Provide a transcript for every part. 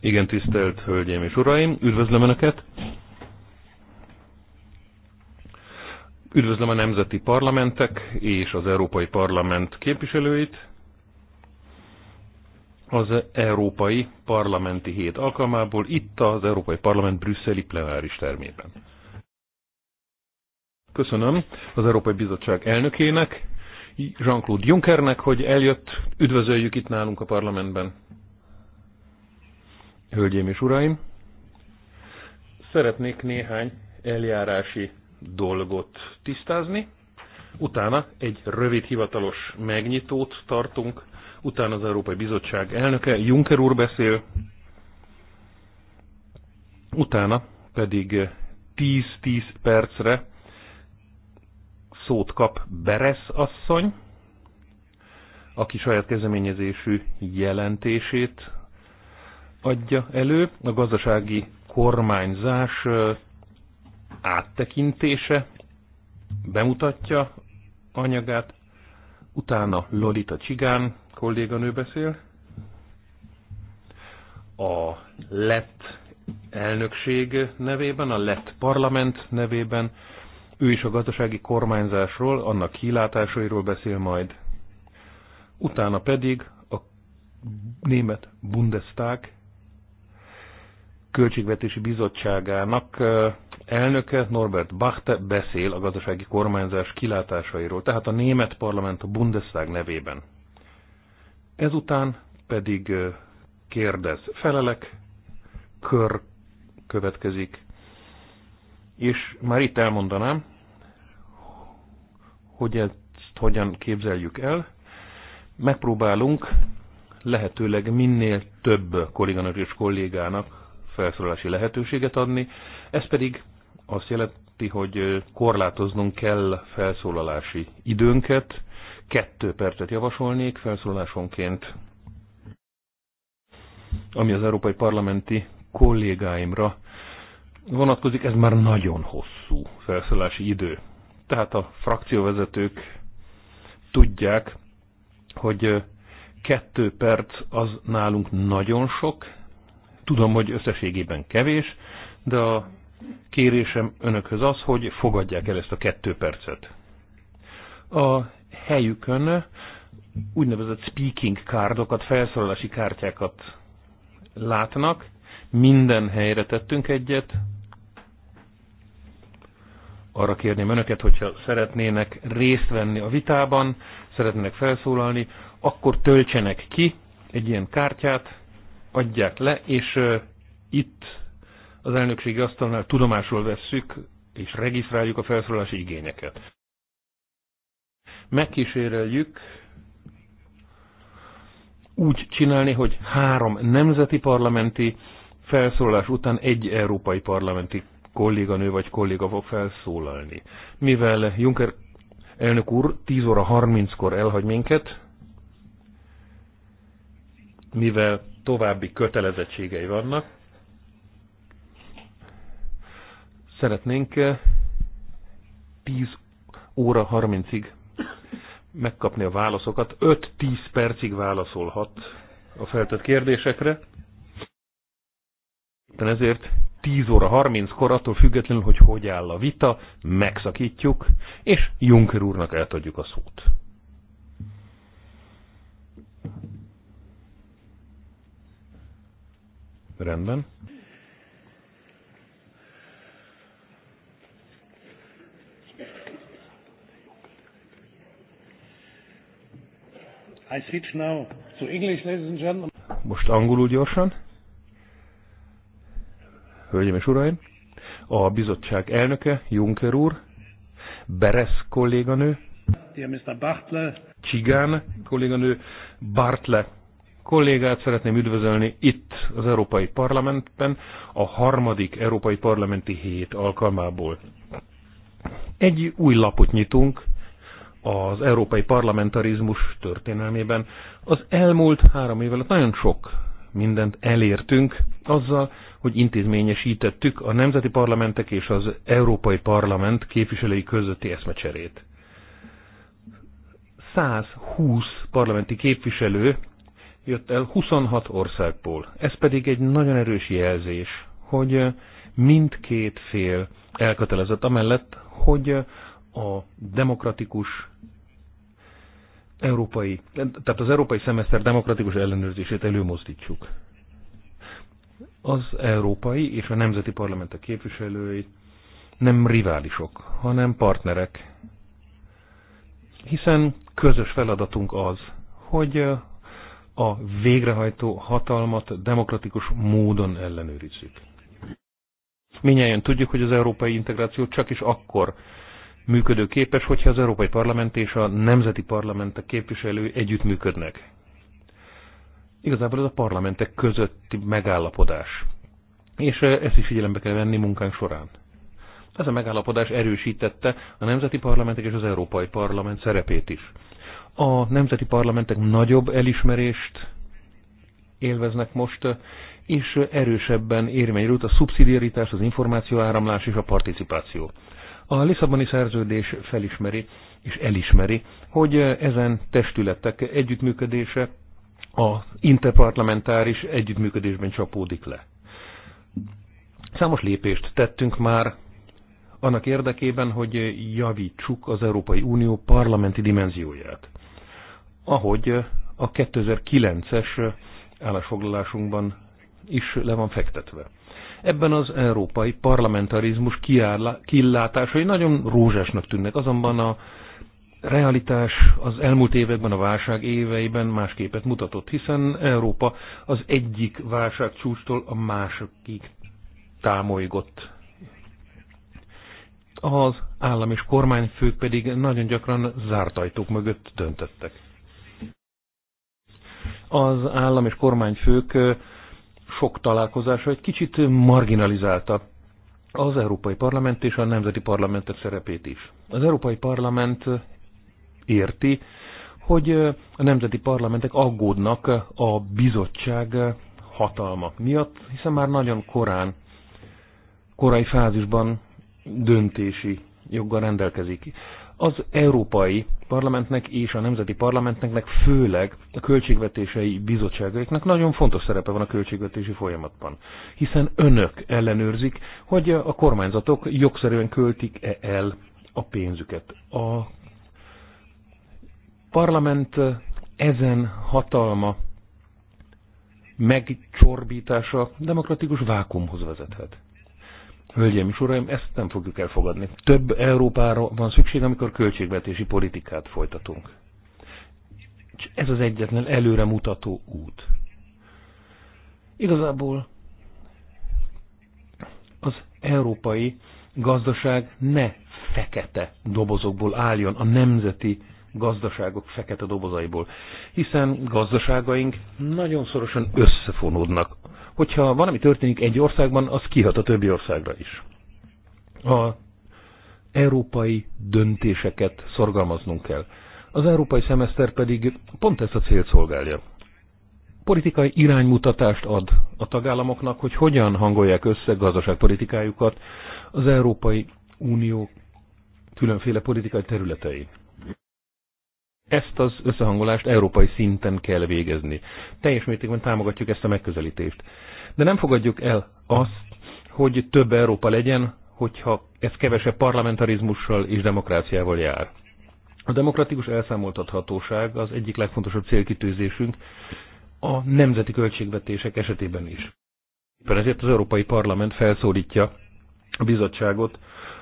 Igen, tisztelt Hölgyeim és Uraim, üdvözlöm Önöket! Üdvözlöm a nemzeti parlamentek és az Európai Parlament képviselőit. Az Európai Parlamenti Hét alkalmából itt az Európai Parlament brüsszeli plenáris termében. Köszönöm az Európai Bizottság elnökének, Jean-Claude Junckernek, hogy eljött, üdvözöljük itt nálunk a parlamentben. Hölgyeim és uraim, szeretnék néhány eljárási dolgot tisztázni. Utána egy rövid hivatalos megnyitót tartunk, utána az Európai Bizottság elnöke Juncker úr beszél, utána pedig 10-10 percre szót kap Beresz asszony, aki saját kezdeményezésű jelentését adja elő, a gazdasági kormányzás áttekintése, bemutatja anyagát, utána Lolita Csigán kolléganő beszél, a lett elnökség nevében, a lett parlament nevében, ő is a gazdasági kormányzásról, annak kilátásairól beszél majd. Utána pedig a német Bundestag Költségvetési Bizottságának elnöke Norbert Bachte beszél a gazdasági kormányzás kilátásairól, tehát a német parlament a Bundestag nevében. Ezután pedig kérdez, felelek, kör következik, és már itt elmondanám, hogy ezt hogyan képzeljük el. Megpróbálunk lehetőleg minél több kolléganak és kollégának felszólalási lehetőséget adni, ez pedig azt jelenti, hogy korlátoznunk kell felszólalási időnket, kettő percet javasolnék felszólalásonként, ami az európai parlamenti kollégáimra vonatkozik, ez már nagyon hosszú felszólalási idő. Tehát a frakcióvezetők tudják, hogy kettő perc az nálunk nagyon sok, Tudom, hogy összességében kevés, de a kérésem önökhöz az, hogy fogadják el ezt a kettő percet. A helyükön úgynevezett speaking kárdokat, felszólalási kártyákat látnak. Minden helyre tettünk egyet. Arra kérném önöket, hogyha szeretnének részt venni a vitában, szeretnének felszólalni, akkor töltsenek ki egy ilyen kártyát, adják le, és itt az elnökségi asztalnál tudomásul vesszük, és regisztráljuk a felszólalási igényeket. Megkíséreljük úgy csinálni, hogy három nemzeti parlamenti felszólalás után egy európai parlamenti kolléganő vagy kolléga fog felszólalni. Mivel Juncker elnök úr 10 óra 30-kor elhagy minket, mivel további kötelezettségei vannak. Szeretnénk 10 eh, óra 30-ig megkapni a válaszokat. 5-10 percig válaszolhat a feltett kérdésekre. De ezért 10 óra 30-kor, attól függetlenül, hogy hogy áll a vita, megszakítjuk, és Juncker úrnak eltadjuk a szót. Rendben. I switch now to English, ladies and gentlemen. Most angolul gyorsan. Hölgyeim és uraim, a bizottság elnöke, Juncker úr, Beres kolléganő, Csigán kolléganő, Bartle kollégát szeretném üdvözölni itt az Európai Parlamentben a harmadik Európai Parlamenti hét alkalmából. Egy új lapot nyitunk az európai parlamentarizmus történelmében. Az elmúlt három év alatt nagyon sok mindent elértünk azzal, hogy intézményesítettük a nemzeti parlamentek és az Európai Parlament képviselői közötti eszmecserét. 120 parlamenti képviselő jött el 26 országból. Ez pedig egy nagyon erős jelzés, hogy mindkét fél elkötelezett amellett, hogy a demokratikus európai, tehát az európai szemeszter demokratikus ellenőrzését előmozdítsuk. Az európai és a nemzeti parlamentek képviselői nem riválisok, hanem partnerek. Hiszen közös feladatunk az, hogy a végrehajtó hatalmat demokratikus módon ellenőrizzük. Minnyáján tudjuk, hogy az európai integráció csak is akkor működőképes, hogyha az Európai Parlament és a nemzeti parlament a képviselői együttműködnek. Igazából ez a parlamentek közötti megállapodás. És eh, ezt is figyelembe kell venni munkánk során. Ez a megállapodás erősítette a nemzeti parlamentek és az Európai Parlament szerepét is. A nemzeti parlamentek nagyobb elismerést élveznek most, és erősebben érvényre a szubszidiaritás, az információáramlás és a participáció. A Lisszaboni szerződés felismeri és elismeri, hogy ezen testületek együttműködése a interparlamentáris együttműködésben csapódik le. Számos lépést tettünk már annak érdekében, hogy javítsuk az Európai Unió parlamenti dimenzióját ahogy a 2009-es állásfoglalásunkban is le van fektetve. Ebben az európai parlamentarizmus kilátásai nagyon rózsásnak tűnnek, azonban a realitás az elmúlt években, a válság éveiben más képet mutatott, hiszen Európa az egyik válság csúcstól a másikig támolygott. Az állam és kormányfők pedig nagyon gyakran zárt ajtók mögött döntöttek az állam és kormányfők sok találkozása egy kicsit marginalizálta az Európai Parlament és a Nemzeti Parlamentet szerepét is. Az Európai Parlament érti, hogy a nemzeti parlamentek aggódnak a bizottság hatalma miatt, hiszen már nagyon korán, korai fázisban döntési joggal rendelkezik az Európai Parlamentnek és a Nemzeti Parlamentnek, főleg a költségvetései bizottságaiknak nagyon fontos szerepe van a költségvetési folyamatban, hiszen önök ellenőrzik, hogy a kormányzatok jogszerűen költik-e el a pénzüket. A parlament ezen hatalma megcsorbítása demokratikus vákumhoz vezethet. Hölgyeim és uraim, ezt nem fogjuk elfogadni. Több Európára van szükség, amikor költségvetési politikát folytatunk. És ez az egyetlen előremutató út. Igazából az európai gazdaság ne fekete dobozokból álljon, a nemzeti gazdaságok fekete dobozaiból, hiszen gazdaságaink nagyon szorosan összefonódnak hogyha valami történik egy országban, az kihat a többi országra is. A európai döntéseket szorgalmaznunk kell. Az európai szemeszter pedig pont ezt a célt szolgálja. Politikai iránymutatást ad a tagállamoknak, hogy hogyan hangolják össze gazdaságpolitikájukat az Európai Unió különféle politikai területein. Ezt az összehangolást európai szinten kell végezni. Teljes mértékben támogatjuk ezt a megközelítést. De nem fogadjuk el azt, hogy több Európa legyen, hogyha ez kevesebb parlamentarizmussal és demokráciával jár. A demokratikus elszámoltathatóság az egyik legfontosabb célkitűzésünk a nemzeti költségvetések esetében is. Éppen ezért az Európai Parlament felszólítja a bizottságot,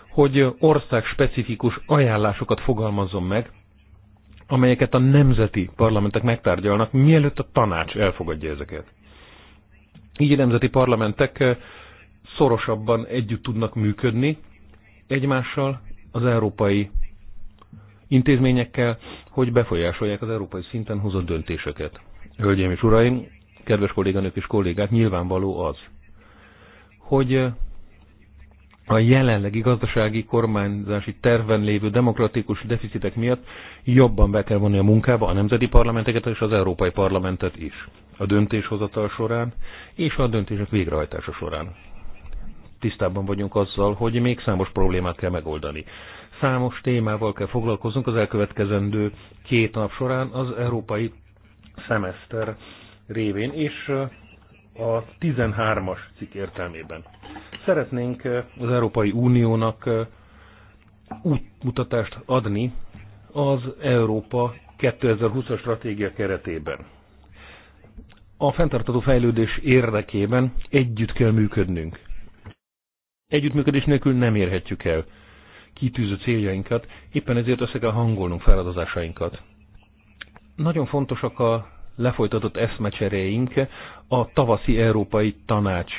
hogy ország specifikus ajánlásokat fogalmazzon meg amelyeket a nemzeti parlamentek megtárgyalnak, mielőtt a tanács elfogadja ezeket. Így a nemzeti parlamentek eh, szorosabban együtt tudnak működni egymással, az európai intézményekkel, hogy befolyásolják az európai szinten hozott döntéseket. Hölgyeim és uraim, kedves kolléganők és kollégák, nyilvánvaló az, hogy eh, a jelenlegi gazdasági kormányzási terven lévő demokratikus deficitek miatt jobban be kell vonni a munkába a nemzeti parlamenteket és az Európai Parlamentet is a döntéshozatal során és a döntések végrehajtása során. Tisztában vagyunk azzal, hogy még számos problémát kell megoldani. Számos témával kell foglalkoznunk az elkövetkezendő két nap során az európai szemeszter révén, és a 13-as cikk értelmében. Szeretnénk eh, az Európai Uniónak eh, útmutatást adni az Európa 2020-as stratégia keretében. A fenntartató fejlődés érdekében együtt kell működnünk. Együttműködés nélkül nem érhetjük el kitűző céljainkat, éppen ezért össze kell hangolnunk feladatásainkat. Nagyon fontosak a lefolytatott eszmecseréink a tavaszi Európai Tanács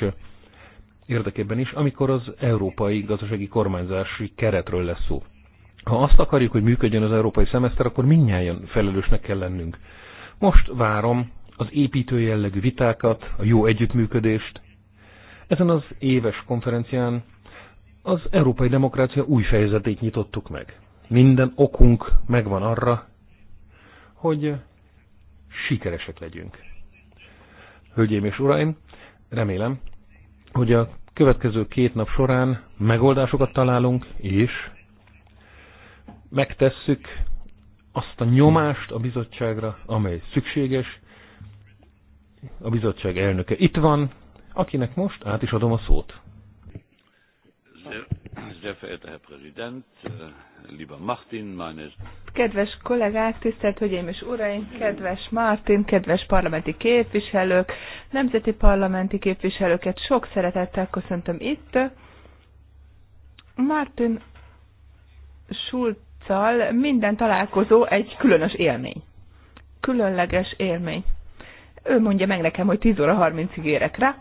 érdekében is, amikor az európai gazdasági kormányzási keretről lesz szó. Ha azt akarjuk, hogy működjön az európai szemeszter, akkor mindnyáján felelősnek kell lennünk. Most várom az építő jellegű vitákat, a jó együttműködést. Ezen az éves konferencián az európai demokrácia új fejezetét nyitottuk meg. Minden okunk megvan arra, hogy sikeresek legyünk. Hölgyeim és uraim, remélem, hogy a következő két nap során megoldásokat találunk, és megtesszük azt a nyomást a bizottságra, amely szükséges. A bizottság elnöke itt van, akinek most át is adom a szót. Sehr verehrter Herr Präsident, äh, lieber Martin, meine... Kedves kollégák, tisztelt Hölgyeim és Uraim, kedves Martin, kedves parlamenti képviselők, nemzeti parlamenti képviselőket sok szeretettel köszöntöm itt. Martin Schulzal minden találkozó egy különös élmény. Különleges élmény. Ő mondja meg nekem, hogy 10 óra 30-ig érek rá.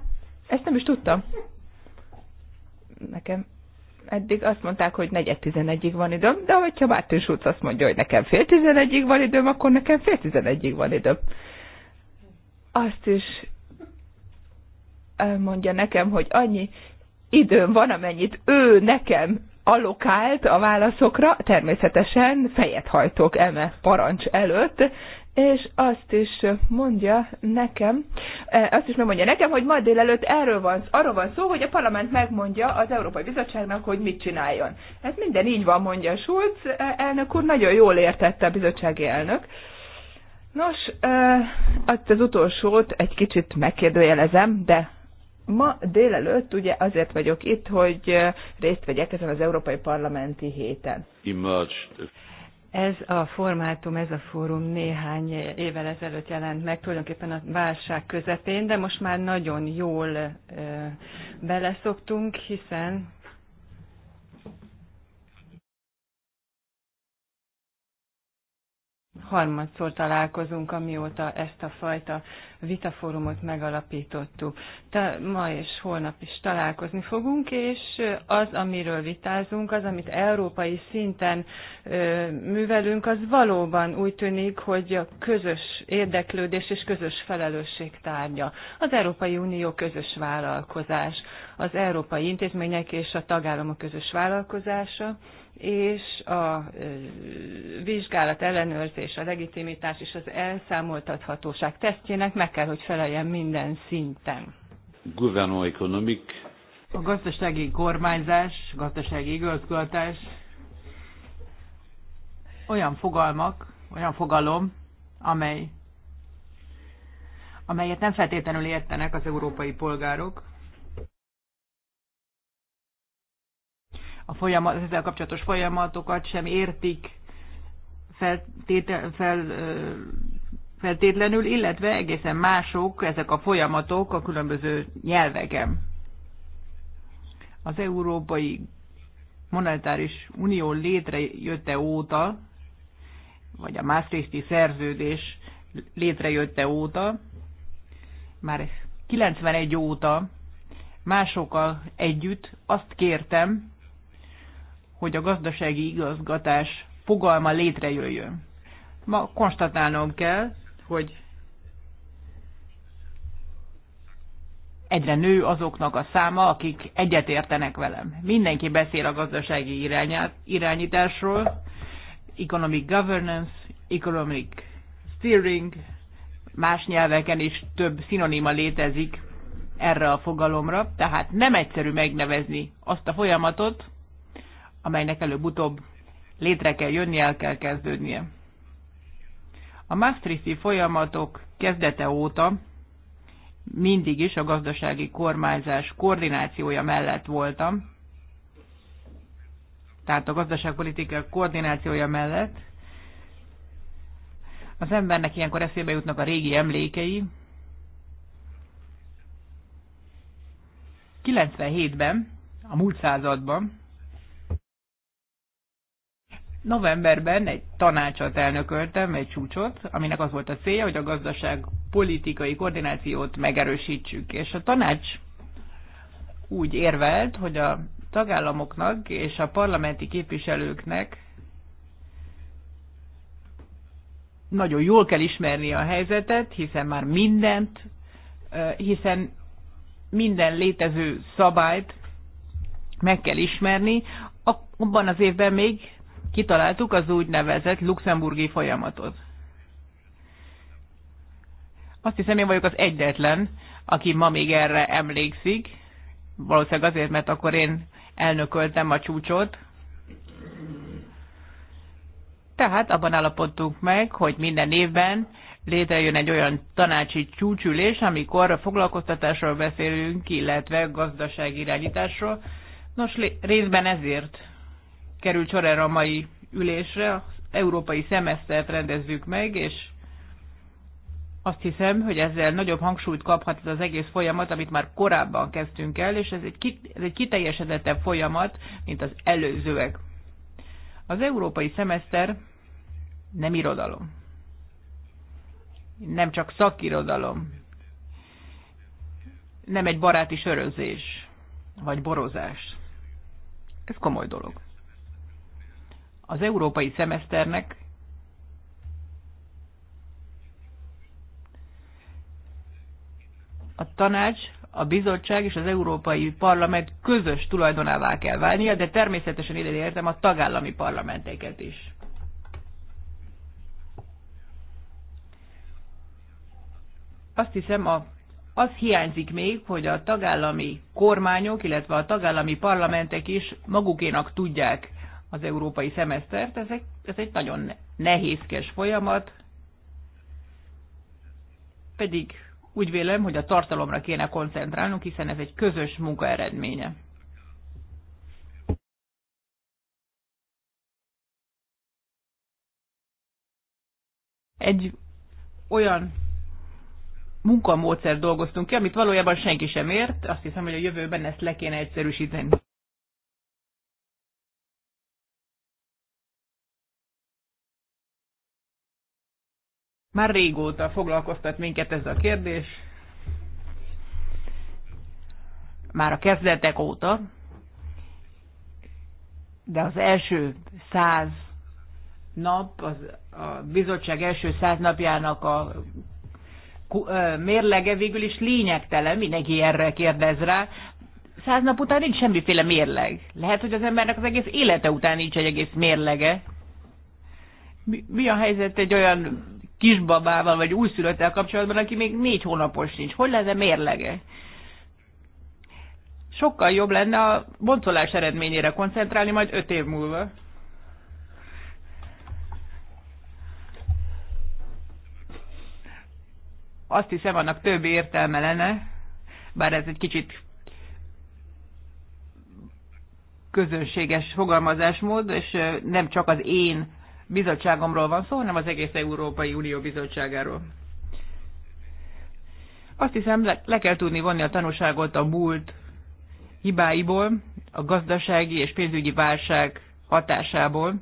Ezt nem is tudtam. Nekem Eddig azt mondták, hogy negyed tizenegyig van időm, de hogyha Mártin Schulz azt mondja, hogy nekem fél tizenegyig van időm, akkor nekem fél tizenegyig van időm. Azt is mondja nekem, hogy annyi időm van, amennyit ő nekem alokált a válaszokra, természetesen fejet hajtok eme parancs előtt, és azt is mondja nekem, e, azt is megmondja nekem, hogy ma délelőtt erről van, arról van szó, hogy a parlament megmondja az Európai Bizottságnak, hogy mit csináljon. Ez minden így van, mondja Schulz e, elnök úr, nagyon jól értette a bizottsági elnök. Nos, e, azt az utolsót egy kicsit megkérdőjelezem, de ma délelőtt ugye azért vagyok itt, hogy részt vegyek ezen az Európai Parlamenti héten. Emerged. Ez a formátum, ez a fórum néhány évvel ezelőtt jelent meg, tulajdonképpen a válság közepén, de most már nagyon jól beleszoktunk, hiszen harmadszor találkozunk, amióta ezt a fajta vitaforumot megalapítottuk. Te, ma és holnap is találkozni fogunk, és az, amiről vitázunk, az, amit európai szinten ö, művelünk, az valóban úgy tűnik, hogy a közös érdeklődés és közös felelősség tárgya. Az Európai Unió közös vállalkozás, az európai intézmények és a tagállamok közös vállalkozása, és a vizsgálat ellenőrzés, a legitimitás és az elszámoltathatóság tesztjének meg kell, hogy feleljen minden szinten. Gouvernement économique. A gazdasági kormányzás, gazdasági igazgatás olyan fogalmak, olyan fogalom, amely, amelyet nem feltétlenül értenek az európai polgárok, a folyamat, ezzel kapcsolatos folyamatokat sem értik feltétel, fel, feltétlenül, illetve egészen mások ezek a folyamatok a különböző nyelveken. Az Európai Monetáris Unió létrejötte óta, vagy a Maastrichti szerződés létrejötte óta, már 91 óta másokkal együtt azt kértem, hogy a gazdasági igazgatás fogalma létrejöjjön. Ma konstatálnom kell, hogy egyre nő azoknak a száma, akik egyetértenek velem. Mindenki beszél a gazdasági irányításról, economic governance, economic steering, más nyelveken is több szinoníma létezik erre a fogalomra, tehát nem egyszerű megnevezni azt a folyamatot, amelynek előbb-utóbb létre kell jönni, el kell kezdődnie. A Maastrichti folyamatok kezdete óta mindig is a gazdasági kormányzás koordinációja mellett voltam, tehát a gazdaságpolitika koordinációja mellett. Az embernek ilyenkor eszébe jutnak a régi emlékei. 97-ben, a múlt században Novemberben egy tanácsot elnököltem, egy csúcsot, aminek az volt a célja, hogy a gazdaság politikai koordinációt megerősítsük. És a tanács úgy érvelt, hogy a tagállamoknak és a parlamenti képviselőknek nagyon jól kell ismerni a helyzetet, hiszen már mindent, hiszen minden létező szabályt meg kell ismerni. Abban az évben még kitaláltuk az úgynevezett luxemburgi folyamatot. Azt hiszem, én vagyok az egyetlen, aki ma még erre emlékszik, valószínűleg azért, mert akkor én elnököltem a csúcsot. Tehát abban állapodtunk meg, hogy minden évben létrejön egy olyan tanácsi csúcsülés, amikor a foglalkoztatásról beszélünk, illetve gazdaságirányításról. Nos, részben ezért került sor erre a mai ülésre, az európai szemesztert rendezzük meg, és azt hiszem, hogy ezzel nagyobb hangsúlyt kaphat ez az egész folyamat, amit már korábban kezdtünk el, és ez egy, ki, ez egy kiteljesedettebb folyamat, mint az előzőek. Az európai szemeszter nem irodalom. Nem csak szakirodalom. Nem egy baráti sörözés, vagy borozás. Ez komoly dolog az európai szemeszternek a tanács, a bizottság és az Európai Parlament közös tulajdonává kell válnia, de természetesen ide értem a tagállami parlamenteket is. Azt hiszem, a, az hiányzik még, hogy a tagállami kormányok, illetve a tagállami parlamentek is magukénak tudják az európai szemesztert. Ez egy, ez egy nagyon nehézkes folyamat, pedig úgy vélem, hogy a tartalomra kéne koncentrálnunk, hiszen ez egy közös munka eredménye. Egy olyan munkamódszer dolgoztunk ki, amit valójában senki sem ért. Azt hiszem, hogy a jövőben ezt le kéne egyszerűsíteni. Már régóta foglalkoztat minket ez a kérdés. Már a kezdetek óta, de az első száz nap, az, a bizottság első száz napjának a mérlege végül is lényegtelen, mindenki erre kérdez rá. Száz nap után nincs semmiféle mérleg. Lehet, hogy az embernek az egész élete után nincs egy egész mérlege. Mi, mi a helyzet egy olyan kisbabával vagy újszülöttel kapcsolatban, aki még négy hónapos nincs. Hogy lenne mérlege? Sokkal jobb lenne a boncolás eredményére koncentrálni majd öt év múlva. Azt hiszem, annak több értelme lenne, bár ez egy kicsit közönséges fogalmazásmód, és nem csak az én bizottságomról van szó, hanem az egész Európai Unió bizottságáról. Azt hiszem, le, le kell tudni vonni a tanulságot a múlt hibáiból, a gazdasági és pénzügyi válság hatásából.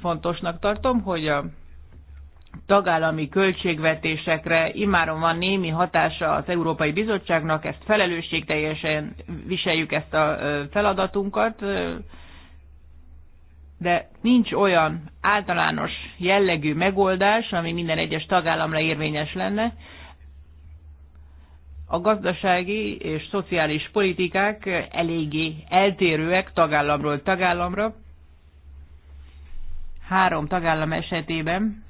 Fontosnak tartom, hogy a tagállami költségvetésekre imáron van némi hatása az Európai Bizottságnak, ezt felelősségteljesen viseljük ezt a feladatunkat, de nincs olyan általános jellegű megoldás, ami minden egyes tagállamra érvényes lenne. A gazdasági és szociális politikák eléggé eltérőek tagállamról tagállamra. Három tagállam esetében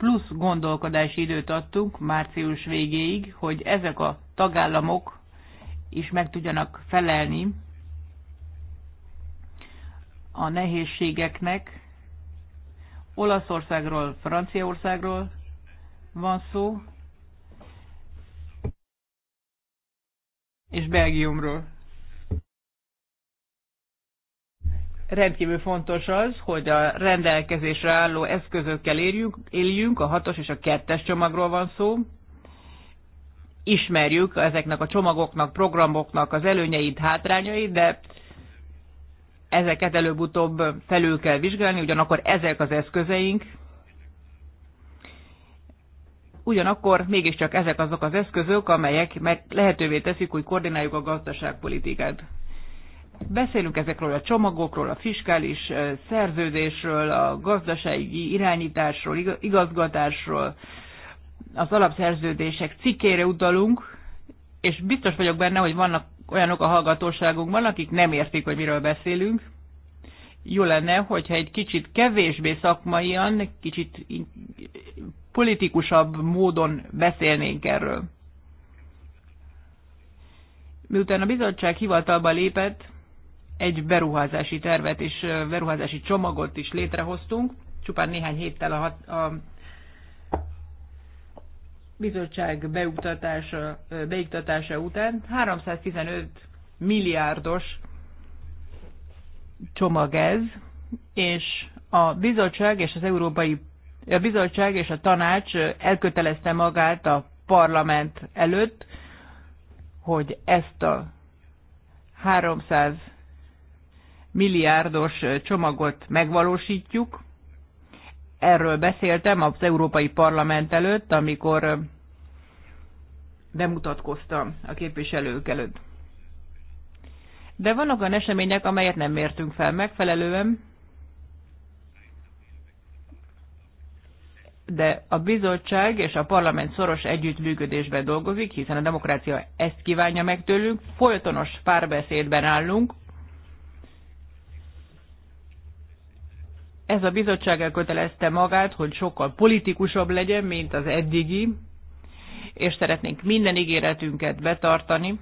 plusz gondolkodási időt adtunk március végéig, hogy ezek a tagállamok is meg tudjanak felelni a nehézségeknek. Olaszországról, Franciaországról van szó, és Belgiumról. rendkívül fontos az, hogy a rendelkezésre álló eszközökkel érjünk, éljünk, a hatos és a kettes csomagról van szó. Ismerjük ezeknek a csomagoknak, programoknak az előnyeit, hátrányait, de ezeket előbb-utóbb felül kell vizsgálni, ugyanakkor ezek az eszközeink, ugyanakkor mégiscsak ezek azok az eszközök, amelyek meg lehetővé teszik, hogy koordináljuk a gazdaságpolitikát. Beszélünk ezekről a csomagokról, a fiskális szerződésről, a gazdasági irányításról, igazgatásról, az alapszerződések cikkére utalunk, és biztos vagyok benne, hogy vannak olyanok a hallgatóságunkban, akik nem értik, hogy miről beszélünk. Jó lenne, hogyha egy kicsit kevésbé szakmaian, kicsit politikusabb módon beszélnénk erről. Miután a bizottság hivatalba lépett, egy beruházási tervet és beruházási csomagot is létrehoztunk, csupán néhány héttel a, hat, a bizottság beiktatása, beiktatása után 315 milliárdos csomag ez, és a bizottság és az Európai a bizottság és a tanács elkötelezte magát a parlament előtt, hogy ezt a 300 milliárdos csomagot megvalósítjuk. Erről beszéltem az Európai Parlament előtt, amikor bemutatkoztam a képviselők előtt. De vannak olyan események, amelyet nem mértünk fel megfelelően, de a bizottság és a parlament szoros együttműködésben dolgozik, hiszen a demokrácia ezt kívánja meg tőlünk, folytonos párbeszédben állunk, ez a bizottság elkötelezte magát, hogy sokkal politikusabb legyen, mint az eddigi, és szeretnénk minden ígéretünket betartani,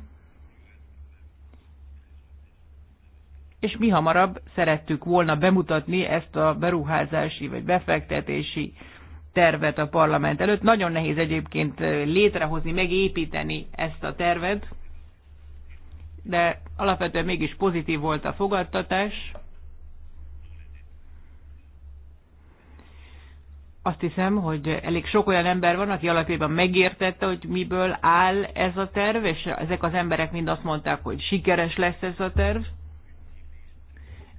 és mi hamarabb szerettük volna bemutatni ezt a beruházási vagy befektetési tervet a parlament előtt. Nagyon nehéz egyébként létrehozni, megépíteni ezt a tervet, de alapvetően mégis pozitív volt a fogadtatás. Azt hiszem, hogy elég sok olyan ember van, aki alapjában megértette, hogy miből áll ez a terv, és ezek az emberek mind azt mondták, hogy sikeres lesz ez a terv,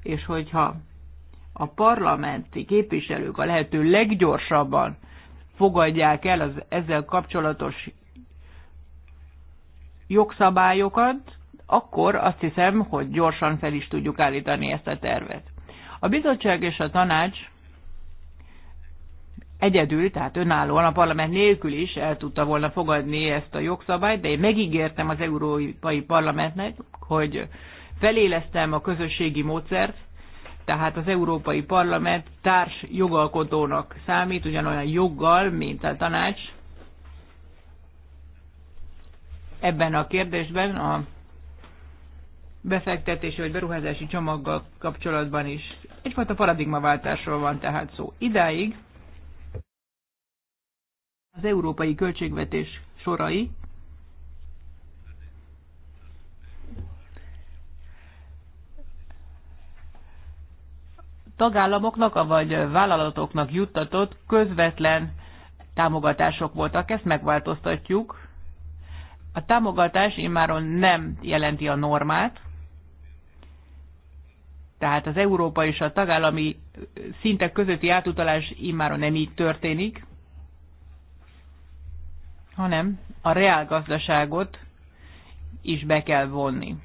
és hogyha a parlamenti képviselők a lehető leggyorsabban fogadják el az ezzel kapcsolatos jogszabályokat, akkor azt hiszem, hogy gyorsan fel is tudjuk állítani ezt a tervet. A bizottság és a tanács egyedül, tehát önállóan a parlament nélkül is el tudta volna fogadni ezt a jogszabályt, de én megígértem az Európai Parlamentnek, hogy feléleztem a közösségi módszert, tehát az Európai Parlament társ jogalkotónak számít, ugyanolyan joggal, mint a tanács. Ebben a kérdésben a befektetési vagy beruházási csomaggal kapcsolatban is egyfajta paradigmaváltásról van tehát szó. Idáig az európai költségvetés sorai, tagállamoknak vagy vállalatoknak juttatott közvetlen támogatások voltak. Ezt megváltoztatjuk. A támogatás immáron nem jelenti a normát, tehát az európai és a tagállami szintek közötti átutalás immáron nem így történik hanem a reálgazdaságot is be kell vonni.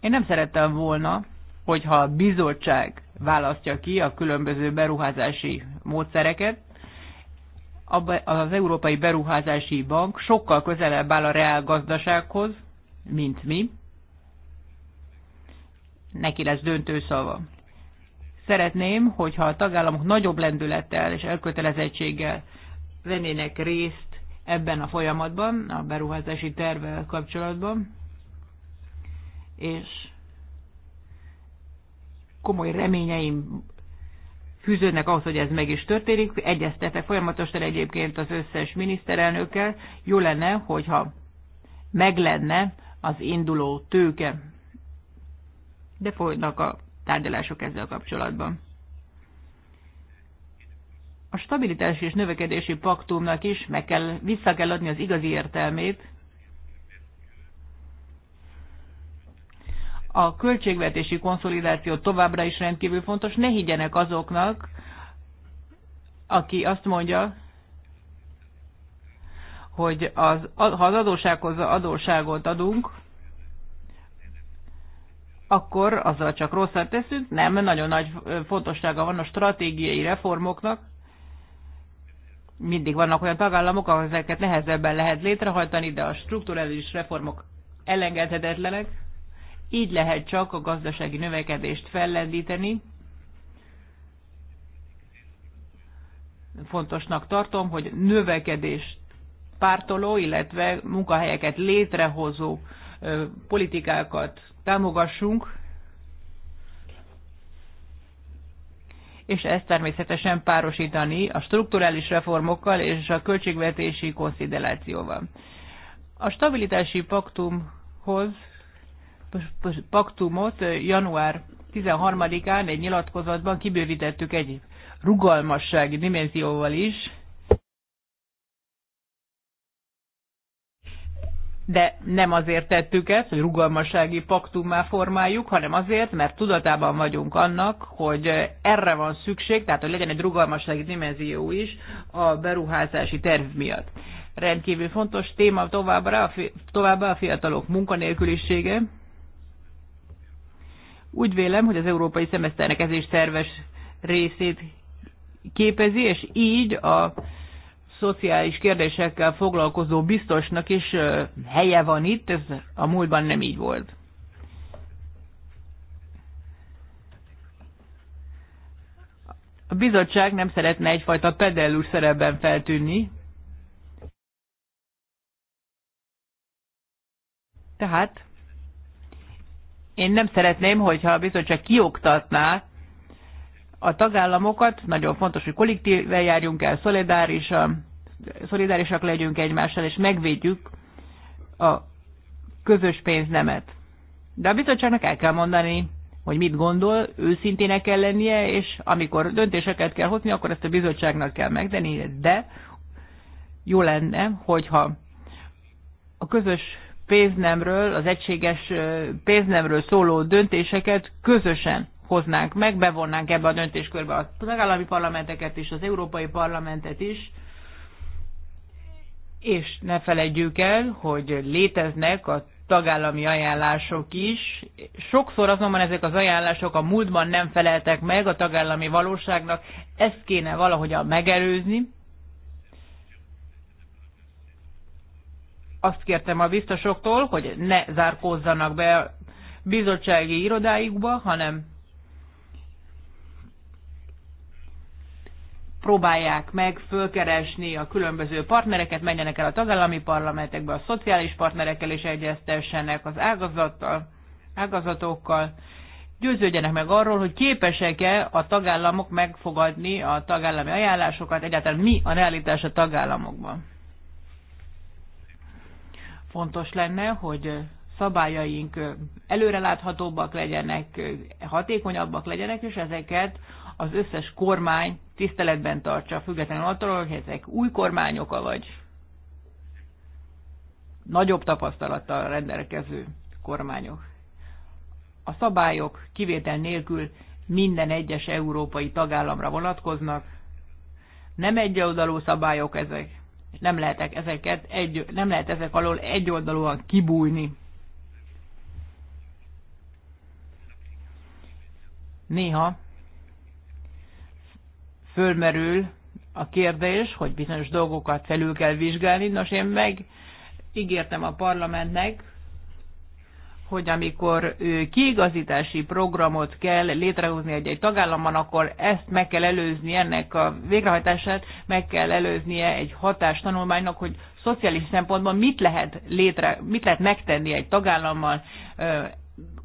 Én nem szerettem volna, hogyha a bizottság választja ki a különböző beruházási módszereket, az Európai Beruházási Bank sokkal közelebb áll a reálgazdasághoz, mint mi. Neki lesz döntő szava. Szeretném, hogyha a tagállamok nagyobb lendülettel és elkötelezettséggel vennének részt ebben a folyamatban, a beruházási tervvel kapcsolatban, és komoly reményeim fűződnek ahhoz, hogy ez meg is történik. Egyeztetek folyamatosan egyébként az összes miniszterelnökkel. Jó lenne, hogyha meg lenne az induló tőke. De folynak a tárgyalások ezzel kapcsolatban a stabilitási és növekedési paktumnak is meg kell, vissza kell adni az igazi értelmét. A költségvetési konszolidáció továbbra is rendkívül fontos. Ne higgyenek azoknak, aki azt mondja, hogy az, ha az adósághoz adóságot adunk, akkor azzal csak rosszat teszünk. Nem, nagyon nagy fontossága van a stratégiai reformoknak, mindig vannak olyan tagállamok, ahol ezeket nehezebben lehet létrehajtani, de a strukturális reformok elengedhetetlenek. Így lehet csak a gazdasági növekedést fellendíteni. Fontosnak tartom, hogy növekedést pártoló, illetve munkahelyeket létrehozó politikákat támogassunk, és ezt természetesen párosítani a strukturális reformokkal és a költségvetési konszidelációval. A stabilitási paktumhoz, paktumot január 13-án egy nyilatkozatban kibővítettük egy rugalmassági dimenzióval is, de nem azért tettük ezt, hogy rugalmassági paktummá formáljuk, hanem azért, mert tudatában vagyunk annak, hogy erre van szükség, tehát hogy legyen egy rugalmassági dimenzió is a beruházási terv miatt. Rendkívül fontos téma továbbra, továbbra a fiatalok munkanélkülisége. Úgy vélem, hogy az európai szemeszternek ez is szerves részét képezi, és így a szociális kérdésekkel foglalkozó biztosnak is helye van itt, ez a múltban nem így volt. A bizottság nem szeretne egyfajta pedellus szerepben feltűnni, tehát én nem szeretném, hogyha a bizottság kioktatná a tagállamokat, nagyon fontos, hogy kollektíve járjunk el, szolidárisan, szolidárisak legyünk egymással, és megvédjük a közös pénznemet. De a bizottságnak el kell mondani, hogy mit gondol, őszintének kell lennie, és amikor döntéseket kell hozni, akkor ezt a bizottságnak kell megdeni, de jó lenne, hogyha a közös pénznemről, az egységes pénznemről szóló döntéseket közösen hoznánk meg, bevonnánk ebbe a döntéskörbe a tagállami parlamenteket is, az Európai Parlamentet is, és ne felejtjük el, hogy léteznek a tagállami ajánlások is. Sokszor azonban ezek az ajánlások a múltban nem feleltek meg a tagállami valóságnak, ezt kéne valahogyan megelőzni. Azt kértem a biztosoktól, hogy ne zárkózzanak be bizottsági irodáikba, hanem próbálják meg fölkeresni a különböző partnereket, menjenek el a tagállami parlamentekbe, a szociális partnerekkel is egyeztessenek, az ágazattal, ágazatokkal, győződjenek meg arról, hogy képesek-e a tagállamok megfogadni a tagállami ajánlásokat, egyáltalán mi a realitás a tagállamokban. Fontos lenne, hogy szabályaink előreláthatóbbak legyenek, hatékonyabbak legyenek, és ezeket az összes kormány tiszteletben tartsa, függetlenül attól, hogy ezek új kormányok, vagy nagyobb tapasztalattal rendelkező kormányok. A szabályok kivétel nélkül minden egyes európai tagállamra vonatkoznak. Nem egyoldalú szabályok ezek, és nem, lehetek ezeket egy, nem lehet ezek alól egyoldalúan kibújni. Néha fölmerül a kérdés, hogy bizonyos dolgokat felül kell vizsgálni. Nos, én meg ígértem a parlamentnek, hogy amikor kiigazítási programot kell létrehozni egy-egy tagállamban, akkor ezt meg kell előzni, ennek a végrehajtását meg kell előznie egy hatástanulmánynak, hogy szociális szempontból mit lehet, létre, mit lehet megtenni egy tagállammal,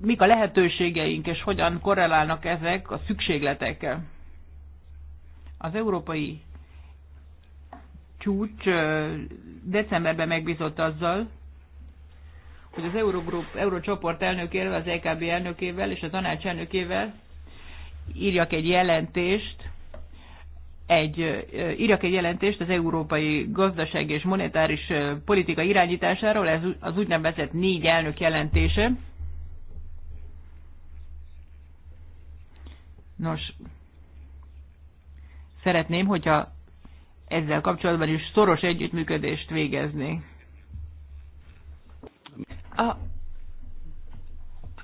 mik a lehetőségeink, és hogyan korrelálnak ezek a szükségletekkel. Az európai csúcs decemberben megbízott azzal, hogy az Eurogroup, Eurocsoport elnökével, az EKB elnökével és a tanács elnökével írjak egy jelentést, egy, írjak egy jelentést az európai gazdaság és monetáris politika irányításáról, ez az úgynevezett négy elnök jelentése. Nos, szeretném, hogyha ezzel kapcsolatban is szoros együttműködést végezni. A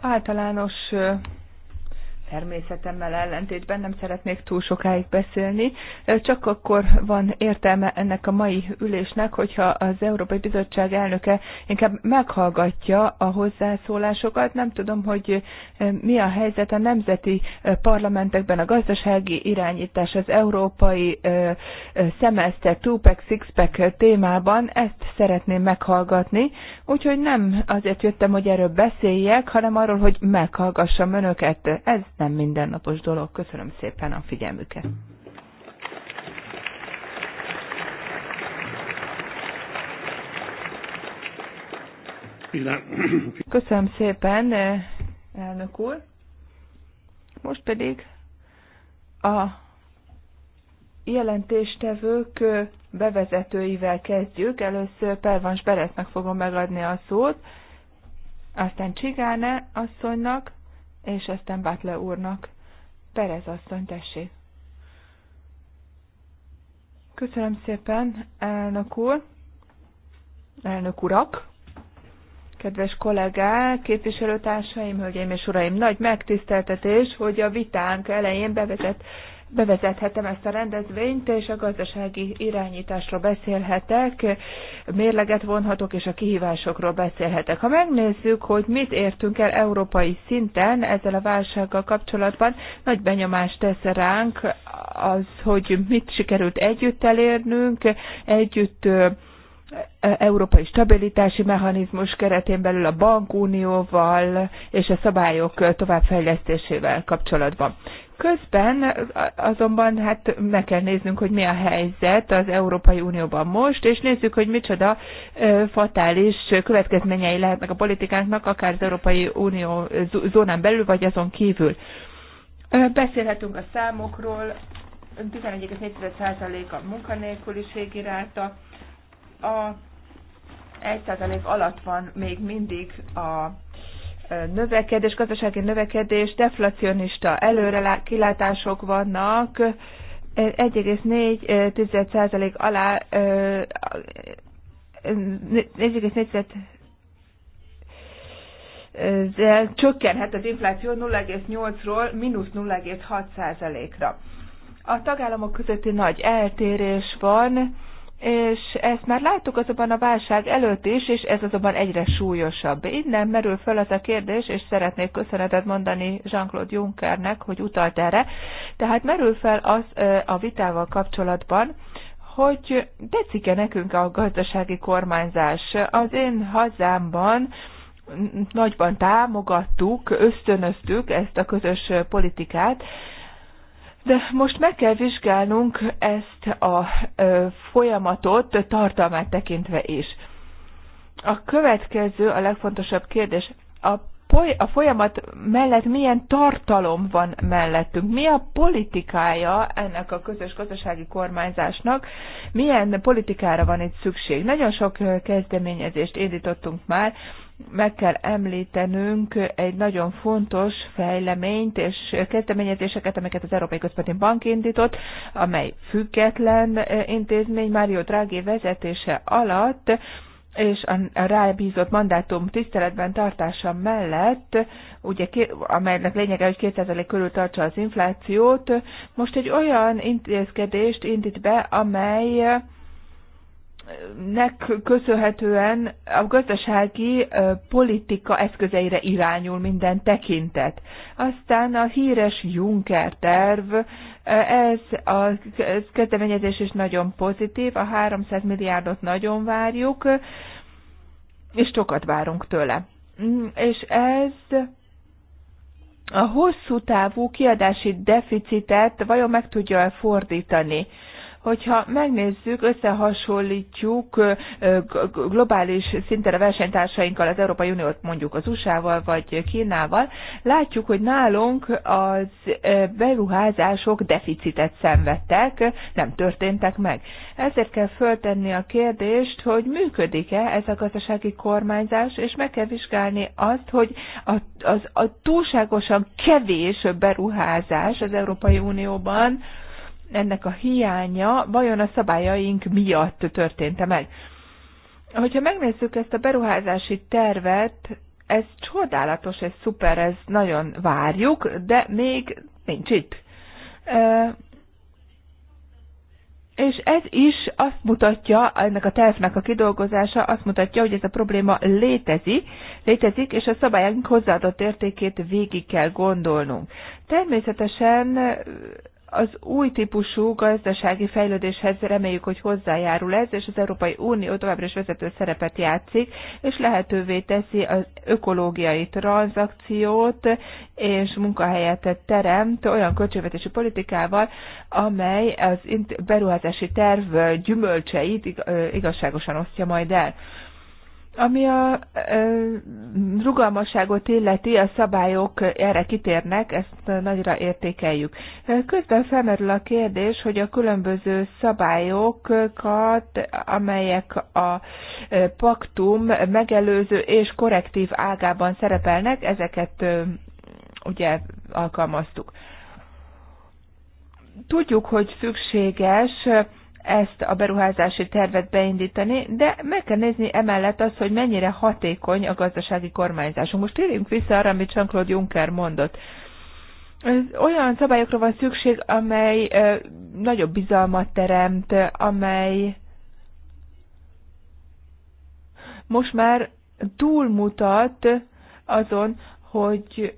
általános természetemmel ellentétben nem szeretnék túl sokáig beszélni. Csak akkor van értelme ennek a mai ülésnek, hogyha az Európai Bizottság elnöke inkább meghallgatja a hozzászólásokat. Nem tudom, hogy mi a helyzet a nemzeti parlamentekben, a gazdasági irányítás, az európai szemeszter, two-pack, six-pack témában. Ezt szeretném meghallgatni. Úgyhogy nem azért jöttem, hogy erről beszéljek, hanem arról, hogy meghallgassam önöket. Ez nem nem mindennapos dolog. Köszönöm szépen a figyelmüket. Köszönöm szépen, elnök úr. Most pedig a jelentéstevők bevezetőivel kezdjük. Először Pervans Beretnek fogom megadni a szót, aztán Csigáne asszonynak, és aztán Bátle úrnak. Perez asszony, tessék. Köszönöm szépen, elnök úr, elnök urak, kedves kollégák, képviselőtársaim, hölgyeim és uraim, nagy megtiszteltetés, hogy a vitánk elején bevezett bevezethetem ezt a rendezvényt, és a gazdasági irányításról beszélhetek, mérleget vonhatok, és a kihívásokról beszélhetek. Ha megnézzük, hogy mit értünk el európai szinten ezzel a válsággal kapcsolatban, nagy benyomást tesz ránk az, hogy mit sikerült együtt elérnünk, együtt E, európai stabilitási mechanizmus keretén belül a bankunióval és a szabályok továbbfejlesztésével kapcsolatban. Közben azonban hát meg kell néznünk, hogy mi a helyzet az Európai Unióban most, és nézzük, hogy micsoda e, fatális következményei lehetnek a politikánknak, akár az Európai Unió zónán belül, vagy azon kívül. E, beszélhetünk a számokról, 11,4% a munkanélküliség ráta, a 1% alatt van még mindig a növekedés, gazdasági növekedés, deflacionista előre kilátások vannak, 1,4% alá 4,4 csökkenhet az infláció 0,8-ról mínusz 0,6%-ra. A tagállamok közötti nagy eltérés van, és ezt már láttuk azonban a válság előtt is, és ez azonban egyre súlyosabb. Innen merül fel az a kérdés, és szeretnék köszönetet mondani Jean-Claude Junckernek, hogy utalt erre. Tehát merül fel az a vitával kapcsolatban, hogy tetszik-e nekünk a gazdasági kormányzás. Az én hazámban nagyban támogattuk, ösztönöztük ezt a közös politikát, de most meg kell vizsgálnunk ezt a folyamatot tartalmát tekintve is. A következő, a legfontosabb kérdés. A a folyamat mellett milyen tartalom van mellettünk, mi a politikája ennek a közös gazdasági kormányzásnak, milyen politikára van itt szükség. Nagyon sok kezdeményezést indítottunk már, meg kell említenünk egy nagyon fontos fejleményt és kezdeményezéseket, amiket az Európai Központi Bank indított, amely független eh, intézmény Mário Draghi vezetése alatt és a rábízott mandátum tiszteletben tartása mellett, ugye, amelynek lényege, hogy 2% körül tartsa az inflációt, most egy olyan intézkedést indít be, amely eh, nek köszönhetően a gazdasági politika eszközeire irányul minden tekintet. Aztán a híres Juncker terv, ez a kezdeményezés is nagyon pozitív, a 300 milliárdot nagyon várjuk, és sokat várunk tőle. Mm, és ez a hosszú távú kiadási deficitet vajon meg tudja fordítani? hogyha megnézzük, összehasonlítjuk globális szinten a versenytársainkkal, az Európai Uniót mondjuk az USA-val vagy Kínával, látjuk, hogy nálunk az beruházások deficitet szenvedtek, nem történtek meg. Ezért kell föltenni a kérdést, hogy működik-e ez a gazdasági kormányzás, és meg kell vizsgálni azt, hogy a, az, a túlságosan kevés beruházás az Európai Unióban, ennek a hiánya vajon a szabályaink miatt történt meg. Hogyha megnézzük ezt a beruházási tervet, ez csodálatos, ez szuper, ez nagyon várjuk, de még nincs itt. És ez is azt mutatja, ennek a tervnek a kidolgozása azt mutatja, hogy ez a probléma létezik, létezik, és a szabályunk hozzáadott értékét végig kell gondolnunk. Természetesen az új típusú gazdasági fejlődéshez reméljük, hogy hozzájárul ez, és az Európai Unió továbbra is vezető szerepet játszik, és lehetővé teszi az ökológiai tranzakciót és munkahelyet teremt olyan költségvetési politikával, amely az beruházási terv gyümölcseit igazságosan osztja majd el. Ami a rugalmasságot illeti, a szabályok erre kitérnek, ezt nagyra értékeljük. Közben felmerül a kérdés, hogy a különböző szabályokat, amelyek a paktum megelőző és korrektív ágában szerepelnek, ezeket ugye alkalmaztuk. Tudjuk, hogy szükséges ezt a beruházási tervet beindítani, de meg kell nézni emellett azt, hogy mennyire hatékony a gazdasági kormányzásunk. Most térjünk vissza arra, amit Jean-Claude Juncker mondott. Olyan szabályokra van szükség, amely nagyobb bizalmat teremt, amely most már túlmutat azon, hogy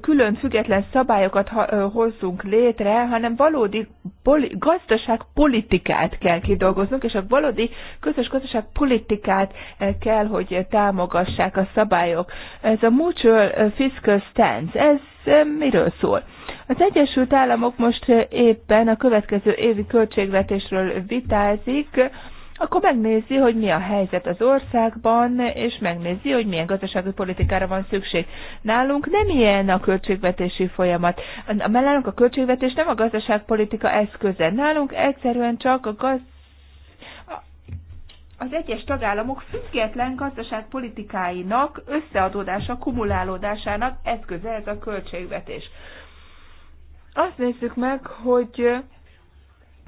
külön független szabályokat hozzunk létre, hanem valódi poli- gazdaságpolitikát kell kidolgoznunk, és a valódi közös gazdaságpolitikát eh, kell, hogy támogassák a szabályok. Ez a mutual eh, fiscal stance, ez eh, miről szól? Az Egyesült Államok most éppen a következő évi költségvetésről vitázik, akkor megnézi, hogy mi a helyzet az országban, és megnézi, hogy milyen gazdasági politikára van szükség. Nálunk nem ilyen a költségvetési folyamat. A Nálunk a költségvetés nem a gazdaságpolitika eszköze. Nálunk egyszerűen csak a gaz az egyes tagállamok független gazdaságpolitikáinak összeadódása, kumulálódásának eszköze ez a költségvetés. Azt nézzük meg, hogy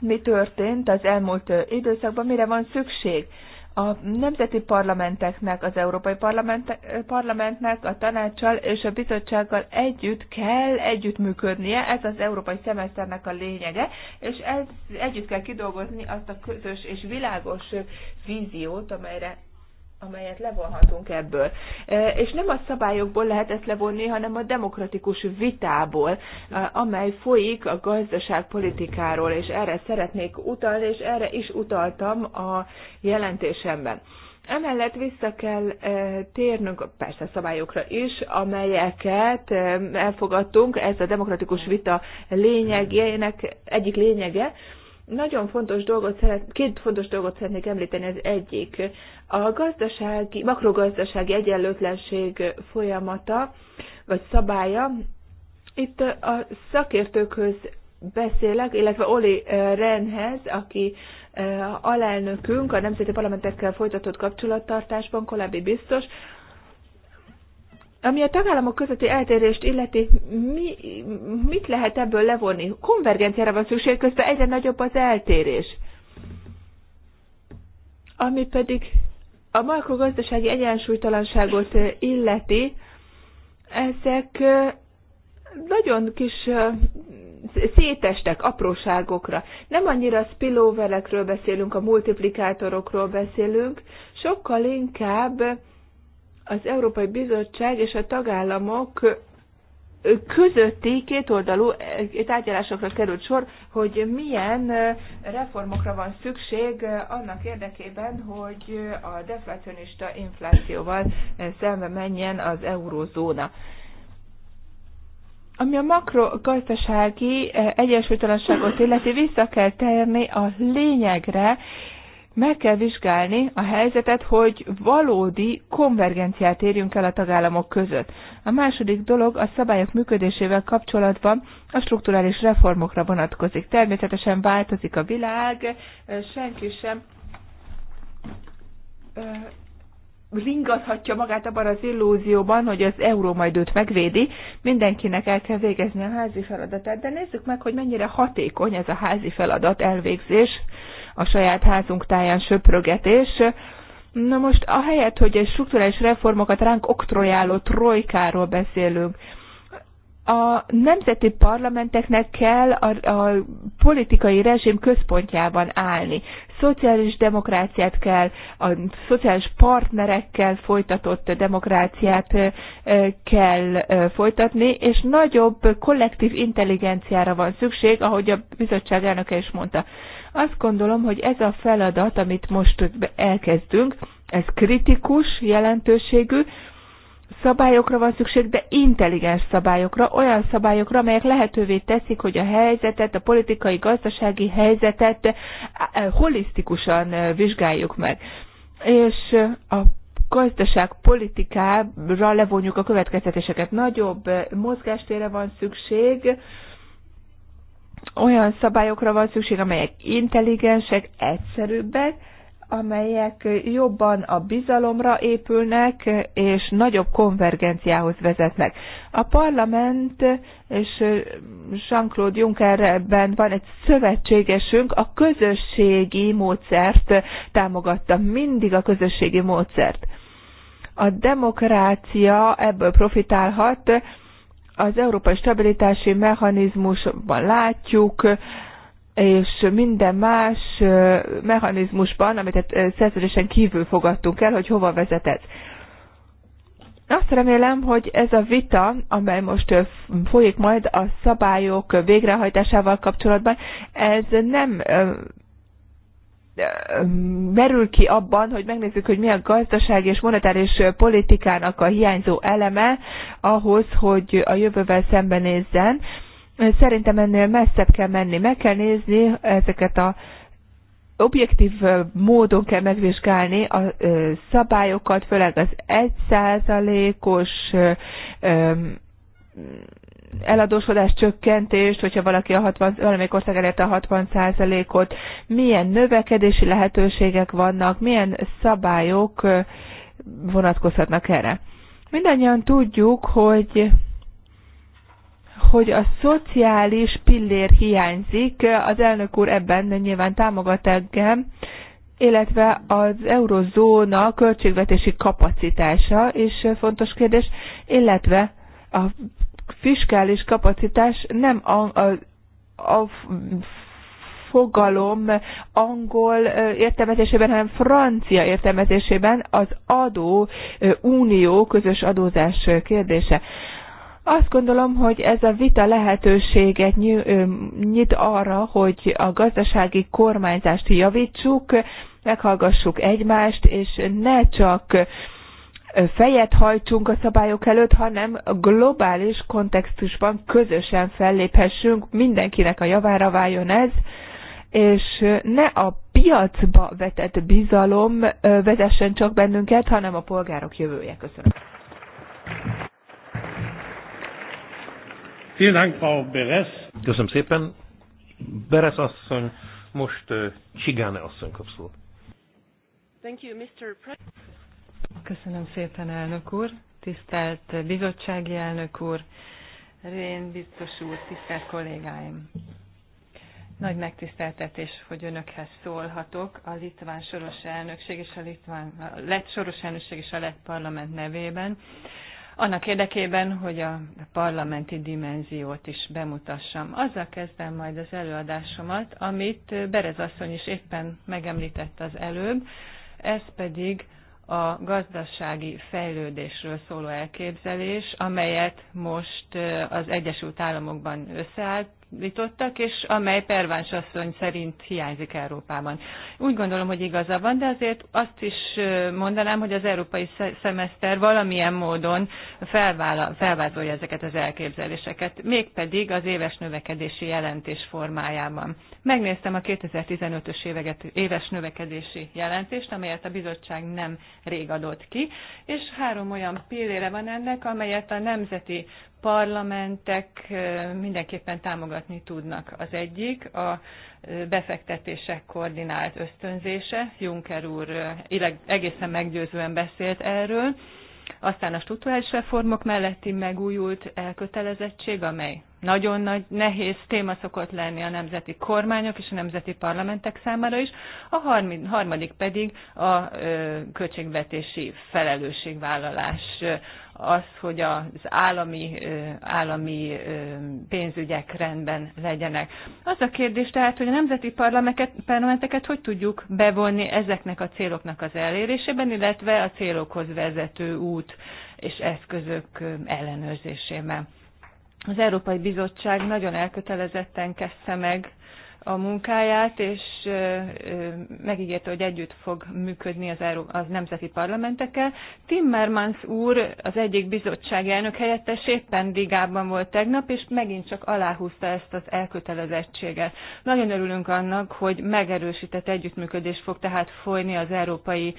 mi történt az elmúlt időszakban, mire van szükség. A nemzeti parlamenteknek, az Európai Parlament, Parlamentnek, a tanácssal és a bizottsággal együtt kell együttműködnie, ez az európai szemeszternek a lényege, és ez, együtt kell kidolgozni azt a közös és világos víziót, amelyre amelyet levonhatunk ebből. E, és nem a szabályokból lehet ezt levonni, hanem a demokratikus vitából, e, amely folyik a gazdaságpolitikáról, és erre szeretnék utalni, és erre is utaltam a jelentésemben. Emellett vissza kell e, térnünk, persze szabályokra is, amelyeket elfogadtunk, ez a demokratikus vita lényegének egyik lényege, nagyon fontos dolgot szeret, két fontos dolgot szeretnék említeni, az egyik a gazdasági, makrogazdasági egyenlőtlenség folyamata, vagy szabálya. Itt a szakértőkhöz beszélek, illetve Oli eh, Renhez, aki eh, alelnökünk, a nemzeti parlamentekkel folytatott kapcsolattartásban korábbi biztos, ami a tagállamok közötti eltérést illeti, mi, mit lehet ebből levonni? Konvergenciára van szükség, közben egyre nagyobb az eltérés. Ami pedig a makrogazdasági egyensúlytalanságot eh, illeti, ezek eh, nagyon kis eh, szétestek apróságokra. Nem annyira spillover beszélünk, a multiplikátorokról beszélünk, sokkal inkább az Európai Bizottság és a tagállamok közötti kétoldalú tárgyalásokra került sor, hogy milyen reformokra van szükség annak érdekében, hogy a deflacionista inflációval szembe menjen az eurózóna. Ami a makrogazdasági egyensúlytalanságot illeti, vissza kell térni a lényegre, meg kell vizsgálni a helyzetet, hogy valódi konvergenciát érjünk el a tagállamok között. A második dolog a szabályok működésével kapcsolatban a strukturális reformokra vonatkozik. Természetesen változik a világ, senki sem ringathatja magát abban az illúzióban, hogy az euró majd őt megvédi, mindenkinek el kell végezni a házi feladatát, de nézzük meg, hogy mennyire hatékony ez a házi feladat elvégzés a saját házunk táján söprögetés. Na most ahelyett, hogy egy strukturális reformokat ránk oktrojáló trojkáról beszélünk, a nemzeti parlamenteknek kell a, a politikai rezsim központjában állni. Szociális demokráciát kell, a szociális partnerekkel folytatott demokráciát kell folytatni, és nagyobb kollektív intelligenciára van szükség, ahogy a bizottság elnöke is mondta. Azt gondolom, hogy ez a feladat, amit most elkezdünk, ez kritikus, jelentőségű, szabályokra van szükség, de intelligens szabályokra, olyan szabályokra, amelyek lehetővé teszik, hogy a helyzetet, a politikai, gazdasági helyzetet eh, eh, holisztikusan eh, vizsgáljuk meg. És a gazdaságpolitikára levonjuk a következtetéseket. Nagyobb mozgástére van szükség, olyan szabályokra van szükség, amelyek intelligensek, egyszerűbbek, amelyek jobban a bizalomra épülnek, és nagyobb konvergenciához vezetnek. A parlament és Jean-Claude Junckerben van egy szövetségesünk, a közösségi módszert támogatta, mindig a közösségi módszert. A demokrácia ebből profitálhat, az európai stabilitási mechanizmusban látjuk, és minden más mechanizmusban, amit szerződésen kívül fogadtunk el, hogy hova vezet ez. Azt remélem, hogy ez a vita, amely most folyik majd a szabályok végrehajtásával kapcsolatban, ez nem merül ki abban, hogy megnézzük, hogy mi a gazdaság és monetáris politikának a hiányzó eleme ahhoz, hogy a jövővel szembenézzen. Szerintem ennél messzebb kell menni. Meg kell nézni ezeket a objektív módon kell megvizsgálni a szabályokat, főleg az egy százalékos eladósodás csökkentést, hogyha valaki a 60, valamelyik ország elérte a 60 ot milyen növekedési lehetőségek vannak, milyen szabályok vonatkozhatnak erre. Mindannyian tudjuk, hogy hogy a szociális pillér hiányzik, az elnök úr ebben nyilván támogat engem, illetve az eurozóna költségvetési kapacitása is fontos kérdés, illetve a fiskális kapacitás nem a, a, a fogalom angol értelmezésében, hanem francia értelmezésében az adó unió közös adózás kérdése. Azt gondolom, hogy ez a vita lehetőséget nyit arra, hogy a gazdasági kormányzást javítsuk, meghallgassuk egymást, és ne csak fejet hajtsunk a szabályok előtt, hanem globális kontextusban közösen felléphessünk, mindenkinek a javára váljon ez, és ne a piacba vetett bizalom vezessen csak bennünket, hanem a polgárok jövője. Köszönöm. Köszönöm szépen. Beres asszony, most Csigáne asszony kap Köszönöm szépen, elnök úr. Tisztelt bizottsági elnök úr, Rén biztos úr, tisztelt kollégáim. Nagy megtiszteltetés, hogy önökhez szólhatok a litván soros elnökség és a litván, a lett soros elnökség és a lett parlament nevében. Annak érdekében, hogy a parlamenti dimenziót is bemutassam. Azzal kezdem majd az előadásomat, amit Berez asszony is éppen megemlített az előbb, ez pedig a gazdasági fejlődésről szóló elképzelés, amelyet most az Egyesült Államokban összeállt, állítottak, és amely perváns asszony szerint hiányzik Európában. Úgy gondolom, hogy igaza van, de azért azt is mondanám, hogy az európai szemeszter valamilyen módon felvázolja ezeket az elképzeléseket, mégpedig az éves növekedési jelentés formájában. Megnéztem a 2015-ös éves növekedési jelentést, amelyet a bizottság nem rég adott ki, és három olyan pillére van ennek, amelyet a nemzeti parlamentek mindenképpen támogatni tudnak. Az egyik a befektetések koordinált ösztönzése. Juncker úr egészen meggyőzően beszélt erről. Aztán a struktúrális reformok melletti megújult elkötelezettség, amely nagyon nagy, nehéz téma szokott lenni a nemzeti kormányok és a nemzeti parlamentek számára is, a harmadik pedig a költségvetési felelősségvállalás, az, hogy az állami, állami pénzügyek rendben legyenek. Az a kérdés tehát, hogy a nemzeti parlamenteket hogy tudjuk bevonni ezeknek a céloknak az elérésében, illetve a célokhoz vezető út és eszközök ellenőrzésében. Az Európai Bizottság nagyon elkötelezetten kezdte meg a munkáját, és megígérte, hogy együtt fog működni az, Euró- az nemzeti parlamentekkel. Timmermans úr, az egyik bizottság elnök helyettes éppen Digában volt tegnap, és megint csak aláhúzta ezt az elkötelezettséget. Nagyon örülünk annak, hogy megerősített együttműködés fog tehát folyni az Európai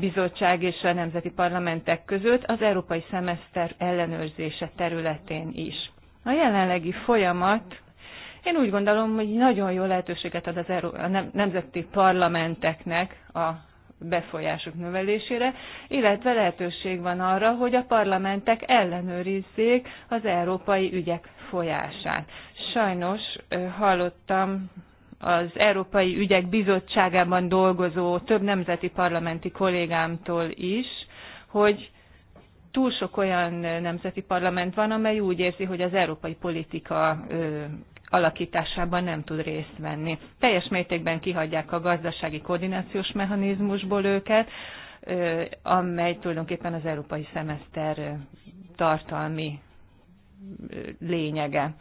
Bizottság és a nemzeti parlamentek között az európai szemeszter ellenőrzése területén is. A jelenlegi folyamat én úgy gondolom, hogy nagyon jó lehetőséget ad az Euró- a nemzeti parlamenteknek a befolyásuk növelésére, illetve lehetőség van arra, hogy a parlamentek ellenőrizzék az európai ügyek folyását. Sajnos hallottam az Európai Ügyek Bizottságában dolgozó több nemzeti parlamenti kollégámtól is, hogy túl sok olyan nemzeti parlament van, amely úgy érzi, hogy az európai politika alakításában nem tud részt venni. Teljes mértékben kihagyják a gazdasági koordinációs mechanizmusból őket, amely tulajdonképpen az európai szemeszter tartalmi lényege.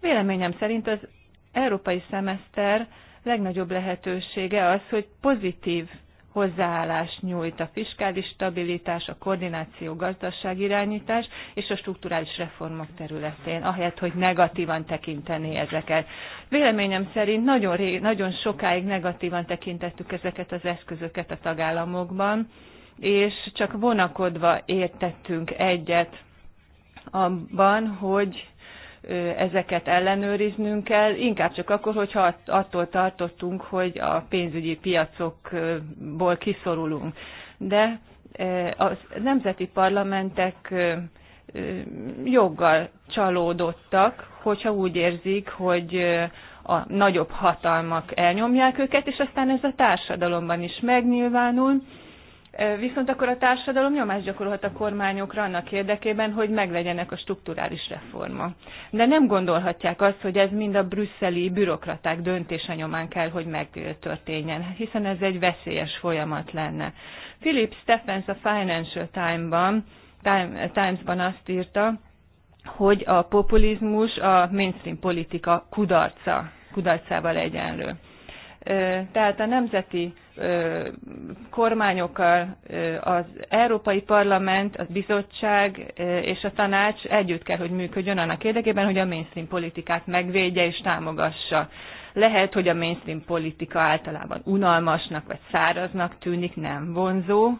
Véleményem szerint az európai szemeszter legnagyobb lehetősége az, hogy pozitív hozzáállást nyújt a fiskális stabilitás, a koordináció, irányítás és a strukturális reformok területén, ahelyett, hogy negatívan tekinteni ezeket. Véleményem szerint nagyon, ré, nagyon sokáig negatívan tekintettük ezeket az eszközöket a tagállamokban, és csak vonakodva értettünk egyet abban, hogy ezeket ellenőriznünk kell, inkább csak akkor, hogyha attól tartottunk, hogy a pénzügyi piacokból kiszorulunk. De a nemzeti parlamentek joggal csalódottak, hogyha úgy érzik, hogy a nagyobb hatalmak elnyomják őket, és aztán ez a társadalomban is megnyilvánul, Viszont akkor a társadalom nyomást gyakorolhat a kormányokra annak érdekében, hogy meglegyenek a strukturális reforma. De nem gondolhatják azt, hogy ez mind a brüsszeli bürokraták döntése nyomán kell, hogy megtörténjen, hiszen ez egy veszélyes folyamat lenne. Philip Stephens a Financial Times-ban Time, times azt írta, hogy a populizmus a mainstream politika kudarca, kudarcával egyenlő. Tehát a nemzeti kormányokkal az Európai Parlament, a bizottság és a tanács együtt kell, hogy működjön annak érdekében, hogy a mainstream politikát megvédje és támogassa. Lehet, hogy a mainstream politika általában unalmasnak vagy száraznak tűnik, nem vonzó,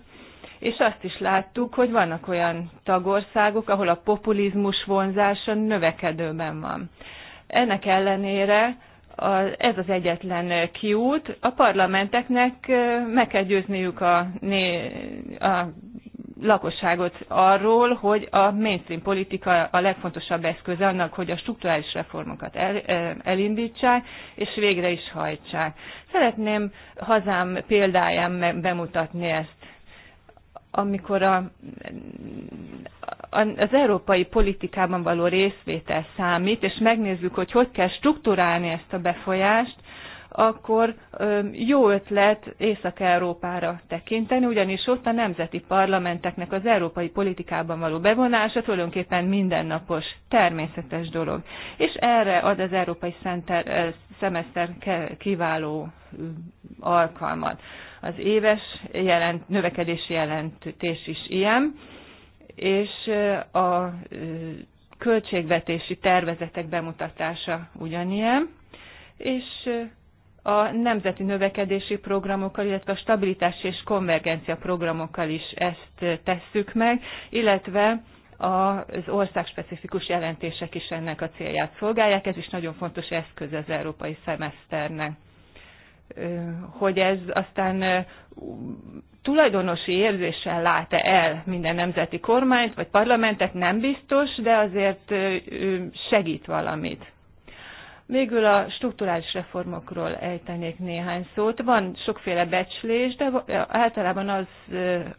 és azt is láttuk, hogy vannak olyan tagországok, ahol a populizmus vonzása növekedőben van. Ennek ellenére ez az egyetlen eh, kiút. A parlamenteknek eh, meg kell győzniük a, a lakosságot arról, hogy a mainstream politika a legfontosabb eszköze annak, hogy a struktúrális reformokat el, eh, elindítsák és végre is hajtsák. Szeretném hazám példáján bemutatni ezt amikor a, az európai politikában való részvétel számít, és megnézzük, hogy hogy kell struktúrálni ezt a befolyást, akkor jó ötlet Észak-Európára tekinteni, ugyanis ott a nemzeti parlamenteknek az európai politikában való bevonása tulajdonképpen mindennapos, természetes dolog. És erre ad az európai szemeszter kiváló alkalmat. Az éves jelent, növekedési jelentés is ilyen, és a költségvetési tervezetek bemutatása ugyanilyen, és a nemzeti növekedési programokkal, illetve a stabilitási és konvergencia programokkal is ezt tesszük meg, illetve az országspecifikus jelentések is ennek a célját szolgálják. Ez is nagyon fontos eszköz az európai szemeszternek hogy ez aztán tulajdonosi érzéssel lát-e el minden nemzeti kormányt vagy parlamentet, nem biztos, de azért segít valamit. Végül a strukturális reformokról ejtenék néhány szót. Van sokféle becslés, de általában az,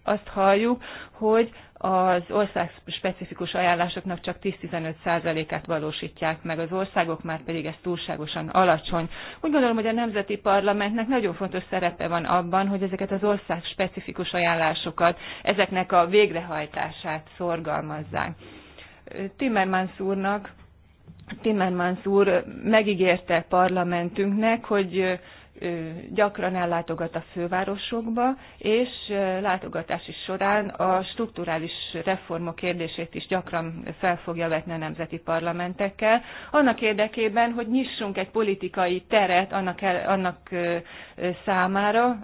azt halljuk, hogy az ország specifikus ajánlásoknak csak 10-15%-át valósítják meg, az országok már pedig ez túlságosan alacsony. Úgy gondolom, hogy a Nemzeti Parlamentnek nagyon fontos szerepe van abban, hogy ezeket az ország specifikus ajánlásokat, ezeknek a végrehajtását szorgalmazzák. Timmermans úrnak, Timmermans úr megígérte parlamentünknek, hogy gyakran ellátogat a fővárosokba, és látogatási során a strukturális reformok kérdését is gyakran fel fogja vetni a nemzeti parlamentekkel, annak érdekében, hogy nyissunk egy politikai teret annak, el, annak számára,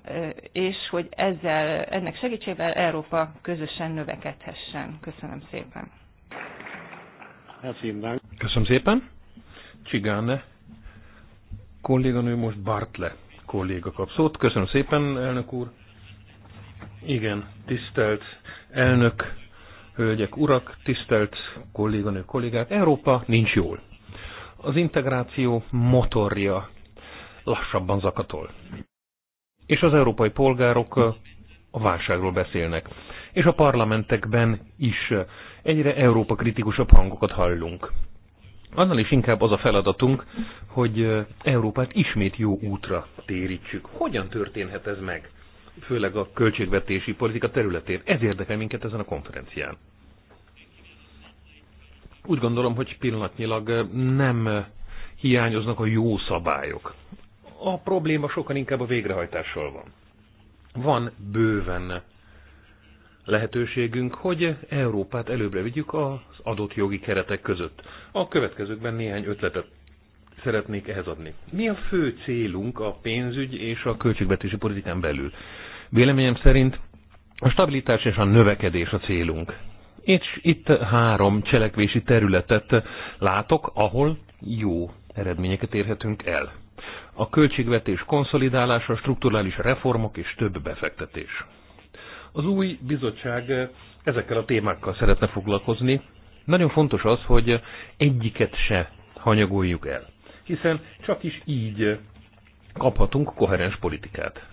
és hogy ezzel, ennek segítségével Európa közösen növekedhessen. Köszönöm szépen. Köszönöm szépen. Csigáne kolléganő most Bartle kolléga kap szót. Köszönöm szépen, elnök úr. Igen, tisztelt elnök, hölgyek, urak, tisztelt kolléganő, kollégák. Európa nincs jól. Az integráció motorja lassabban zakatol. És az európai polgárok a válságról beszélnek. És a parlamentekben is egyre Európa kritikusabb hangokat hallunk annál is inkább az a feladatunk, hogy Európát ismét jó útra térítsük. Hogyan történhet ez meg? Főleg a költségvetési politika területén. Ez érdekel minket ezen a konferencián. Úgy gondolom, hogy pillanatnyilag nem hiányoznak a jó szabályok. A probléma sokan inkább a végrehajtással van. Van bőven lehetőségünk, hogy Európát előbbre vigyük az adott jogi keretek között. A következőkben néhány ötletet szeretnék ehhez adni. Mi a fő célunk a pénzügy és a költségvetési politikán belül? Véleményem szerint a stabilitás és a növekedés a célunk. És itt három cselekvési területet látok, ahol jó eredményeket érhetünk el. A költségvetés konszolidálása, strukturális reformok és több befektetés. Az új bizottság eh, ezekkel a témákkal szeretne foglalkozni. Nagyon fontos az, hogy egyiket se hanyagoljuk el, hiszen csak is így eh, kaphatunk koherens politikát.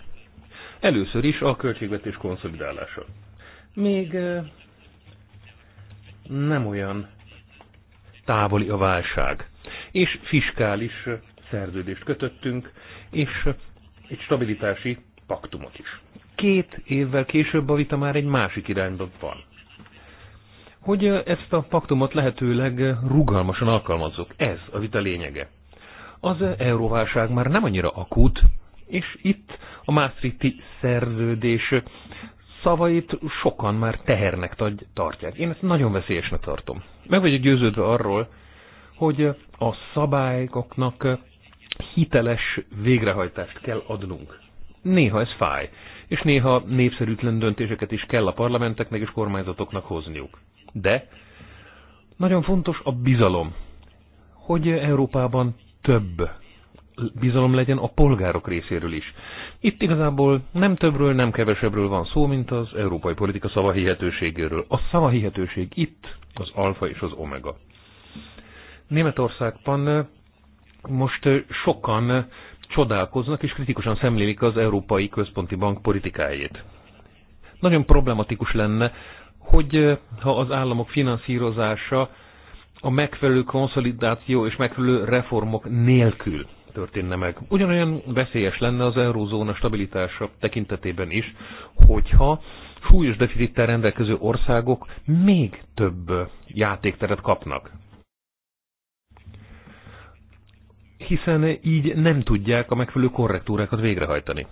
Először is a költségvetés konszolidálása. Még eh, nem olyan távoli a válság, és fiskális szerződést kötöttünk, és egy stabilitási paktumot is két évvel később a vita már egy másik irányba van. Hogy ezt a paktumot lehetőleg rugalmasan alkalmazzuk. Ez a vita lényege. Az euróválság már nem annyira akut, és itt a Maastrichti szerződés szavait sokan már tehernek tartják. Én ezt nagyon veszélyesnek tartom. Meg vagyok győződve arról, hogy a szabályoknak hiteles végrehajtást kell adnunk. Néha ez fáj, és néha népszerűtlen döntéseket is kell a parlamenteknek és kormányzatoknak hozniuk. De nagyon fontos a bizalom, hogy Európában több bizalom legyen a polgárok részéről is. Itt igazából nem többről, nem kevesebbről van szó, mint az európai politika szavahihetőségéről. A szavahihetőség itt az alfa és az omega. Németországban most sokan csodálkoznak és kritikusan szemlélik az Európai Központi Bank politikáját. Nagyon problematikus lenne, hogy eh, ha az államok finanszírozása a megfelelő konszolidáció és megfelelő reformok nélkül történne meg. Ugyanolyan veszélyes lenne az eurózóna stabilitása tekintetében is, hogyha súlyos deficittel rendelkező országok még több eh, játékteret kapnak. hiszen így nem tudják a megfelelő korrektúrákat végrehajtani.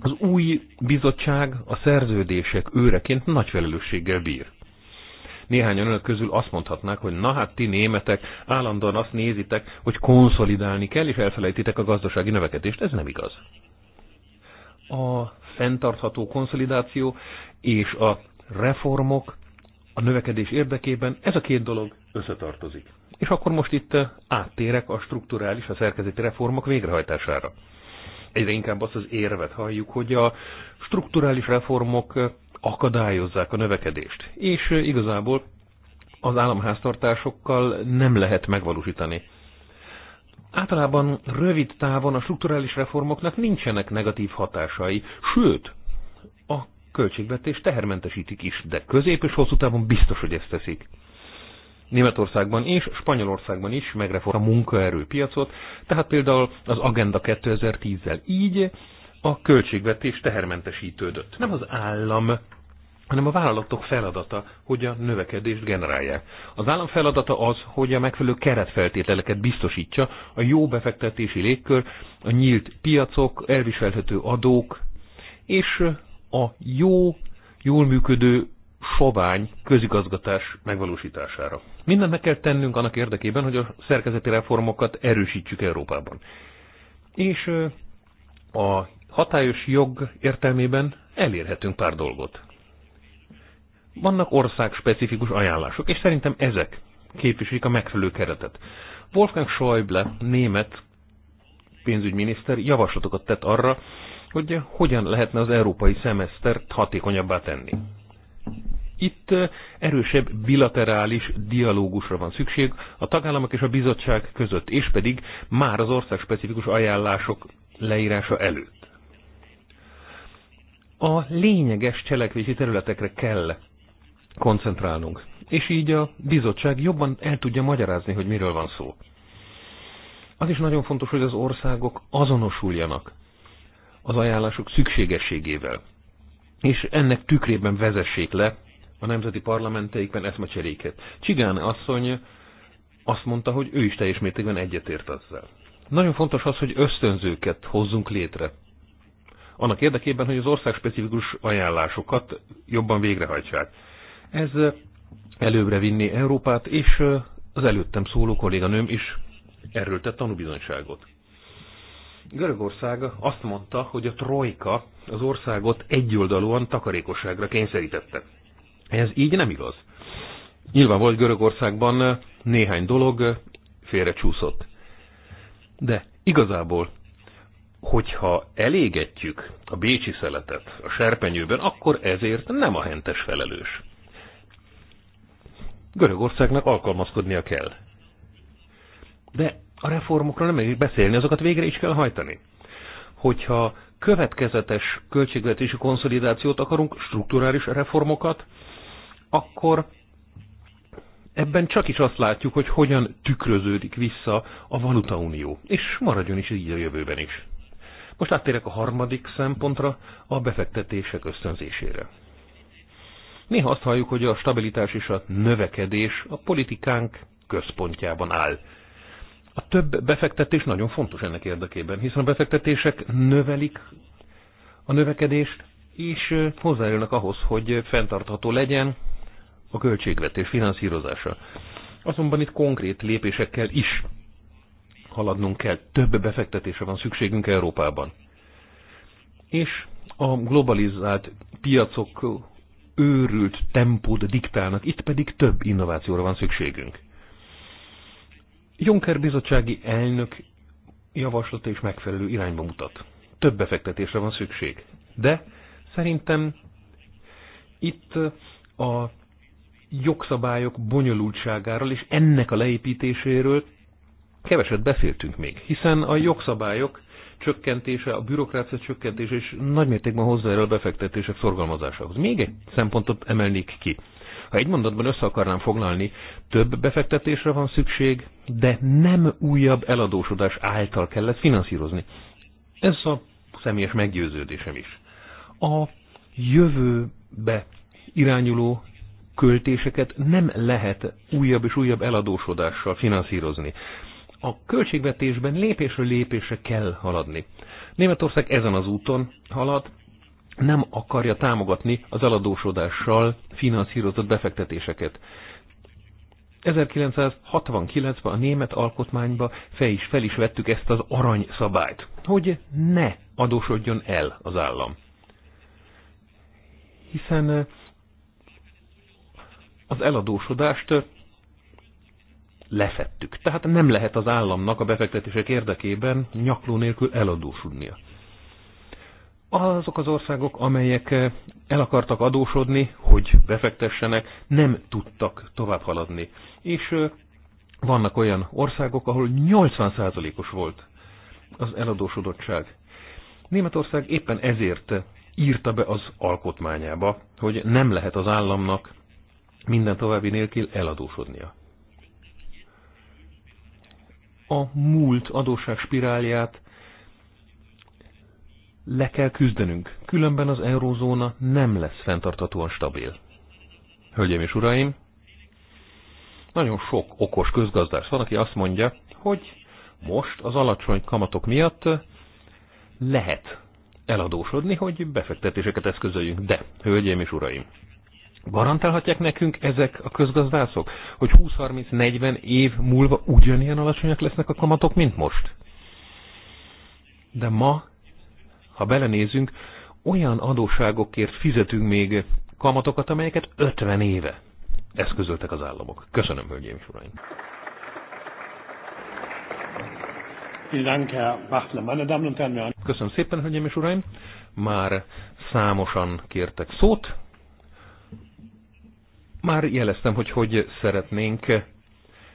Az új bizottság a szerződések őreként nagy felelősséggel bír. Néhányan önök közül azt mondhatnák, hogy na hát ti németek állandóan azt nézitek, hogy konszolidálni kell, és elfelejtitek a gazdasági növekedést. Ez nem igaz. A fenntartható konszolidáció és a reformok a növekedés érdekében ez a két dolog összetartozik. És akkor most itt eh, áttérek a strukturális, a szerkezeti reformok végrehajtására. Egyre inkább azt az érvet halljuk, hogy a strukturális reformok eh, akadályozzák a növekedést. És eh, igazából az államháztartásokkal nem lehet megvalósítani. Általában rövid távon a strukturális reformoknak nincsenek negatív hatásai, sőt, a költségvetés tehermentesítik is, de közép és hosszú távon biztos, hogy ezt teszik. Németországban és Spanyolországban is megreform a munkaerőpiacot, tehát például az Agenda 2010-zel. Így a költségvetés tehermentesítődött. Nem az állam hanem a vállalatok feladata, hogy a növekedést generálják. Az állam feladata az, hogy a megfelelő keretfeltételeket biztosítsa, a jó befektetési légkör, a nyílt piacok, elviselhető adók, és a jó, jól működő sovány közigazgatás megvalósítására. Mindent meg kell tennünk annak érdekében, hogy a szerkezeti reformokat erősítsük Európában. És a hatályos jog értelmében elérhetünk pár dolgot. Vannak országspecifikus ajánlások, és szerintem ezek képviselik a megfelelő keretet. Wolfgang Schäuble, német pénzügyminiszter javaslatokat tett arra, hogy hogyan lehetne az európai szemesztert hatékonyabbá tenni. Itt erősebb bilaterális dialógusra van szükség a tagállamok és a bizottság között, és pedig már az ország specifikus ajánlások leírása előtt. A lényeges cselekvési területekre kell koncentrálnunk, és így a bizottság jobban el tudja magyarázni, hogy miről van szó. Az is nagyon fontos, hogy az országok azonosuljanak az ajánlások szükségességével és ennek tükrében vezessék le a nemzeti parlamenteikben cseréket. Csigán asszony azt mondta, hogy ő is teljes mértékben egyetért azzal. Nagyon fontos az, hogy ösztönzőket hozzunk létre. Annak érdekében, hogy az ország specifikus ajánlásokat jobban végrehajtsák. Ez előbbre vinni Európát, és az előttem szóló kolléganőm is erről tett tanúbizonyságot. Görögország azt mondta, hogy a trojka az országot egyoldalúan takarékosságra kényszerítette. Ez így nem igaz. Nyilván volt Görögországban néhány dolog félrecsúszott. De igazából, hogyha elégetjük a bécsi szeletet a serpenyőben, akkor ezért nem a hentes felelős. Görögországnak alkalmazkodnia kell. De a reformokról nem elég beszélni, azokat végre is kell hajtani. Hogyha következetes költségvetési konszolidációt akarunk, strukturális reformokat, akkor ebben csak is azt látjuk, hogy hogyan tükröződik vissza a valutaunió. És maradjon is így a jövőben is. Most áttérek a harmadik szempontra, a befektetések ösztönzésére. Néha azt halljuk, hogy a stabilitás és a növekedés a politikánk központjában áll. A több befektetés nagyon fontos ennek érdekében, hiszen a befektetések növelik a növekedést, és hozzájönnek ahhoz, hogy fenntartható legyen a költségvetés finanszírozása. Azonban itt konkrét lépésekkel is haladnunk kell. Több befektetésre van szükségünk Európában. És a globalizált piacok őrült tempót diktálnak, itt pedig több innovációra van szükségünk. Juncker bizottsági elnök javaslata is megfelelő irányba mutat. Több befektetésre van szükség. De szerintem itt a jogszabályok bonyolultságáról és ennek a leépítéséről keveset beszéltünk még, hiszen a jogszabályok csökkentése, a bürokrácia csökkentése és nagymértékben hozzájárul a befektetések szorgalmazásához. Még egy szempontot emelnék ki. Ha egy mondatban össze akarnám foglalni, több befektetésre van szükség, de nem újabb eladósodás által kellett finanszírozni. Ez a személyes meggyőződésem is. A jövőbe irányuló költéseket nem lehet újabb és újabb eladósodással finanszírozni. A költségvetésben lépésről lépésre kell haladni. Németország ezen az úton halad, nem akarja támogatni az eladósodással finanszírozott befektetéseket. 1969-ben a német alkotmányba fel is, fel is vettük ezt az aranyszabályt, hogy ne adósodjon el az állam. Hiszen eh, az eladósodást eh, lefettük. Tehát nem lehet az államnak a befektetések érdekében nyakló nélkül eladósodnia azok az országok, amelyek eh, el akartak adósodni, hogy befektessenek, nem tudtak tovább haladni. És eh, vannak olyan országok, ahol 80%-os volt az eladósodottság. Németország éppen ezért eh, írta be az alkotmányába, hogy nem lehet az államnak minden további nélkül eladósodnia. A múlt adósság spirálját le kell küzdenünk, különben az eurózóna nem lesz fenntarthatóan stabil. Hölgyeim és uraim, nagyon sok okos közgazdász van, aki azt mondja, hogy most az alacsony kamatok miatt lehet eladósodni, hogy befektetéseket eszközöljünk. De, hölgyeim és uraim, garantálhatják nekünk ezek a közgazdászok, hogy 20-30-40 év múlva ugyanilyen alacsonyak lesznek a kamatok, mint most? De ma ha belenézünk, olyan adóságokért fizetünk még kamatokat, amelyeket 50 éve eszközöltek az államok. Köszönöm, hölgyeim és uraim! Köszönöm szépen, hölgyeim és uraim! Már számosan kértek szót. Már jeleztem, hogy hogy szeretnénk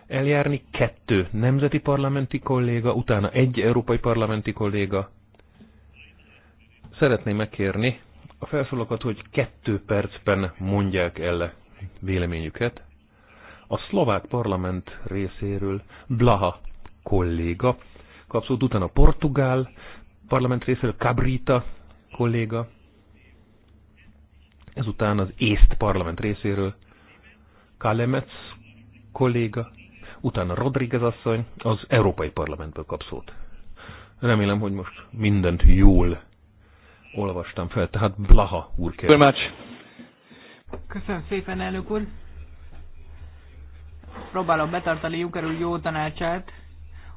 eljárni. Kettő nemzeti parlamenti kolléga, utána egy európai parlamenti kolléga, Szeretném megkérni a felszólókat, hogy kettő percben mondják el véleményüket. A szlovák parlament részéről Blaha kolléga kapszót, utána a portugál parlament részéről Cabrita kolléga, ezután az észt parlament részéről Kalemec kolléga, utána Rodriguez asszony az Európai Parlamentből kap Remélem, hogy most mindent jól olvastam fel, tehát Blaha úr kérdés. Köszönöm szépen, elnök úr. Próbálom betartani Juncker úr jó tanácsát,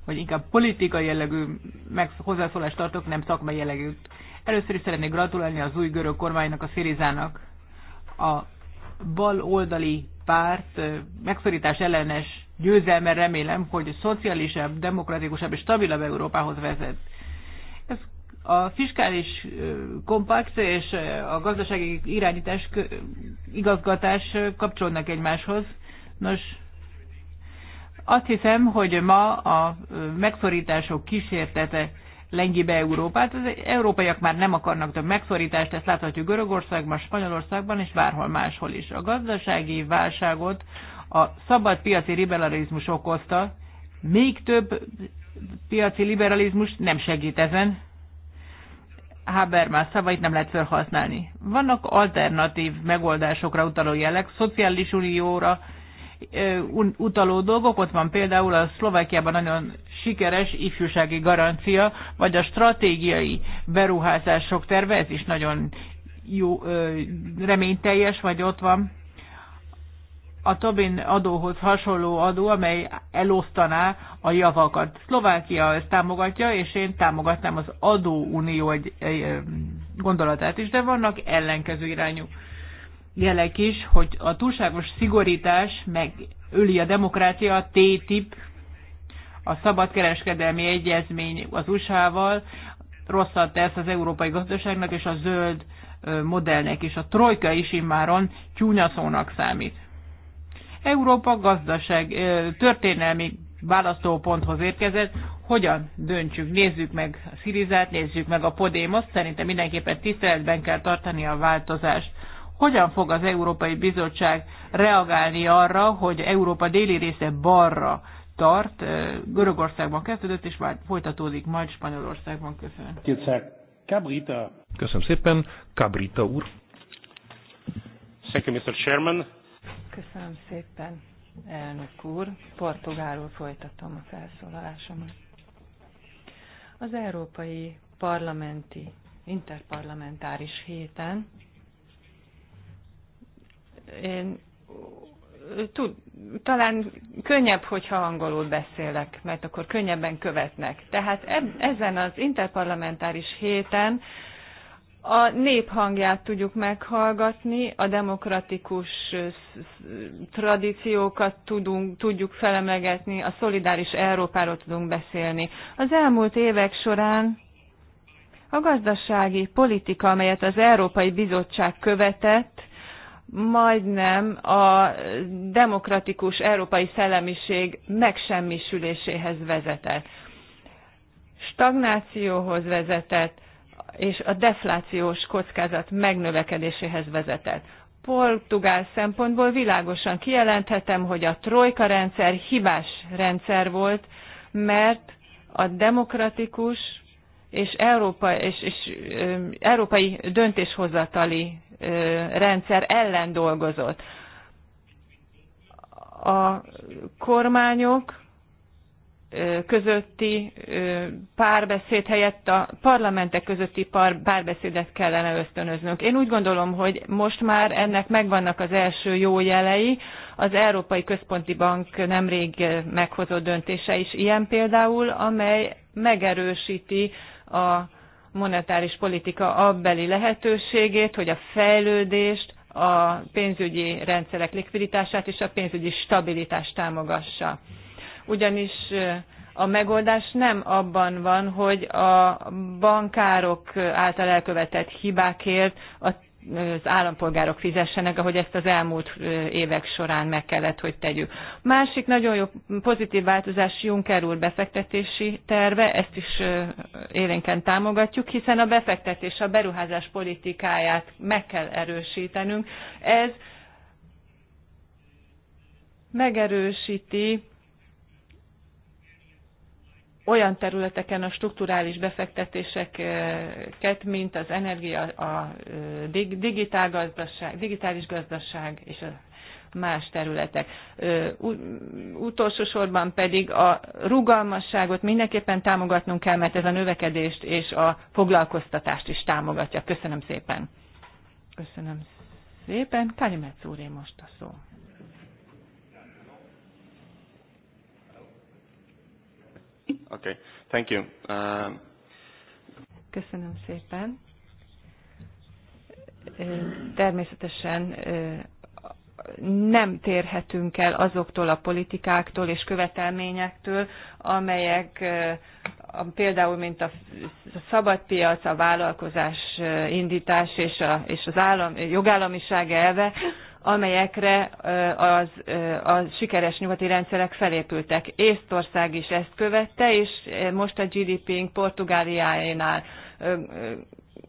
hogy inkább politikai jellegű meg, hozzászólást tartok, nem szakmai jellegű. Először is szeretnék gratulálni az új görög kormánynak, a Szirizának. A bal oldali párt megszorítás ellenes győzelme remélem, hogy szociálisabb, demokratikusabb és stabilabb Európához vezet. Ez a fiskális kompakt és a gazdasági irányítás igazgatás kapcsolnak egymáshoz. Nos, azt hiszem, hogy ma a megszorítások kísértete lengi be Európát. Az európaiak már nem akarnak több megszorítást, ezt láthatjuk Görögországban, Spanyolországban és bárhol máshol is. A gazdasági válságot a szabad piaci liberalizmus okozta, még több piaci liberalizmus nem segít ezen. Habermas szavait nem lehet felhasználni. Vannak alternatív megoldásokra utaló jelek, szociális unióra utaló dolgok, ott van például a Szlovákiában nagyon sikeres ifjúsági garancia, vagy a stratégiai beruházások terve, ez is nagyon jó, reményteljes, vagy ott van a Tobin adóhoz hasonló adó, amely elosztaná a javakat. Szlovákia ezt támogatja, és én támogatnám az adóunió egy, egy gondolatát is, de vannak ellenkező irányú jelek is, hogy a túlságos szigorítás megöli a demokrácia, a TTIP, a szabadkereskedelmi egyezmény az USA-val, rosszat tesz az európai gazdaságnak és a zöld modellnek, és a trojka is immáron csúnyaszónak számít. Európa gazdaság történelmi választóponthoz érkezett, hogyan döntsük, nézzük meg a Szirizát, nézzük meg a Podémos, szerintem mindenképpen tiszteletben kell tartani a változást. Hogyan fog az Európai Bizottság reagálni arra, hogy Európa déli része balra tart, Görögországban kezdődött, és már folytatódik majd Spanyolországban. Köszönöm. Köszönöm szépen. Cabrita úr. Thank you, Mr. Chairman. Köszönöm szépen, elnök úr. Portugálul folytatom a felszólalásomat. Az Európai Parlamenti Interparlamentáris héten én tud, talán könnyebb, hogyha angolul beszélek, mert akkor könnyebben követnek. Tehát eb, ezen az interparlamentáris héten a nép hangját tudjuk meghallgatni, a demokratikus tradíciókat tudunk, tudjuk felemegetni, a szolidáris Európáról tudunk beszélni. Az elmúlt évek során a gazdasági politika, amelyet az Európai Bizottság követett, majdnem a demokratikus európai szellemiség megsemmisüléséhez vezetett. Stagnációhoz vezetett, és a deflációs kockázat megnövekedéséhez vezetett. Portugál szempontból világosan kijelenthetem, hogy a trojka rendszer hibás rendszer volt, mert a demokratikus és, Európa, és, és ö, európai döntéshozatali ö, rendszer ellen dolgozott. A kormányok közötti párbeszéd helyett a parlamentek közötti párbeszédet kellene ösztönöznünk. Én úgy gondolom, hogy most már ennek megvannak az első jó jelei. Az Európai Központi Bank nemrég meghozott döntése is ilyen például, amely megerősíti a monetáris politika abbeli lehetőségét, hogy a fejlődést, a pénzügyi rendszerek likviditását és a pénzügyi stabilitást támogassa ugyanis a megoldás nem abban van, hogy a bankárok által elkövetett hibákért az állampolgárok fizessenek, ahogy ezt az elmúlt évek során meg kellett, hogy tegyük. Másik nagyon jó pozitív változás Juncker úr befektetési terve, ezt is élénken támogatjuk, hiszen a befektetés, a beruházás politikáját meg kell erősítenünk. Ez megerősíti olyan területeken a strukturális befektetéseket, mint az energia, a digitál gazdaság, digitális gazdaság és a más területek. Utolsó sorban pedig a rugalmasságot mindenképpen támogatnunk kell, mert ez a növekedést és a foglalkoztatást is támogatja. Köszönöm szépen. Köszönöm szépen. Kalimetsz úré most a szó. Okay. Thank you. Um... Köszönöm szépen. Természetesen nem térhetünk el azoktól a politikáktól és követelményektől, amelyek például, mint a szabadpiac, a vállalkozás indítás és, a, és az állam, jogállamiság elve, amelyekre az, a sikeres nyugati rendszerek felépültek. Észtország is ezt követte, és most a gdp ink Portugáliáénál,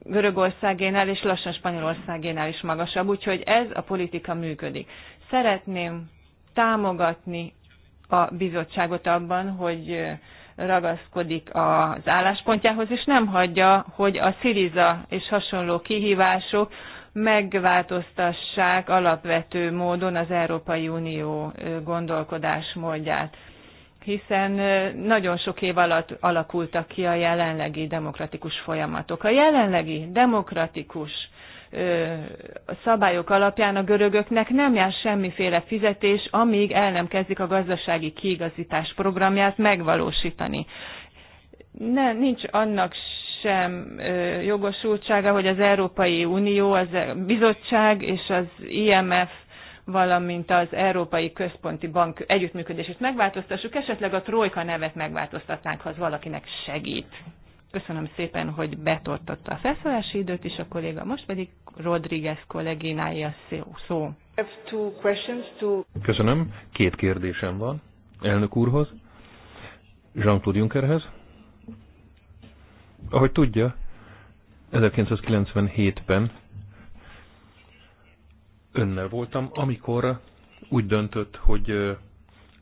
Görögországénál és lassan Spanyolországénál is magasabb, úgyhogy ez a politika működik. Szeretném támogatni a bizottságot abban, hogy ragaszkodik az álláspontjához, és nem hagyja, hogy a Siriza és hasonló kihívások megváltoztassák alapvető módon az Európai Unió gondolkodásmódját hiszen nagyon sok év alatt alakultak ki a jelenlegi demokratikus folyamatok. A jelenlegi demokratikus szabályok alapján a görögöknek nem jár semmiféle fizetés, amíg el nem kezdik a gazdasági kiigazítás programját megvalósítani. Ne, nincs annak sem jogosultsága, hogy az Európai Unió, az bizottság és az IMF valamint az Európai Központi Bank együttműködését megváltoztassuk, esetleg a Trojka nevet megváltoztatnánk, ha az valakinek segít. Köszönöm szépen, hogy betartotta a felszólási időt is a kolléga, most pedig Rodriguez kolléginája a szó. Köszönöm, két kérdésem van elnök úrhoz, Jean-Claude Junckerhez ahogy tudja, 1997-ben önnel voltam, amikor úgy döntött, hogy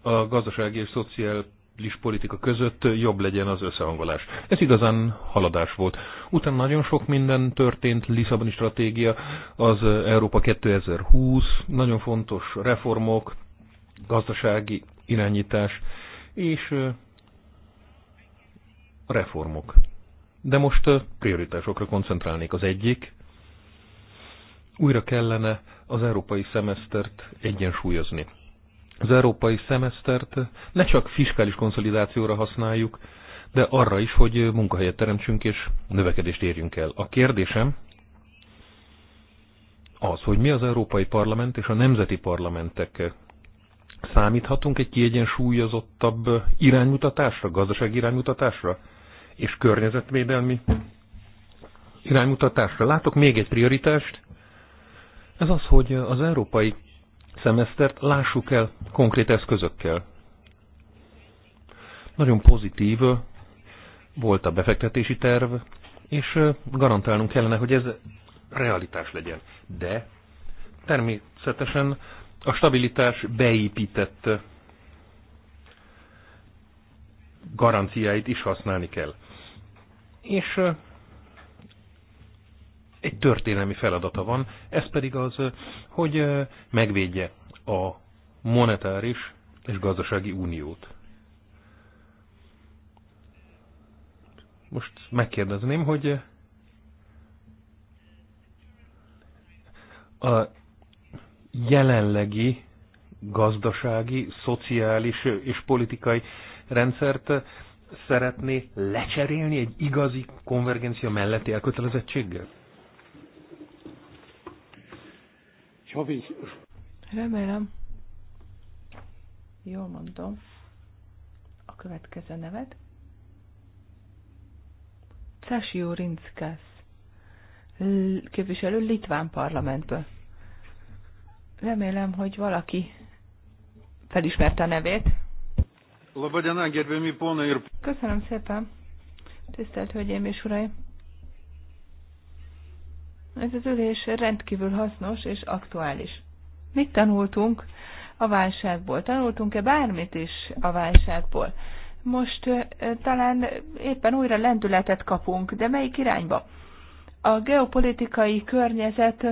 a gazdasági és szociális politika között jobb legyen az összehangolás. Ez igazán haladás volt. Utána nagyon sok minden történt, Lisszaboni stratégia, az Európa 2020, nagyon fontos reformok, gazdasági irányítás és reformok. De most prioritásokra koncentrálnék. Az egyik, újra kellene az európai szemesztert egyensúlyozni. Az európai szemesztert ne csak fiskális konszolidációra használjuk, de arra is, hogy munkahelyet teremtsünk és növekedést érjünk el. A kérdésem az, hogy mi az Európai Parlament és a nemzeti parlamentek számíthatunk egy kiegyensúlyozottabb iránymutatásra, gazdasági iránymutatásra? és környezetvédelmi iránymutatásra. Látok még egy prioritást, ez az, hogy az európai szemesztert lássuk el konkrét eszközökkel. Nagyon pozitív volt a befektetési terv, és garantálnunk kellene, hogy ez realitás legyen. De természetesen a stabilitás beépített garanciáit is használni kell. És egy történelmi feladata van, ez pedig az, hogy megvédje a monetáris és gazdasági uniót. Most megkérdezném, hogy a jelenlegi gazdasági, szociális és politikai rendszert szeretné lecserélni egy igazi konvergencia melletti elkötelezettséggel? Remélem. Jól mondom. A következő neved. Csásió Rinckász. Képviselő Litván parlamentből. Remélem, hogy valaki felismerte a nevét. Köszönöm szépen, tisztelt Hölgyeim és Uraim! Ez az ülés rendkívül hasznos és aktuális. Mit tanultunk a válságból? Tanultunk-e bármit is a válságból? Most eh, talán éppen újra lendületet kapunk, de melyik irányba? a geopolitikai környezet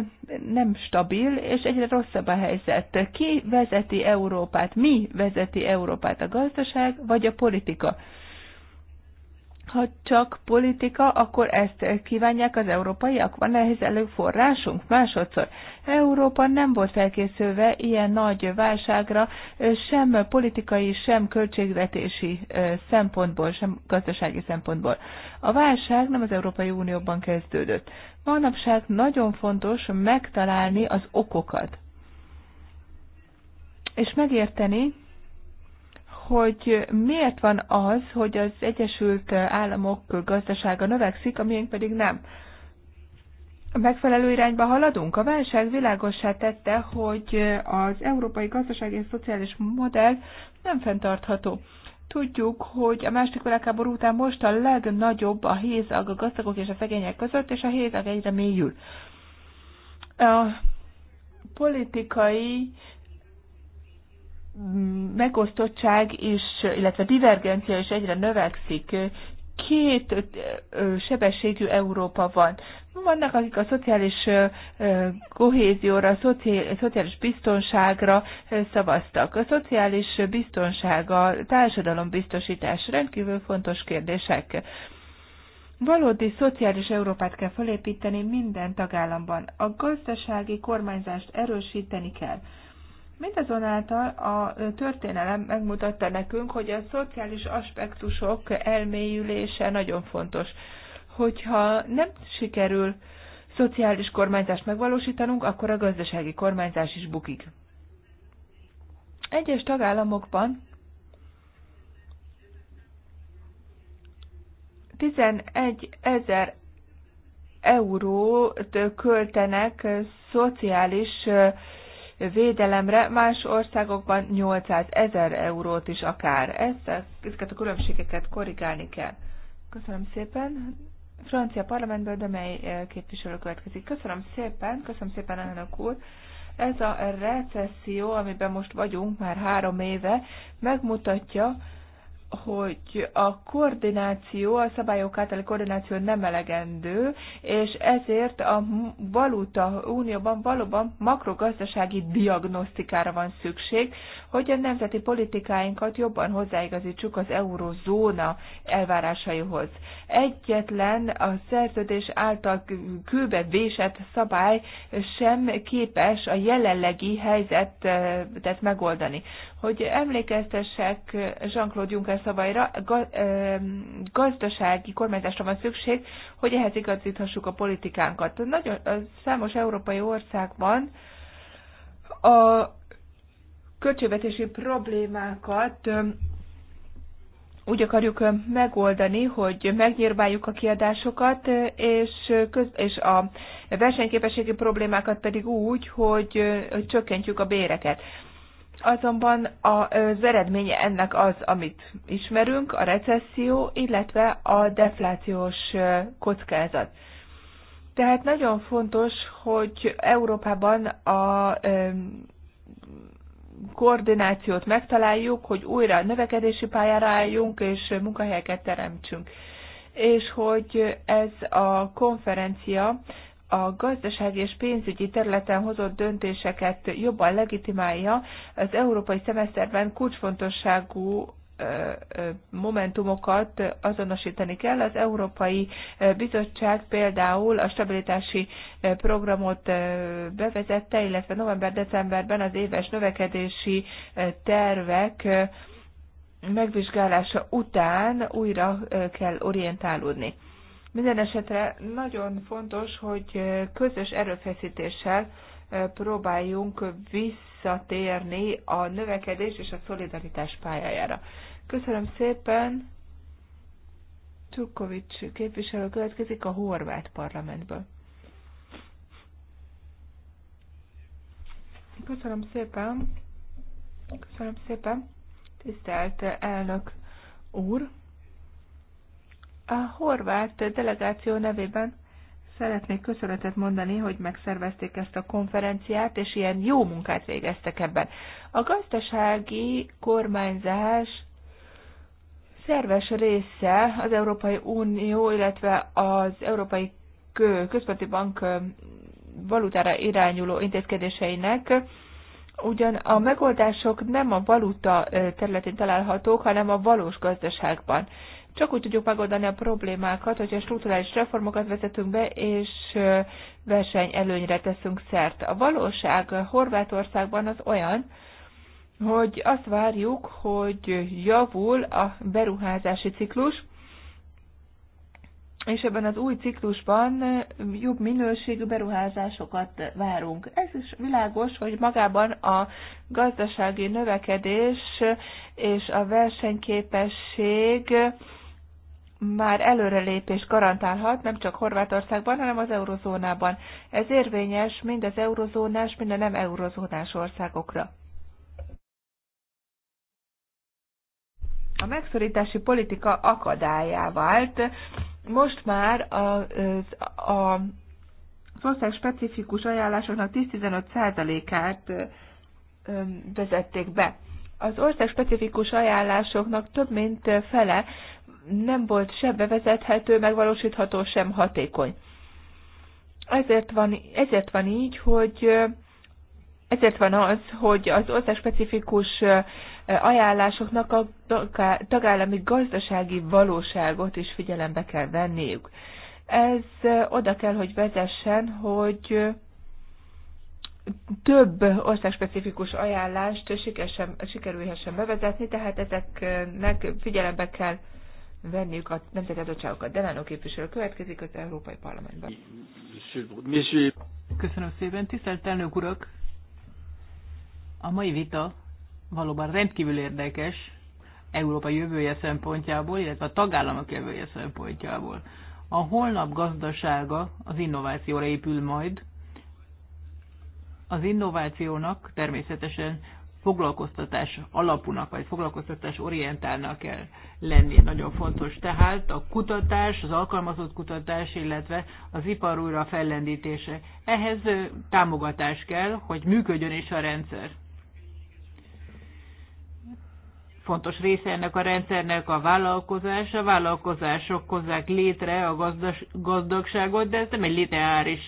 nem stabil, és egyre rosszabb a helyzet. Ki vezeti Európát? Mi vezeti Európát? A gazdaság vagy a politika? Ha csak politika, akkor ezt kívánják az európaiak? Van ehhez előforrásunk? Másodszor. Európa nem volt felkészülve ilyen nagy válságra, sem politikai, sem költségvetési szempontból, sem gazdasági szempontból. A válság nem az Európai Unióban kezdődött. Manapság nagyon fontos megtalálni az okokat, és megérteni, hogy miért van az, hogy az Egyesült Államok gazdasága növekszik, a miénk pedig nem. A megfelelő irányba haladunk. A válság világosá tette, hogy az európai gazdasági és szociális modell nem fenntartható. Tudjuk, hogy a második világháború után most a legnagyobb a hézag a gazdagok és a szegények között, és a hézag egyre mélyül. A politikai megosztottság is, illetve divergencia is egyre növekszik. Két sebességű Európa van. Vannak, akik a szociális kohézióra, a szociális biztonságra szavaztak. A szociális biztonság, a biztosítás rendkívül fontos kérdések. Valódi szociális Európát kell felépíteni minden tagállamban. A gazdasági kormányzást erősíteni kell Mindazonáltal a történelem megmutatta nekünk, hogy a szociális aspektusok elmélyülése nagyon fontos. Hogyha nem sikerül szociális kormányzást megvalósítanunk, akkor a gazdasági kormányzás is bukik. Egyes tagállamokban 11 ezer eurót költenek szociális védelemre, más országokban 800 ezer eurót is akár. Ezt, ezeket a különbségeket korrigálni kell. Köszönöm szépen. Francia parlamentből, de mely eh, képviselő következik. Köszönöm szépen, köszönöm szépen, elnök úr. Ez a recesszió, amiben most vagyunk már három éve, megmutatja, hogy a koordináció, a szabályok általi koordináció nem elegendő, és ezért a valuta unióban valóban makrogazdasági diagnosztikára van szükség, hogy a nemzeti politikáinkat jobban hozzáigazítsuk az eurozóna elvárásaihoz. Egyetlen a szerződés által kőbe vésett szabály sem képes a jelenlegi helyzetet megoldani. Hogy emlékeztessek Jean-Claude Juncker szabályra gazdasági kormányzásra van szükség, hogy ehhez igazíthassuk a politikánkat. Nagyon számos európai országban a költségvetési problémákat úgy akarjuk megoldani, hogy megnyírbáljuk a kiadásokat, és, köz, és a versenyképességi problémákat pedig úgy, hogy, hogy csökkentjük a béreket. Azonban az eredménye ennek az, amit ismerünk, a recesszió, illetve a deflációs kockázat. Tehát nagyon fontos, hogy Európában a koordinációt megtaláljuk, hogy újra növekedési pályára álljunk és munkahelyeket teremtsünk. És hogy ez a konferencia a gazdasági és pénzügyi területen hozott döntéseket jobban legitimálja, az európai szemeszterben kulcsfontosságú momentumokat azonosítani kell. Az Európai Bizottság például a stabilitási programot bevezette, illetve november-decemberben az éves növekedési tervek megvizsgálása után újra kell orientálódni. Minden esetre nagyon fontos, hogy közös erőfeszítéssel eh, próbáljunk visszatérni a növekedés és a szolidaritás pályájára. Köszönöm szépen! Csukovics képviselő következik a Horvát parlamentből. Köszönöm szépen! Köszönöm szépen! Tisztelt eh, elnök úr! A horvát delegáció nevében szeretnék köszönetet mondani, hogy megszervezték ezt a konferenciát, és ilyen jó munkát végeztek ebben. A gazdasági kormányzás szerves része az Európai Unió, illetve az Európai Központi Bank valutára irányuló intézkedéseinek, ugyan a megoldások nem a valuta területén találhatók, hanem a valós gazdaságban. Csak úgy tudjuk megoldani a problémákat, hogyha strukturális reformokat vezetünk be, és versenyelőnyre teszünk szert. A valóság Horvátországban az olyan, hogy azt várjuk, hogy javul a beruházási ciklus, és ebben az új ciklusban jobb minőségű beruházásokat várunk. Ez is világos, hogy magában a gazdasági növekedés és a versenyképesség már előrelépés garantálhat, nem csak Horvátországban, hanem az eurozónában. Ez érvényes mind az eurozónás, mind a nem eurozónás országokra. A megszorítási politika akadályá vált. Most már a, a, az ország specifikus ajánlásoknak 10-15%-át vezették be. Az ország specifikus ajánlásoknak több mint fele nem volt sem bevezethető, megvalósítható, sem hatékony. Ezért van, ezért van így, hogy ezért van az, hogy az országspecifikus ajánlásoknak a tagállami gazdasági valóságot is figyelembe kell venniük. Ez oda kell, hogy vezessen, hogy több országspecifikus ajánlást sikerülhessen bevezetni, tehát ezeknek figyelembe kell venniük a nemzeti adottságokat. Delano képviselő következik az Európai Parlamentben. Köszönöm szépen. Tisztelt elnök urak! A mai vita valóban rendkívül érdekes Európa jövője szempontjából, illetve a tagállamok jövője szempontjából. A holnap gazdasága az innovációra épül majd. Az innovációnak természetesen foglalkoztatás alapúnak, vagy foglalkoztatás orientálnak kell lenni. Nagyon fontos tehát a kutatás, az alkalmazott kutatás, illetve az ipar újra fellendítése. Ehhez támogatás kell, hogy működjön is a rendszer. Fontos része ennek a rendszernek a vállalkozás. A vállalkozások hozzák létre a gazdas, gazdagságot, de ez nem egy lineáris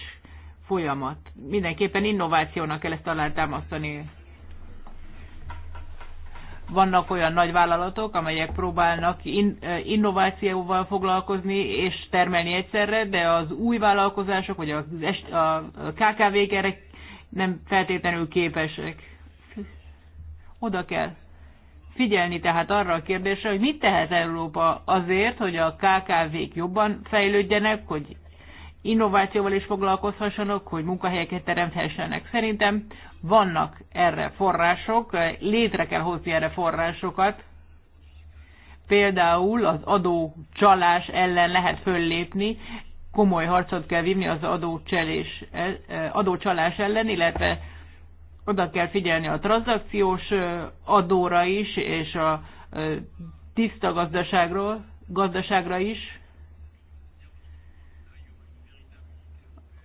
folyamat. Mindenképpen innovációnak kell ezt alátámasztani vannak olyan nagy vállalatok, amelyek próbálnak innovációval foglalkozni és termelni egyszerre, de az új vállalkozások vagy a KKV-k erre nem feltétlenül képesek. Oda kell figyelni tehát arra a kérdésre, hogy mit tehet Európa azért, hogy a KKV-k jobban fejlődjenek, hogy innovációval is foglalkozhassanak, hogy munkahelyeket teremthessenek. Szerintem vannak erre források, létre kell hozni erre forrásokat. Például az adó csalás ellen lehet föllépni, komoly harcot kell vívni az e, e, adócsalás adó ellen, illetve oda kell figyelni a tranzakciós adóra is, és a tiszta gazdaságról, gazdaságra is.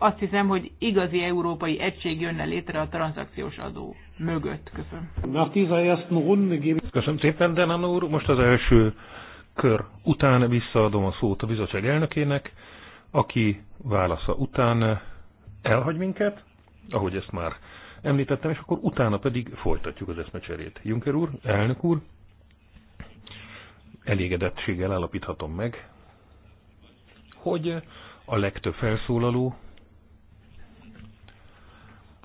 Azt hiszem, hogy igazi európai egység jönne létre a tranzakciós adó mögött. Köszönöm. Köszönöm szépen, Denan úr. Most az első kör után visszaadom a szót a bizottság elnökének, aki válasza után elhagy minket, ahogy ezt már említettem, és akkor utána pedig folytatjuk az eszmecserét. Juncker úr, elnök úr, elégedettséggel állapíthatom meg, hogy a legtöbb felszólaló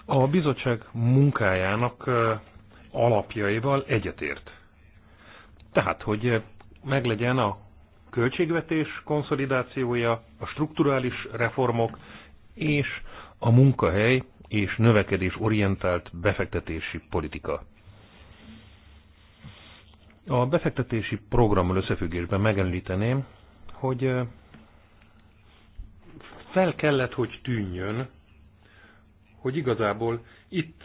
a bizottság munkájának alapjaival egyetért. Tehát, hogy meglegyen a költségvetés konszolidációja, a strukturális reformok és a munkahely és növekedés orientált befektetési politika. A befektetési programmal összefüggésben megemlíteném, hogy fel kellett, hogy tűnjön hogy igazából itt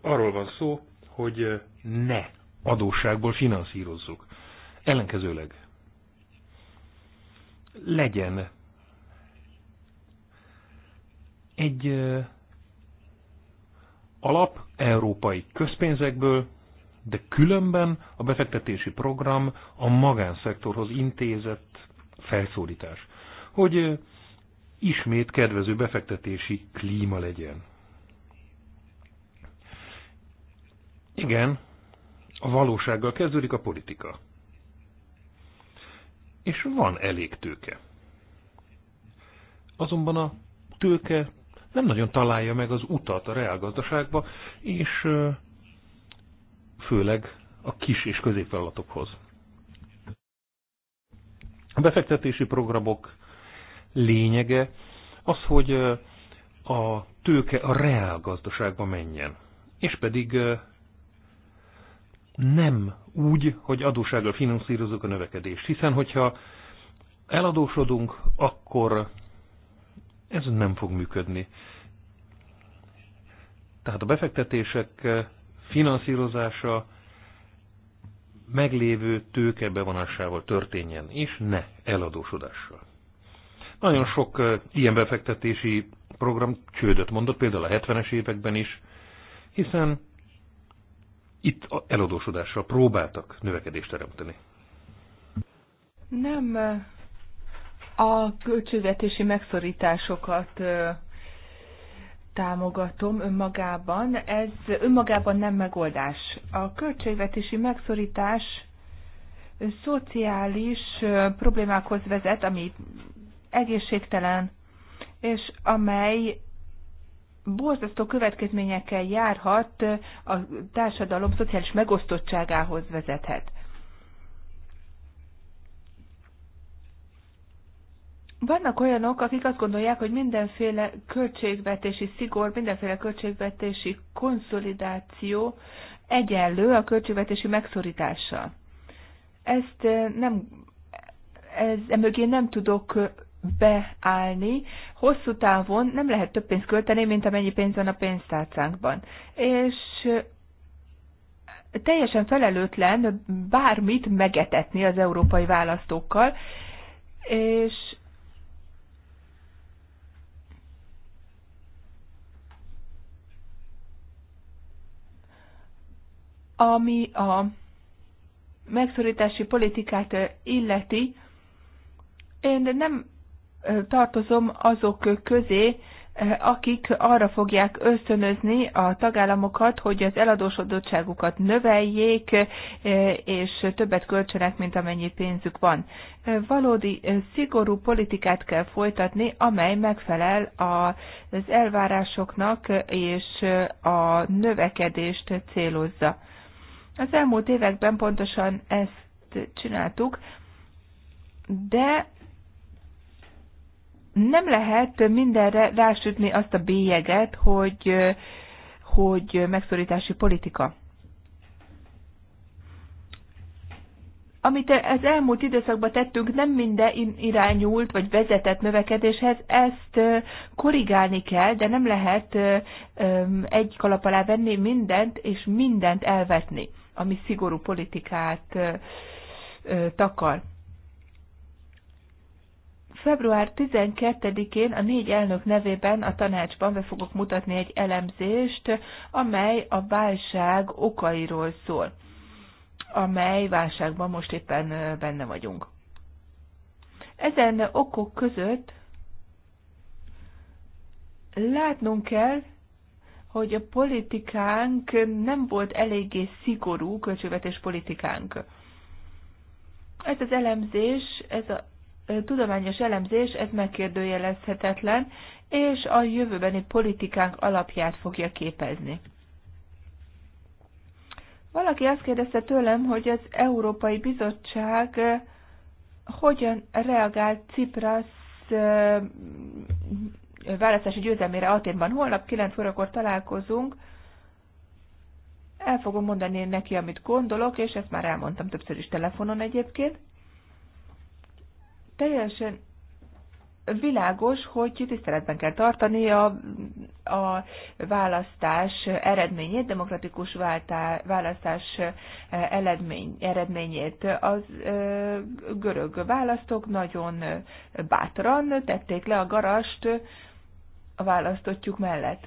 arról van szó, hogy ne adósságból finanszírozzuk. Ellenkezőleg legyen egy alap európai közpénzekből, de különben a befektetési program a magánszektorhoz intézett felszólítás, hogy ismét kedvező befektetési klíma legyen. Igen, a valósággal kezdődik a politika. És van elég tőke. Azonban a tőke nem nagyon találja meg az utat a reálgazdaságba, és főleg a kis és középvállalatokhoz. A befektetési programok lényege az, hogy a tőke a reálgazdaságba menjen, és pedig nem úgy, hogy adósággal finanszírozunk a növekedést. Hiszen, hogyha eladósodunk, akkor ez nem fog működni. Tehát a befektetések finanszírozása meglévő tőke bevonásával történjen, és ne eladósodással. Nagyon sok ilyen befektetési program csődöt mondott, például a 70-es években is, hiszen itt eladósodással próbáltak növekedést teremteni. Nem a költségvetési megszorításokat támogatom önmagában. Ez önmagában nem megoldás. A költségvetési megszorítás szociális problémákhoz vezet, ami egészségtelen, és amely borzasztó következményekkel járhat, a társadalom szociális megosztottságához vezethet. Vannak olyanok, akik azt gondolják, hogy mindenféle költségvetési szigor, mindenféle költségvetési konszolidáció egyenlő a költségvetési megszorítással. Ezt nem, ez, emögé nem tudok beállni. Hosszú távon nem lehet több pénzt költeni, mint amennyi pénz van a pénztárcánkban. És teljesen felelőtlen bármit megetetni az európai választókkal, és ami a megszorítási politikát illeti, én nem tartozom azok közé, akik arra fogják ösztönözni a tagállamokat, hogy az eladósodottságukat növeljék, és többet költsenek, mint amennyi pénzük van. Valódi szigorú politikát kell folytatni, amely megfelel az elvárásoknak és a növekedést célozza. Az elmúlt években pontosan ezt csináltuk, de nem lehet mindenre rásütni azt a bélyeget, hogy, hogy megszorítási politika. Amit az elmúlt időszakban tettünk, nem minden irányult vagy vezetett növekedéshez, ezt korrigálni kell, de nem lehet egy kalap alá venni mindent és mindent elvetni, ami szigorú politikát takar. Február 12-én a négy elnök nevében a tanácsban be fogok mutatni egy elemzést, amely a válság okairól szól, amely válságban most éppen benne vagyunk. Ezen okok között látnunk kell, hogy a politikánk nem volt eléggé szigorú költségvetés politikánk. Ez az elemzés, ez a tudományos elemzés, ez megkérdőjelezhetetlen, és a jövőbeni politikánk alapját fogja képezni. Valaki azt kérdezte tőlem, hogy az Európai Bizottság eh, hogyan reagált Ciprasz eh, választási győzelmére Aténban. Holnap 9 órakor találkozunk, el fogom mondani neki, amit gondolok, és ezt már elmondtam többször is telefonon egyébként teljesen világos, hogy tiszteletben kell tartani a, a választás eredményét, demokratikus váltá, választás eh, eredmény, eredményét. Az ö, eh, görög választók nagyon eh, bátran tették le a garast a választottjuk mellett.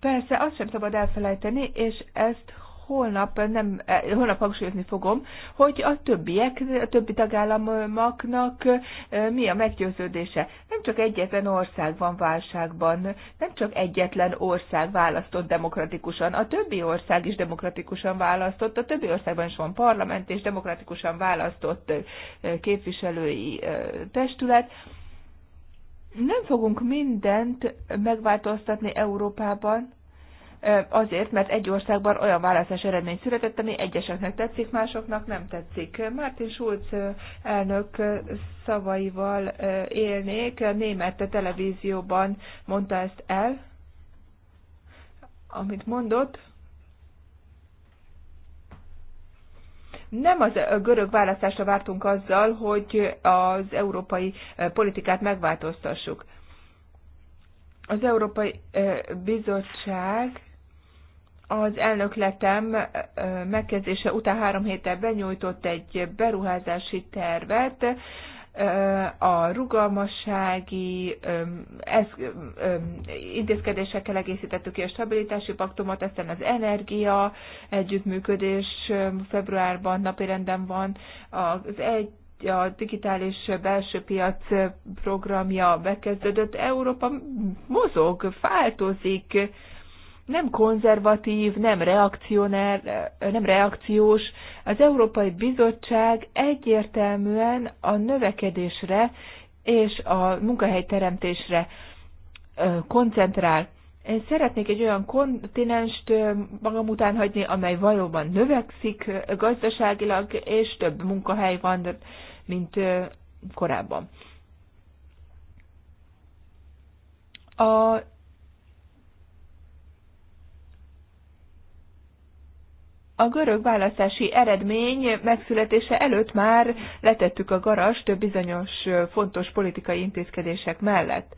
Persze, azt sem szabad elfelejteni, és ezt holnap, nem, eh, holnap hangsúlyozni fogom, hogy a többiek, a többi tagállamoknak eh, mi a meggyőződése. Nem csak egyetlen ország van válságban, nem csak egyetlen ország választott demokratikusan, a többi ország is demokratikusan választott, a többi országban is van parlament és demokratikusan választott eh, képviselői testület. Nem fogunk mindent megváltoztatni Európában, azért, mert egy országban olyan választás eredmény született, ami egyeseknek tetszik, másoknak nem tetszik. Martin Schulz elnök szavaival élnék, német televízióban mondta ezt el, amit mondott, nem az a görög választásra vártunk azzal, hogy az európai politikát megváltoztassuk. Az Európai Bizottság az elnökletem megkezdése után három héttel benyújtott egy beruházási tervet, a rugalmassági ez, intézkedésekkel egészítettük ki a stabilitási paktumot, aztán az energia együttműködés februárban napirenden van, az egy a digitális belső piac programja bekezdődött. Európa mozog, változik nem konzervatív, nem reakcionár, nem reakciós. Az Európai Bizottság egyértelműen a növekedésre és a munkahelyteremtésre koncentrál. Én szeretnék egy olyan kontinenst magam után hagyni, amely valóban növekszik gazdaságilag, és több munkahely van, mint korábban. A a görög választási eredmény megszületése előtt már letettük a garast bizonyos fontos politikai intézkedések mellett.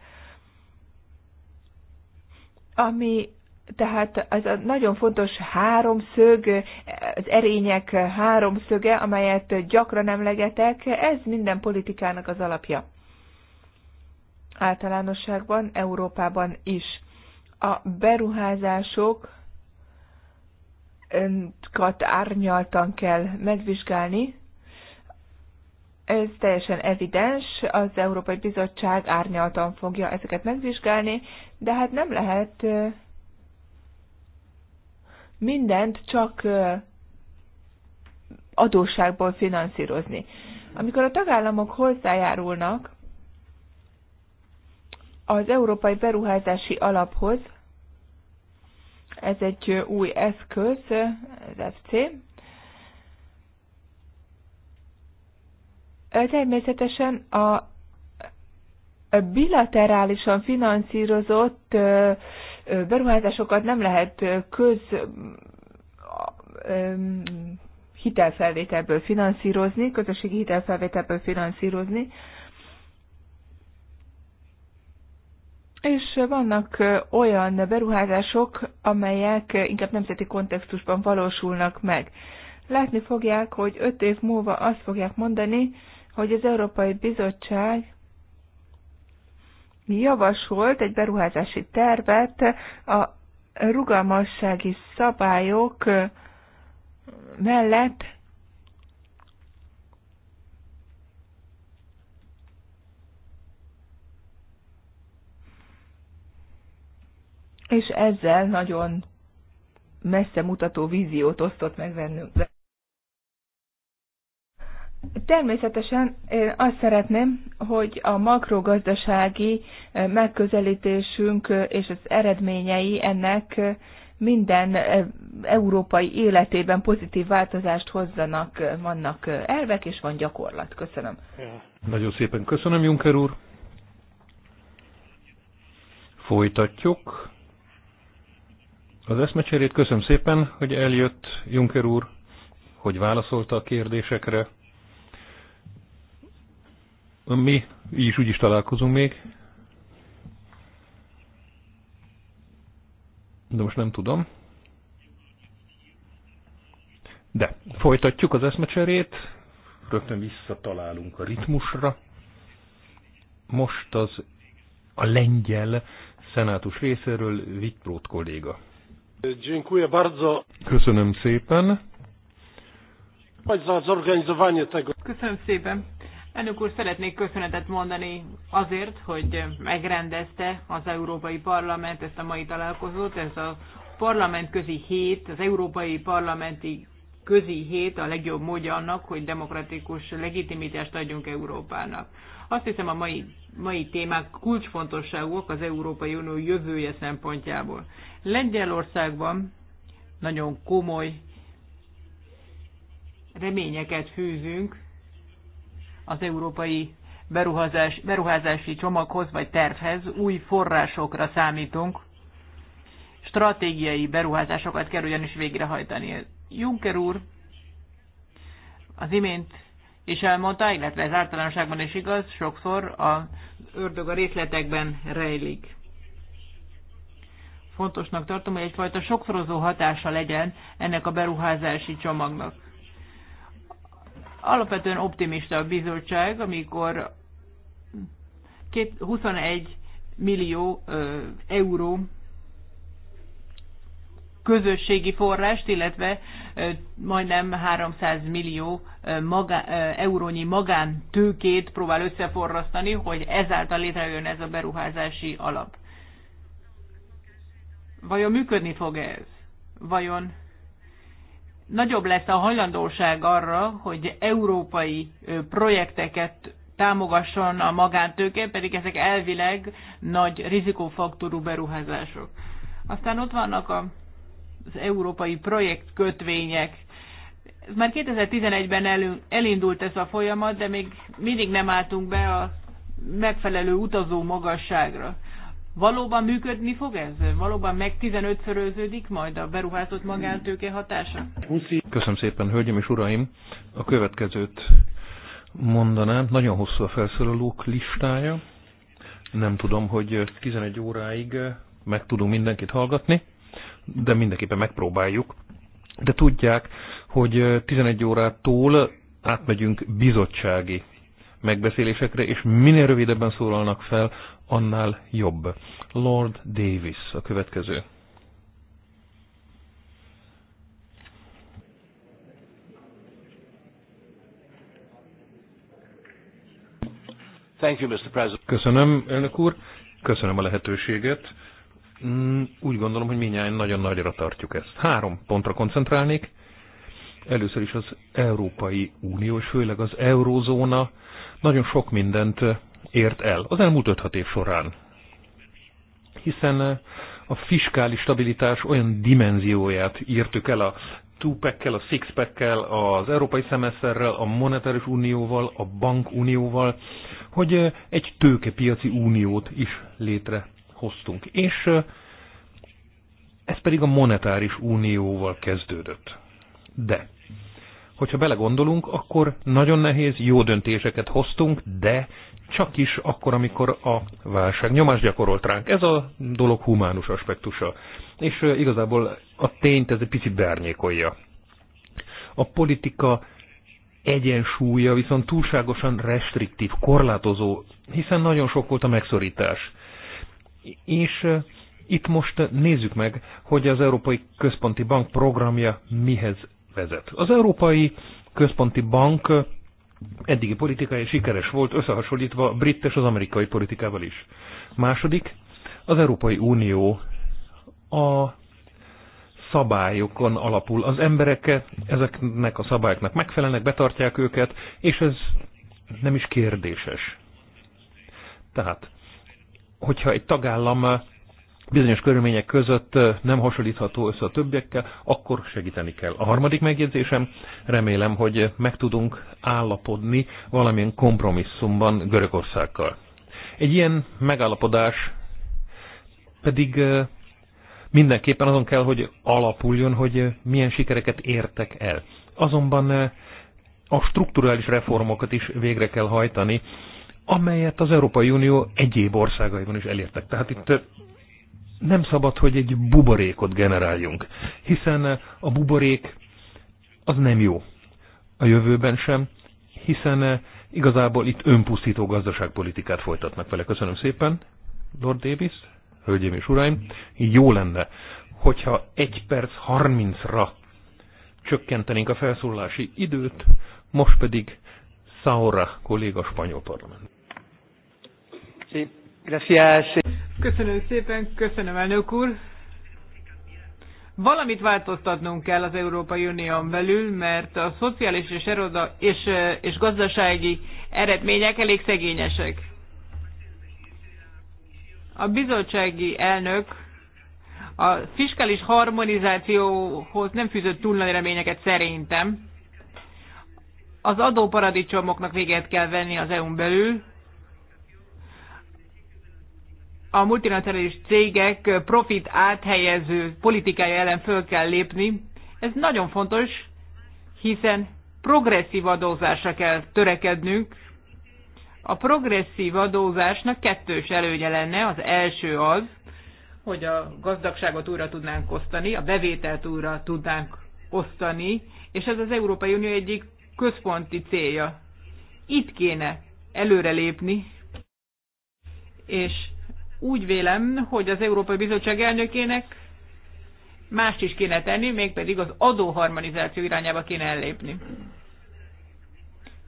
Ami tehát az a nagyon fontos háromszög, az erények háromszöge, amelyet gyakran emlegetek, ez minden politikának az alapja. Általánosságban, Európában is. A beruházások árnyaltan kell megvizsgálni. Ez teljesen evidens, az Európai Bizottság árnyaltan fogja ezeket megvizsgálni, de hát nem lehet mindent csak adósságból finanszírozni. Amikor a tagállamok hozzájárulnak az Európai Beruházási Alaphoz, ez egy új eszköz, az FC. Természetesen a bilaterálisan finanszírozott beruházásokat nem lehet köz hitelfelvételből finanszírozni, közösségi hitelfelvételből finanszírozni, És vannak olyan beruházások, amelyek inkább nemzeti kontextusban valósulnak meg. Látni fogják, hogy öt év múlva azt fogják mondani, hogy az Európai Bizottság javasolt egy beruházási tervet a rugalmassági szabályok mellett és ezzel nagyon messze mutató víziót osztott meg bennünk. Természetesen én azt szeretném, hogy a makrogazdasági megközelítésünk és az eredményei ennek minden európai életében pozitív változást hozzanak, vannak elvek és van gyakorlat. Köszönöm. Nagyon szépen köszönöm, Juncker úr. Folytatjuk az eszmecserét. Köszönöm szépen, hogy eljött Juncker úr, hogy válaszolta a kérdésekre. Mi így is úgy is találkozunk még. De most nem tudom. De folytatjuk az eszmecserét, rögtön visszatalálunk a ritmusra. Most az a lengyel szenátus részéről Vitprót kolléga. Köszönöm szépen. Köszönöm szépen. Elnök úr, szeretnék köszönetet mondani azért, hogy megrendezte az Európai Parlament ezt a mai találkozót, ez a parlamentközi hét, az Európai Parlamenti közi hét a legjobb módja annak, hogy demokratikus legitimitást adjunk Európának. Azt hiszem a mai, mai témák kulcsfontosságúak az Európai Unió jövője szempontjából. Lengyelországban nagyon komoly reményeket fűzünk az európai beruházás, beruházási csomaghoz vagy tervhez, új forrásokra számítunk, stratégiai beruházásokat kell ugyanis végrehajtani. Juncker úr az imént is elmondta, illetve ez általánosságban is igaz, sokszor az ördög a részletekben rejlik. Fontosnak tartom, hogy egyfajta sokszorozó hatása legyen ennek a beruházási csomagnak. Alapvetően optimista a bizottság, amikor 21 millió euró közösségi forrást, illetve majdnem 300 millió maga, eurónyi magántőkét próbál összeforrasztani, hogy ezáltal létrejön ez a beruházási alap. Vajon működni fog -e ez? Vajon nagyobb lesz a hajlandóság arra, hogy európai projekteket támogasson a magántőke, pedig ezek elvileg nagy rizikófaktorú beruházások. Aztán ott vannak a az európai projekt kötvények. már 2011-ben elindult ez a folyamat, de még mindig nem álltunk be a megfelelő utazó magasságra. Valóban működni fog ez? Valóban meg 15-szöröződik majd a beruházott magántőke hatása? Köszönöm szépen, hölgyeim és uraim! A következőt mondanám. Nagyon hosszú a felszólalók listája. Nem tudom, hogy 11 óráig meg tudunk mindenkit hallgatni de mindenképpen megpróbáljuk. De tudják, hogy 11 órától átmegyünk bizottsági megbeszélésekre, és minél rövidebben szólalnak fel, annál jobb. Lord Davis a következő. Thank you, Mr. President. Köszönöm, elnök úr. Köszönöm a lehetőséget. Mm, úgy gondolom, hogy minnyáján nagyon nagyra tartjuk ezt. Három pontra koncentrálnék. Először is az Európai Unió, és főleg az Eurózóna nagyon sok mindent eh, ért el az elmúlt 5 év során. Hiszen eh, a fiskális stabilitás olyan dimenzióját írtuk el a Tupekkel, a Sixpackkel, az Európai szemeszerrel, a Monetáris Unióval, a Bankunióval, hogy eh, egy tőkepiaci uniót is létre hoztunk, és ez pedig a monetáris unióval kezdődött. De, hogyha belegondolunk, akkor nagyon nehéz, jó döntéseket hoztunk, de csak is akkor, amikor a válság nyomás gyakorolt ránk. Ez a dolog humánus aspektusa. És igazából a tényt ez egy picit beárnyékolja. A politika egyensúlya viszont túlságosan restriktív, korlátozó, hiszen nagyon sok volt a megszorítás. És itt most nézzük meg, hogy az Európai Központi Bank programja mihez vezet. Az Európai Központi Bank eddigi politikája sikeres volt, összehasonlítva a brit és az amerikai politikával is. Második, az Európai Unió a szabályokon alapul. Az emberek ezeknek a szabályoknak megfelelnek, betartják őket, és ez nem is kérdéses. Tehát hogyha egy tagállam eh, bizonyos körülmények között eh, nem hasonlítható össze a többiekkel, akkor segíteni kell. A harmadik megjegyzésem, remélem, hogy meg tudunk állapodni valamilyen kompromisszumban Görögországgal. Egy ilyen megállapodás pedig eh, mindenképpen azon kell, hogy alapuljon, hogy milyen sikereket értek el. Azonban a strukturális reformokat is végre kell hajtani, amelyet az Európai Unió egyéb országaiban is elértek. Tehát itt nem szabad, hogy egy buborékot generáljunk, hiszen a buborék az nem jó a jövőben sem, hiszen igazából itt önpusztító gazdaságpolitikát folytatnak vele. Köszönöm szépen, Lord Davis, hölgyeim és uraim. Jó lenne, hogyha 1 perc 30-ra csökkentenénk a felszólási időt, most pedig Saura kolléga spanyol parlament. Sí, gracias. Köszönöm szépen, köszönöm elnök úr. Valamit változtatnunk kell az Európai Unión belül, mert a szociális és, eroda, és, és gazdasági eredmények elég szegényesek. A bizottsági elnök a fiskális harmonizációhoz nem fűzött túl nagy reményeket szerintem. Az adóparadicsomoknak véget kell venni az EU-n belül, a multinacionális cégek profit áthelyező politikája ellen föl kell lépni. Ez nagyon fontos, hiszen progresszív adózásra kell törekednünk. A progresszív adózásnak kettős előnye lenne. Az első az, hogy a gazdagságot újra tudnánk osztani, a bevételt újra tudnánk osztani, és ez az Európai Unió egyik központi célja. Itt kéne előrelépni, és úgy vélem, hogy az Európai Bizottság elnökének mást is kéne tenni, mégpedig az adóharmonizáció irányába kéne ellépni.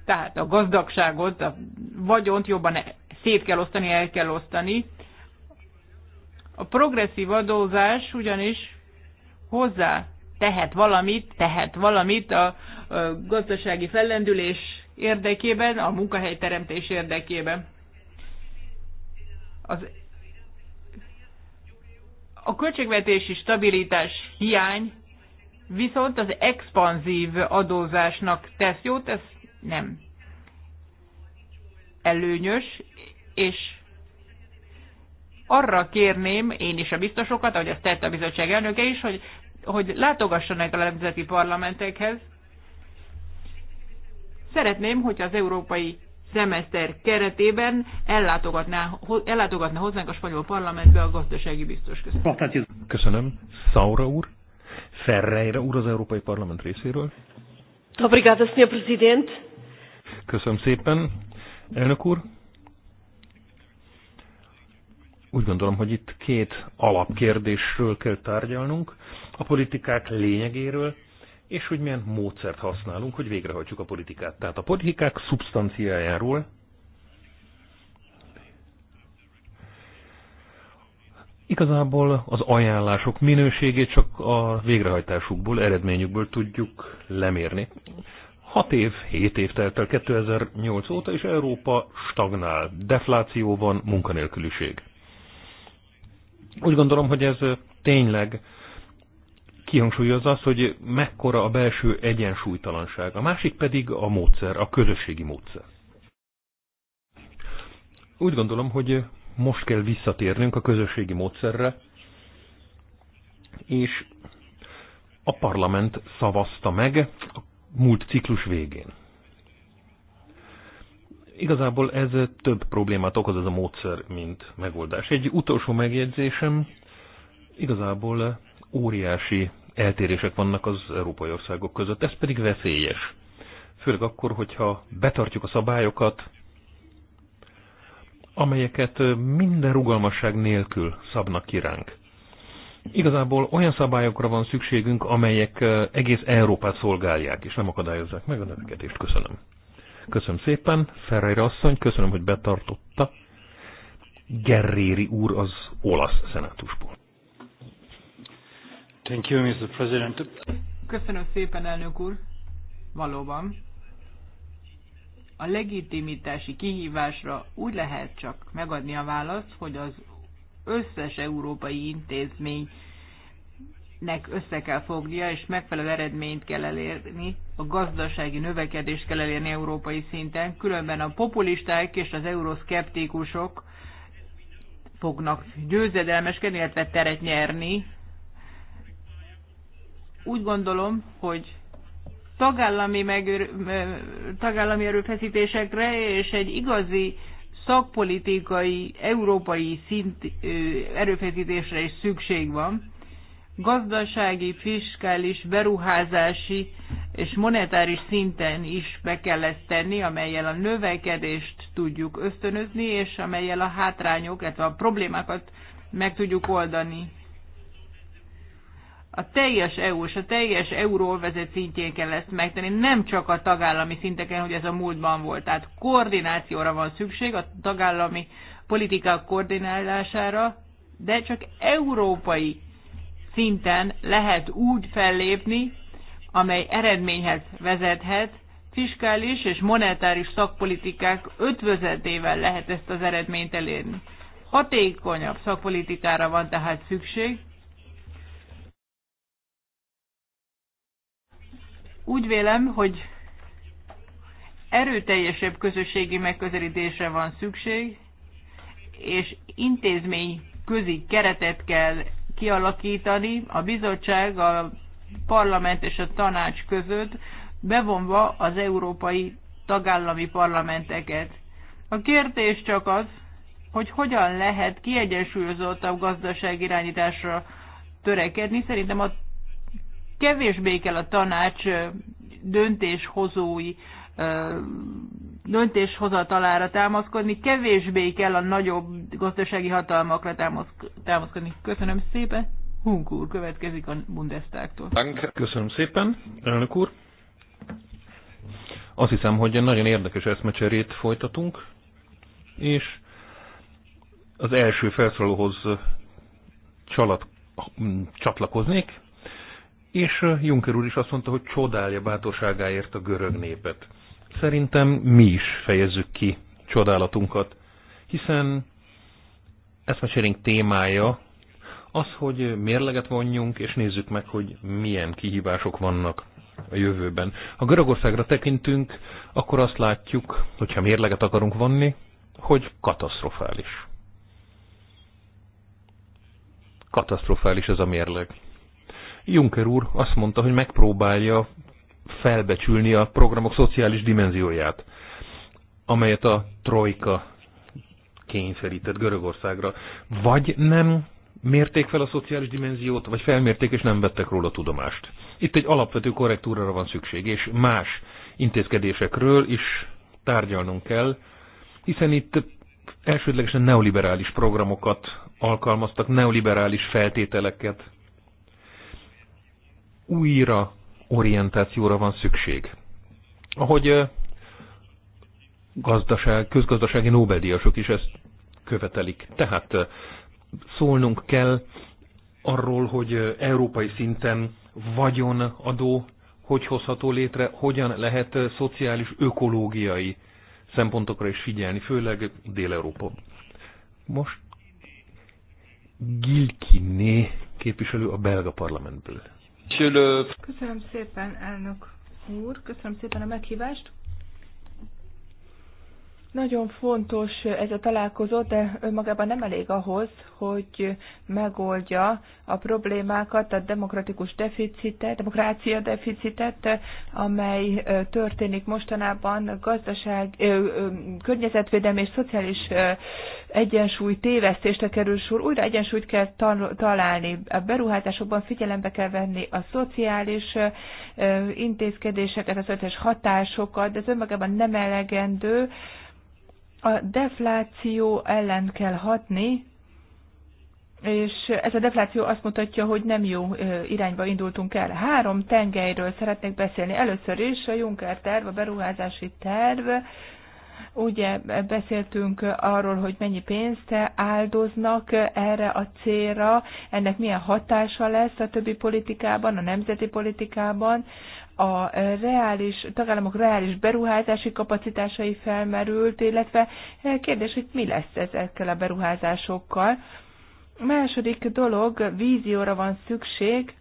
Tehát a gazdagságot, a vagyont jobban e- szét kell osztani, el kell osztani. A progresszív adózás ugyanis hozzá tehet valamit, tehet valamit a, gazdasági fellendülés érdekében, a munkahelyteremtés érdekében. Az a költségvetési stabilitás hiány viszont az expanzív adózásnak tesz jót, ez nem előnyös, és arra kérném én is a biztosokat, ahogy azt tette a bizottság elnöke is, hogy, hogy látogassanak a nemzeti parlamentekhez. Szeretném, hogy az európai szemeszter keretében ellátogatná, ellátogatná hozzánk a spanyol parlamentbe a gazdasági biztos. Köszönöm. Köszönöm. Saura úr, Ferreira úr az Európai Parlament részéről. Obrigado, Sr. President. Köszönöm szépen. Elnök úr, úgy gondolom, hogy itt két alapkérdésről kell tárgyalnunk, a politikák lényegéről és hogy milyen módszert használunk, hogy végrehajtsuk a politikát. Tehát a politikák szubstanciájáról igazából az ajánlások minőségét csak a végrehajtásukból, eredményükből tudjuk lemérni. 6 év, 7 év telt el 2008 óta, és Európa stagnál. Defláció van, munkanélküliség. Úgy gondolom, hogy ez tényleg kihangsúlyozza azt, hogy mekkora a belső egyensúlytalanság. A másik pedig a módszer, a közösségi módszer. Úgy gondolom, hogy most kell visszatérnünk a közösségi módszerre, és a parlament szavazta meg a múlt ciklus végén. Igazából ez több problémát okoz ez a módszer, mint megoldás. Egy utolsó megjegyzésem, igazából óriási eltérések vannak az európai országok között. Ez pedig veszélyes. Főleg akkor, hogyha betartjuk a szabályokat, amelyeket minden rugalmasság nélkül szabnak ki ránk. Igazából olyan szabályokra van szükségünk, amelyek egész Európát szolgálják, és nem akadályozzák meg a növekedést. Köszönöm. Köszönöm szépen, Ferreira asszony, köszönöm, hogy betartotta. Gerréri úr az olasz szenátusból. Thank you, Mr. President. Köszönöm szépen, elnök úr. Valóban. A legitimitási kihívásra úgy lehet csak megadni a választ, hogy az összes európai intézmény nek össze kell fognia, és megfelelő eredményt kell elérni, a gazdasági növekedést kell elérni európai szinten, különben a populisták és az euroszkeptikusok fognak győzedelmeskedni, illetve teret nyerni úgy gondolom, hogy tagállami, megőr, tagállami erőfeszítésekre és egy igazi szakpolitikai, európai szint erőfeszítésre is szükség van. Gazdasági, fiskális, beruházási és monetáris szinten is be kell ezt tenni, amelyel a növekedést tudjuk ösztönözni, és amelyel a hátrányok, illetve a problémákat meg tudjuk oldani a teljes EU és a teljes vezet szintjén kell ezt megtenni, nem csak a tagállami szinteken, hogy ez a múltban volt. Tehát koordinációra van szükség, a tagállami politikák koordinálására, de csak európai szinten lehet úgy fellépni, amely eredményhez vezethet, fiskális és monetáris szakpolitikák ötvözetével lehet ezt az eredményt elérni. Hatékonyabb szakpolitikára van tehát szükség, Úgy vélem, hogy erőteljesebb közösségi megközelítésre van szükség, és intézmény közi keretet kell kialakítani a bizottság, a parlament és a tanács között, bevonva az európai tagállami parlamenteket. A kérdés csak az, hogy hogyan lehet kiegyensúlyozottabb gazdaságirányításra törekedni. Szerintem a kevésbé kell a tanács döntéshozói döntéshozatalára támaszkodni, kevésbé kell a nagyobb gazdasági hatalmakra támaszkodni. Köszönöm szépen. Hunk úr következik a Bundestagtól. Köszönöm szépen, elnök úr. Azt hiszem, hogy nagyon érdekes eszmecserét folytatunk, és az első felszólóhoz csalat, csatlakoznék. És Juncker úr is azt mondta, hogy csodálja bátorságáért a görög népet. Szerintem mi is fejezzük ki csodálatunkat, hiszen mesélünk témája az, hogy mérleget vonjunk, és nézzük meg, hogy milyen kihívások vannak a jövőben. Ha Görögországra tekintünk, akkor azt látjuk, hogyha mérleget akarunk vonni, hogy katasztrofális. Katasztrofális ez a mérleg. Juncker úr azt mondta, hogy megpróbálja felbecsülni a programok szociális dimenzióját, amelyet a trojka kényszerített Görögországra. Vagy nem mérték fel a szociális dimenziót, vagy felmérték és nem vettek róla tudomást. Itt egy alapvető korrektúrára van szükség, és más intézkedésekről is tárgyalnunk kell, hiszen itt elsődlegesen neoliberális programokat alkalmaztak, neoliberális feltételeket újra orientációra van szükség. Ahogy gazdaság, közgazdasági Nobel-díjasok is ezt követelik. Tehát szólnunk kell arról, hogy európai szinten vagyonadó hogy hozható létre, hogyan lehet szociális, ökológiai szempontokra is figyelni, főleg Dél-Európa. Most Gilkiné képviselő a belga parlamentből. Köszönöm szépen, elnök úr, köszönöm szépen a meghívást. Nagyon fontos ez a találkozó, de önmagában nem elég ahhoz, hogy megoldja a problémákat, a demokratikus deficitet, demokrácia deficitet, amely történik mostanában gazdaság, környezetvédelmi és szociális egyensúly tévesztésre kerül sor. Újra egyensúlyt kell találni. A beruházásokban figyelembe kell venni a szociális intézkedéseket, a szociális hatásokat, de ez önmagában nem elegendő a defláció ellen kell hatni, és ez a defláció azt mutatja, hogy nem jó irányba indultunk el. Három tengelyről szeretnék beszélni. Először is a Juncker terv, a beruházási terv, ugye beszéltünk arról, hogy mennyi pénzt áldoznak erre a célra, ennek milyen hatása lesz a többi politikában, a nemzeti politikában a reális, tagállamok reális beruházási kapacitásai felmerült, illetve eh, kérdés, hogy mi lesz ezekkel a beruházásokkal. Második dolog, vízióra van szükség,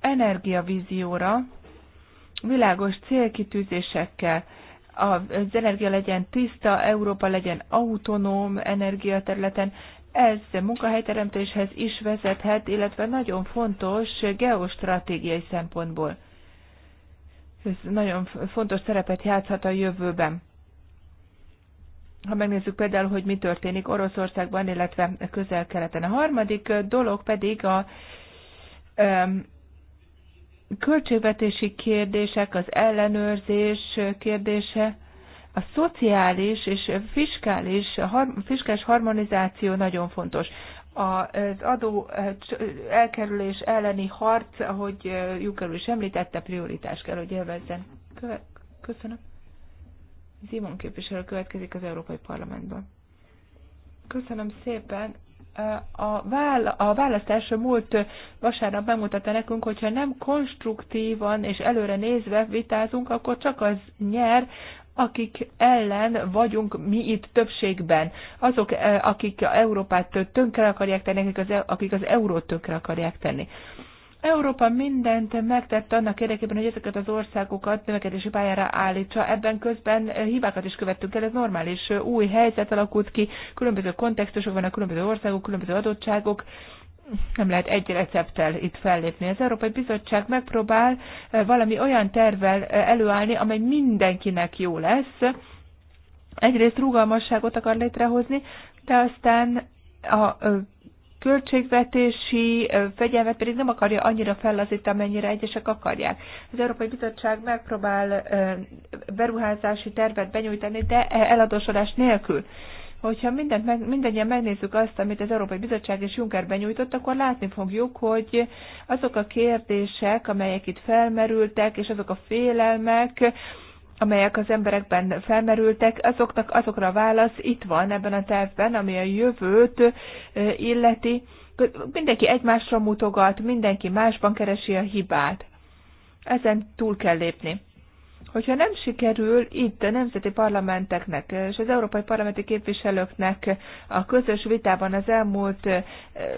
energiavízióra, világos célkitűzésekkel. Az energia legyen tiszta, Európa legyen autonóm energiaterületen, ez munkahelyteremtéshez is vezethet, illetve nagyon fontos geostratégiai szempontból ez nagyon fontos szerepet játszhat a jövőben. Ha megnézzük például, hogy mi történik Oroszországban, illetve közel-keleten. A harmadik dolog pedig a költségvetési kérdések, az ellenőrzés kérdése, a szociális és fiskális, har, fiskális harmonizáció nagyon fontos az adó elkerülés elleni harc, ahogy Juker is említette, prioritás kell, hogy élvezzen. Köszönöm. Zimon képviselő következik az Európai Parlamentben. Köszönöm szépen. A, vála, a választás múlt vasárnap bemutatta nekünk, hogyha nem konstruktívan és előre nézve vitázunk, akkor csak az nyer, akik ellen vagyunk mi itt többségben, azok, eh, akik Európát tönkre akarják tenni, e, akik az eurót tönkre akarják tenni. Európa mindent megtett annak érdekében, hogy ezeket az országokat növekedési pályára állítsa. Ebben közben eh, hibákat is követtünk el, ez normális. Eh, új helyzet alakult ki, különböző kontextusok vannak, különböző országok, különböző adottságok, nem lehet egy recepttel itt fellépni. Az Európai Bizottság megpróbál eh, valami olyan tervvel eh, előállni, amely mindenkinek jó lesz. Egyrészt rugalmasságot akar létrehozni, de aztán a költségvetési fegyelmet pedig nem akarja annyira fellazítani, amennyire egyesek akarják. Az Európai Bizottság megpróbál beruházási tervet benyújtani, de eladósodás nélkül hogyha mindent, meg, megnézzük azt, amit az Európai Bizottság és Juncker benyújtott, akkor látni fogjuk, hogy azok a kérdések, amelyek itt felmerültek, és azok a félelmek, amelyek az emberekben felmerültek, azoknak azokra a válasz itt van ebben a tervben, ami a jövőt illeti. Mindenki egymásra mutogat, mindenki másban keresi a hibát. Ezen túl kell lépni. Hogyha nem sikerül itt a nemzeti parlamenteknek és az európai parlamenti képviselőknek a közös vitában az elmúlt,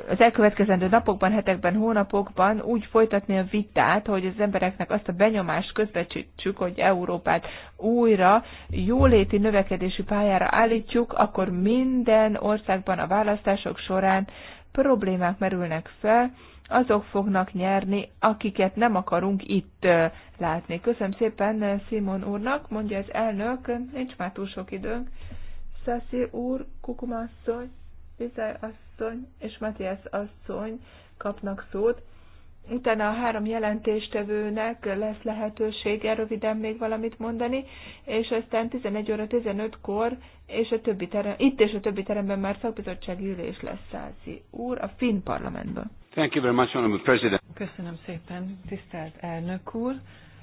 az elkövetkezendő napokban, hetekben, hónapokban úgy folytatni a vitát, hogy az embereknek azt a benyomást közvetítsük, hogy Európát újra jóléti növekedési pályára állítjuk, akkor minden országban a választások során problémák merülnek fel, azok fognak nyerni, akiket nem akarunk itt látni. Köszönöm szépen Simon úrnak, mondja az elnök, nincs már túl sok időnk. Szaszi úr, Kukumasszony, Vizaj asszony és Matthias asszony kapnak szót. Utána a három jelentéstevőnek lesz lehetősége röviden még valamit mondani, és aztán 11 óra 15-kor és a többi terem, itt és a többi teremben már szakbizottsági ülés lesz Szászi úr a Finn parlamentben. Thank you very much, Honorable President. Köszönöm szépen, tisztelt elnök úr.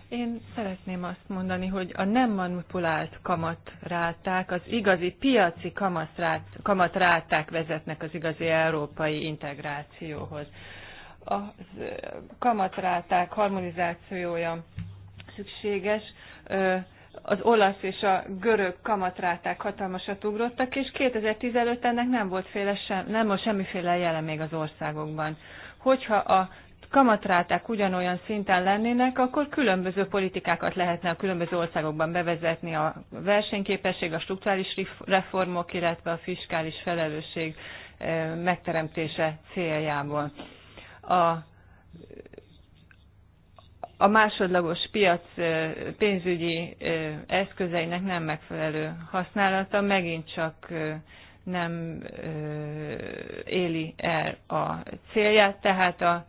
Én szeretném azt mondani, hogy a nem manipulált kamatráták, az igazi piaci kamatráták vezetnek az igazi európai integrációhoz. A kamatráták harmonizációja szükséges. Az olasz és a görög kamatráták hatalmasat ugrottak, és 2015 ennek nem volt féle sem, nem volt semmiféle jele még az országokban hogyha a kamatráták ugyanolyan szinten lennének, akkor különböző politikákat lehetne a különböző országokban bevezetni, a versenyképesség, a struktúrális reformok, illetve a fiskális felelősség eh, megteremtése céljából. A, a másodlagos piac eh, pénzügyi eh, eszközeinek nem megfelelő használata megint csak nem éli el a célját, tehát a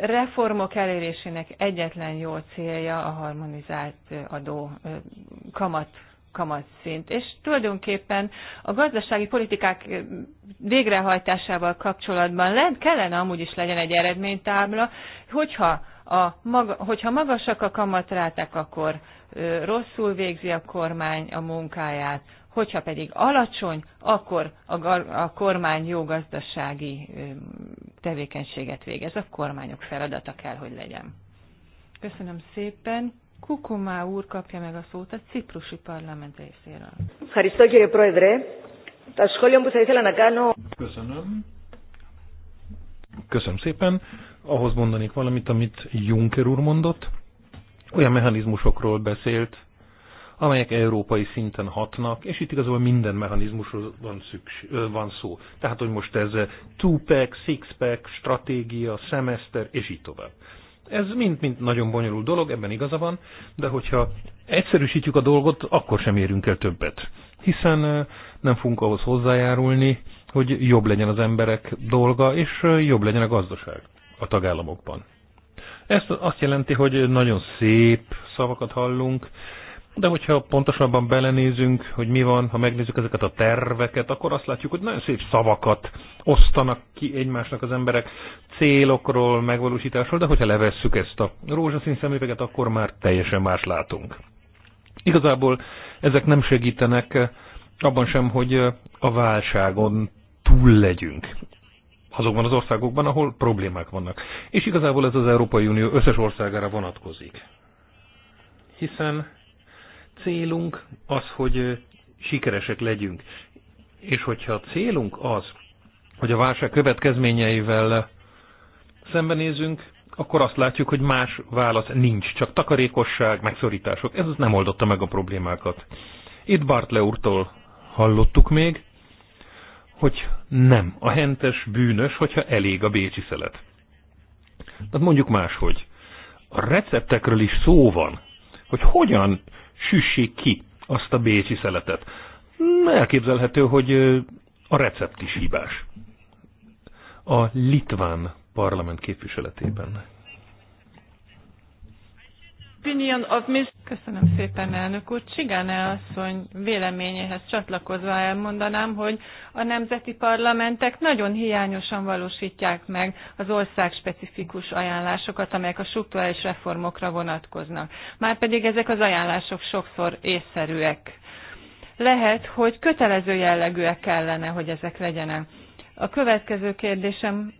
reformok elérésének egyetlen jó célja a harmonizált adó kamat kamatszint. És tulajdonképpen a gazdasági politikák végrehajtásával kapcsolatban lent kellene amúgy is legyen egy eredménytábla, hogyha, a maga, hogyha magasak a kamatráták, akkor ö, rosszul végzi a kormány a munkáját, hogyha pedig alacsony, akkor a, a kormány jó gazdasági ö, tevékenységet végez. A kormányok feladata kell, hogy legyen. Köszönöm szépen. Kukumá úr kapja meg a szót a ciprusi parlament részéről. Köszönöm. Köszönöm szépen. Ahhoz mondanék valamit, amit Juncker úr mondott. Olyan mechanizmusokról beszélt, amelyek európai szinten hatnak, és itt igazából minden mechanizmusról van, szükség, van szó. Tehát, hogy most ez two-pack, six-pack, stratégia, szemeszter, és így tovább. Ez mind-mind nagyon bonyolult dolog, ebben igaza van, de hogyha egyszerűsítjük a dolgot, akkor sem érünk el többet. Hiszen nem fogunk ahhoz hozzájárulni, hogy jobb legyen az emberek dolga, és jobb legyen a gazdaság a tagállamokban. Ez azt jelenti, hogy nagyon szép szavakat hallunk, de hogyha pontosabban belenézünk, hogy mi van, ha megnézzük ezeket a terveket, akkor azt látjuk, hogy nagyon szép szavakat osztanak ki egymásnak az emberek célokról, megvalósításról, de hogyha levesszük ezt a rózsaszín szemüveget, akkor már teljesen más látunk. Igazából ezek nem segítenek abban sem, hogy a válságon túl legyünk azokban az országokban, ahol problémák vannak. És igazából ez az Európai Unió összes országára vonatkozik. Hiszen célunk az, hogy sikeresek legyünk. És hogyha a célunk az, hogy a válság következményeivel szembenézünk, akkor azt látjuk, hogy más válasz nincs, csak takarékosság, megszorítások. Ez az nem oldotta meg a problémákat. Itt Bartle úrtól hallottuk még, hogy nem, a hentes bűnös, hogyha elég a bécsi szelet. Tehát mondjuk máshogy. A receptekről is szó van, hogy hogyan süssék ki azt a bécsi szeletet. Elképzelhető, hogy a recept is hibás. A litván parlament képviseletében Köszönöm szépen, elnök úr. Csigane asszony véleményéhez csatlakozva elmondanám, hogy a nemzeti parlamentek nagyon hiányosan valósítják meg az ország specifikus ajánlásokat, amelyek a struktúrális reformokra vonatkoznak. Márpedig ezek az ajánlások sokszor észszerűek. Lehet, hogy kötelező jellegűek kellene, hogy ezek legyenek. A következő kérdésem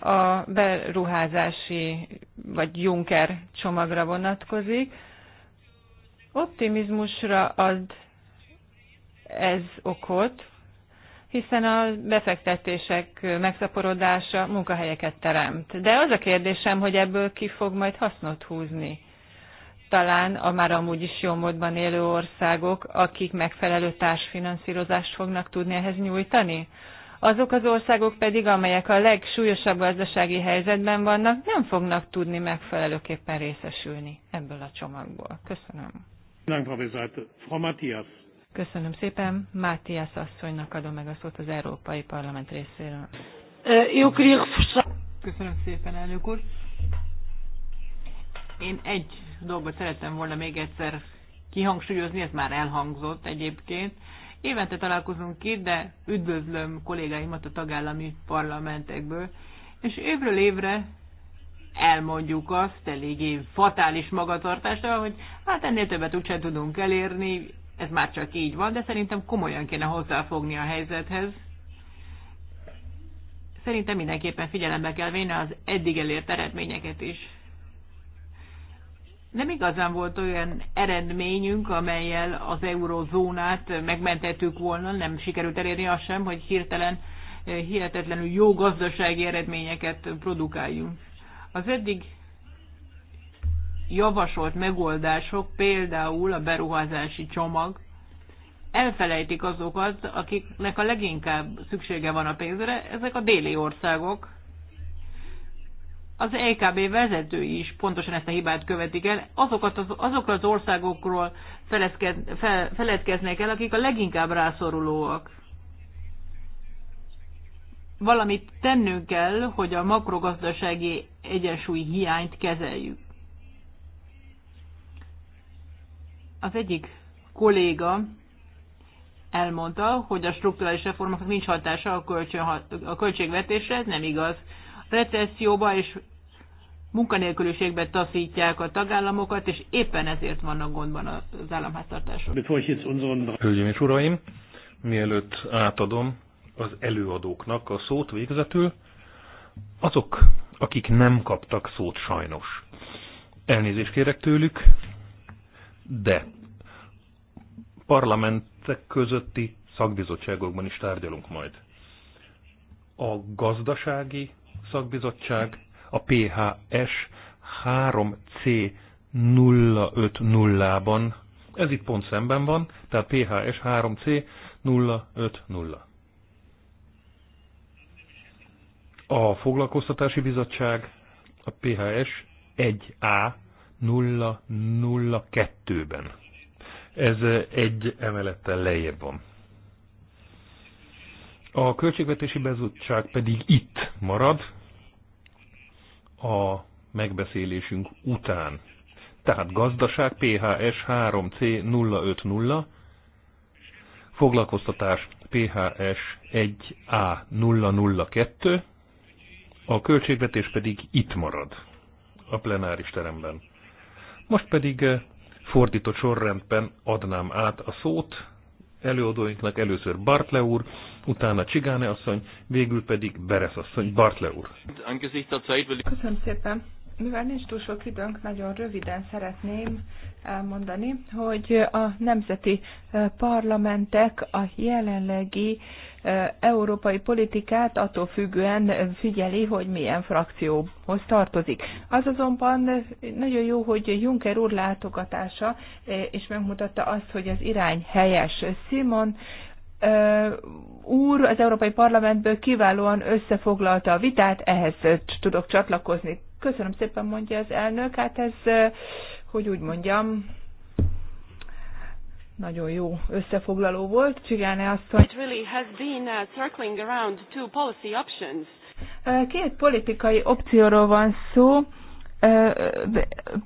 a beruházási vagy Juncker csomagra vonatkozik. Optimizmusra ad ez okot, hiszen a befektetések megszaporodása munkahelyeket teremt. De az a kérdésem, hogy ebből ki fog majd hasznot húzni. Talán a már amúgy is jó módban élő országok, akik megfelelő társfinanszírozást fognak tudni ehhez nyújtani? azok az országok pedig, amelyek a legsúlyosabb gazdasági helyzetben vannak, nem fognak tudni megfelelőképpen részesülni ebből a csomagból. Köszönöm. Köszönöm szépen. Mátiás asszonynak adom meg a szót az Európai Parlament részéről. Köszönöm szépen, elnök úr. Én egy dolgot szerettem volna még egyszer kihangsúlyozni, ez már elhangzott egyébként. Évente találkozunk itt, de üdvözlöm kollégáimat a tagállami parlamentekből, és évről évre elmondjuk azt, eléggé fatális magatartással, hogy hát ennél többet úgysem tudunk elérni, ez már csak így van, de szerintem komolyan kéne hozzáfogni a helyzethez. Szerintem mindenképpen figyelembe kell venni az eddig elért eredményeket is nem igazán volt olyan eredményünk, amelyel az eurozónát megmentettük volna, nem sikerült elérni azt sem, hogy hirtelen, eh, hihetetlenül jó gazdasági eredményeket produkáljunk. Az eddig javasolt megoldások, például a beruházási csomag, elfelejtik azokat, akiknek a leginkább szüksége van a pénzre, ezek a déli országok, az LKB e vezetői is pontosan ezt a hibát követik el. Azokat az, azokra az országokról felezkez, fel, feledkeznek el, akik a leginkább rászorulóak. Valamit tennünk kell, hogy a makrogazdasági egyensúly hiányt kezeljük. Az egyik kolléga elmondta, hogy a strukturális reformoknak nincs hatása a, kölcsön, a költségvetésre, ez nem igaz recesszióba és munkanélküliségbe taszítják a tagállamokat, és éppen ezért vannak gondban az államháztartások. Hölgyeim és uraim, mielőtt átadom az előadóknak a szót végzetül, azok, akik nem kaptak szót sajnos. Elnézést kérek tőlük, de parlamentek közötti szakbizottságokban is tárgyalunk majd. A gazdasági szakbizottság a PHS 3C050-ban, ez itt pont szemben van, tehát PHS 3C050. A foglalkoztatási bizottság a PHS 1A 002-ben. Ez egy emelettel lejjebb van. A költségvetési bizottság pedig itt marad, a megbeszélésünk után. Tehát gazdaság PHS 3C050, foglalkoztatás PHS 1A002, a költségvetés pedig itt marad, a plenáris teremben. Most pedig eh, fordított sorrendben adnám át a szót előadóinknak, először Bartle úr, utána Csigáne asszony, végül pedig Beres asszony. Bartle úr. Köszönöm szépen mivel nincs túl sok időnk, nagyon röviden szeretném elmondani, hogy a nemzeti parlamentek a jelenlegi európai politikát attól függően figyeli, hogy milyen frakcióhoz tartozik. Az azonban nagyon jó, hogy Juncker úr látogatása és megmutatta azt, hogy az irány helyes. Simon úr az Európai Parlamentből kiválóan összefoglalta a vitát, ehhez tudok csatlakozni. Köszönöm szépen, mondja az elnök. Hát ez, hogy úgy mondjam, nagyon jó összefoglaló volt. Csigáne asszony. It really has been uh, circling around two policy options. Két politikai opcióról van szó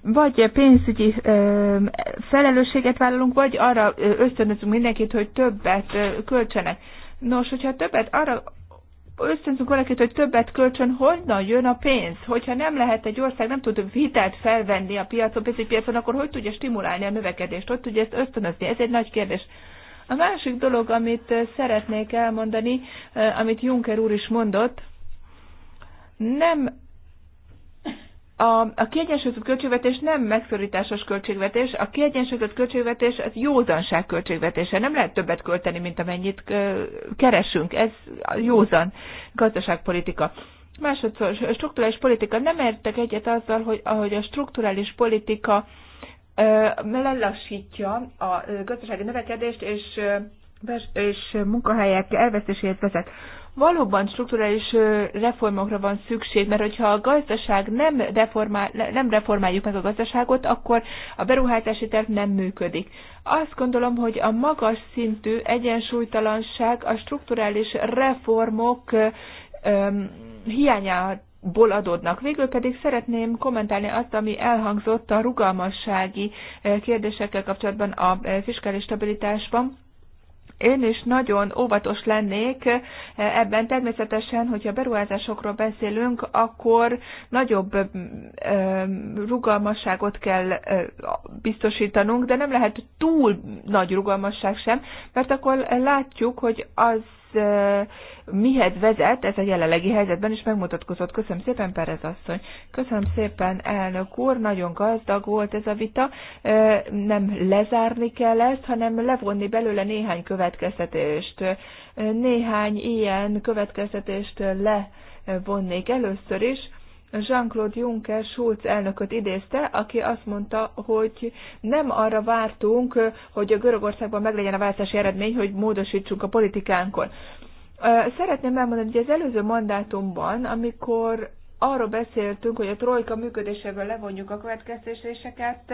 vagy pénzügyi felelősséget vállalunk, vagy arra ösztönözünk mindenkit, hogy többet költsenek. Nos, hogyha többet arra ösztönzünk valakit, hogy többet kölcsön, honnan jön a pénz? Hogyha nem lehet egy ország, nem tud vitát felvenni a piacon, piacon, akkor hogy tudja stimulálni a növekedést? Hogy tudja ezt ösztönözni? Ez egy nagy kérdés. A másik dolog, amit szeretnék elmondani, amit Juncker úr is mondott, nem a, a kiegyensúlyozott költségvetés nem megszorításos költségvetés, a kiegyensúlyozott költségvetés az józanság költségvetése. Nem lehet többet költeni, mint amennyit keresünk. Ez a józan gazdaságpolitika. Másodszor, a strukturális politika. Nem értek egyet azzal, hogy ahogy a strukturális politika lelassítja a gazdasági növekedést, és és munkahelyek elvesztéséhez vezet valóban strukturális reformokra van szükség, mert hogyha a gazdaság nem, reformál, nem reformáljuk meg a gazdaságot, akkor a beruházási terv nem működik. Azt gondolom, hogy a magas szintű egyensúlytalanság a strukturális reformok hiányából adódnak. Végül pedig szeretném kommentálni azt, ami elhangzott a rugalmassági kérdésekkel kapcsolatban a fiskális stabilitásban én is nagyon óvatos lennék eh, ebben. Természetesen, hogyha beruházásokról beszélünk, akkor nagyobb mm, eh, rugalmasságot kell eh, biztosítanunk, de nem lehet túl nagy rugalmasság sem, mert akkor látjuk, hogy az mihez vezet ez a jelenlegi helyzetben is megmutatkozott. Köszönöm szépen, Perez asszony. Köszönöm szépen, elnök úr. Nagyon gazdag volt ez a vita. Nem lezárni kell ezt, hanem levonni belőle néhány következtetést. Néhány ilyen következtetést levonnék először is Jean-Claude Juncker Schulz elnököt idézte, aki azt mondta, hogy nem arra vártunk, hogy a Görögországban meglegyen a választási eredmény, hogy módosítsunk a politikánkon. Szeretném elmondani, hogy az előző mandátumban, amikor arról beszéltünk, hogy a trojka működésével levonjuk a következtetéseket,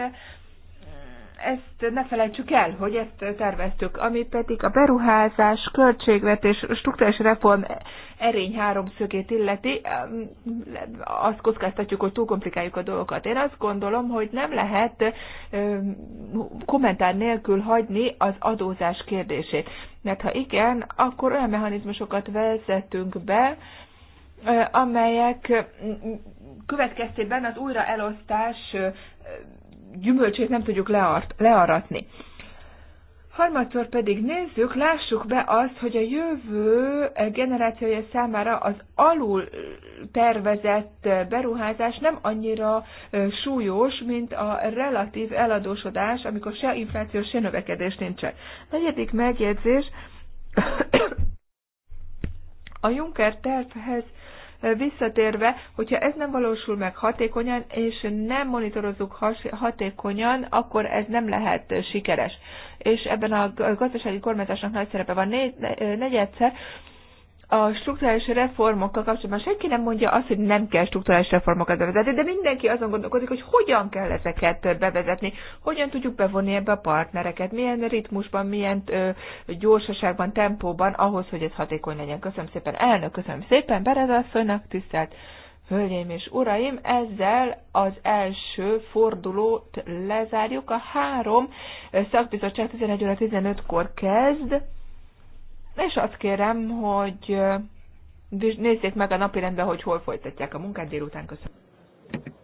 ezt ne felejtsük el, hogy ezt terveztük. Ami pedig a beruházás, költségvetés, struktúrás reform erény háromszögét illeti, azt kockáztatjuk, hogy túl komplikáljuk a dolgokat. Én azt gondolom, hogy nem lehet kommentár nélkül hagyni az adózás kérdését. Mert ha igen, akkor olyan mechanizmusokat vezetünk be, amelyek következtében az újraelosztás gyümölcsét nem tudjuk leart, learatni. Harmadszor pedig nézzük, lássuk be azt, hogy a jövő generációja számára az alul tervezett beruházás nem annyira súlyos, mint a relatív eladósodás, amikor se infláció, se növekedés nincsen. Negyedik megjegyzés, a Juncker tervhez visszatérve, hogyha ez nem valósul meg hatékonyan, és nem monitorozzuk hatékonyan, akkor ez nem lehet sikeres. És ebben a gazdasági kormányzásnak nagy szerepe van. Négy, negyedszer a strukturális reformokkal kapcsolatban senki nem mondja azt, hogy nem kell strukturális reformokat bevezetni, de mindenki azon gondolkodik, hogy hogyan kell ezeket bevezetni, hogyan tudjuk bevonni ebbe a partnereket, milyen ritmusban, milyen ö, gyorsaságban, tempóban, ahhoz, hogy ez hatékony legyen. Köszönöm szépen, elnök, köszönöm szépen, Berez asszonynak, tisztelt Hölgyeim és uraim, ezzel az első fordulót lezárjuk. A három szakbizottság 11 óra 15-kor kezd és azt kérem, hogy nézzék meg a napirendben, hogy hol folytatják a munkát délután. Köszönöm.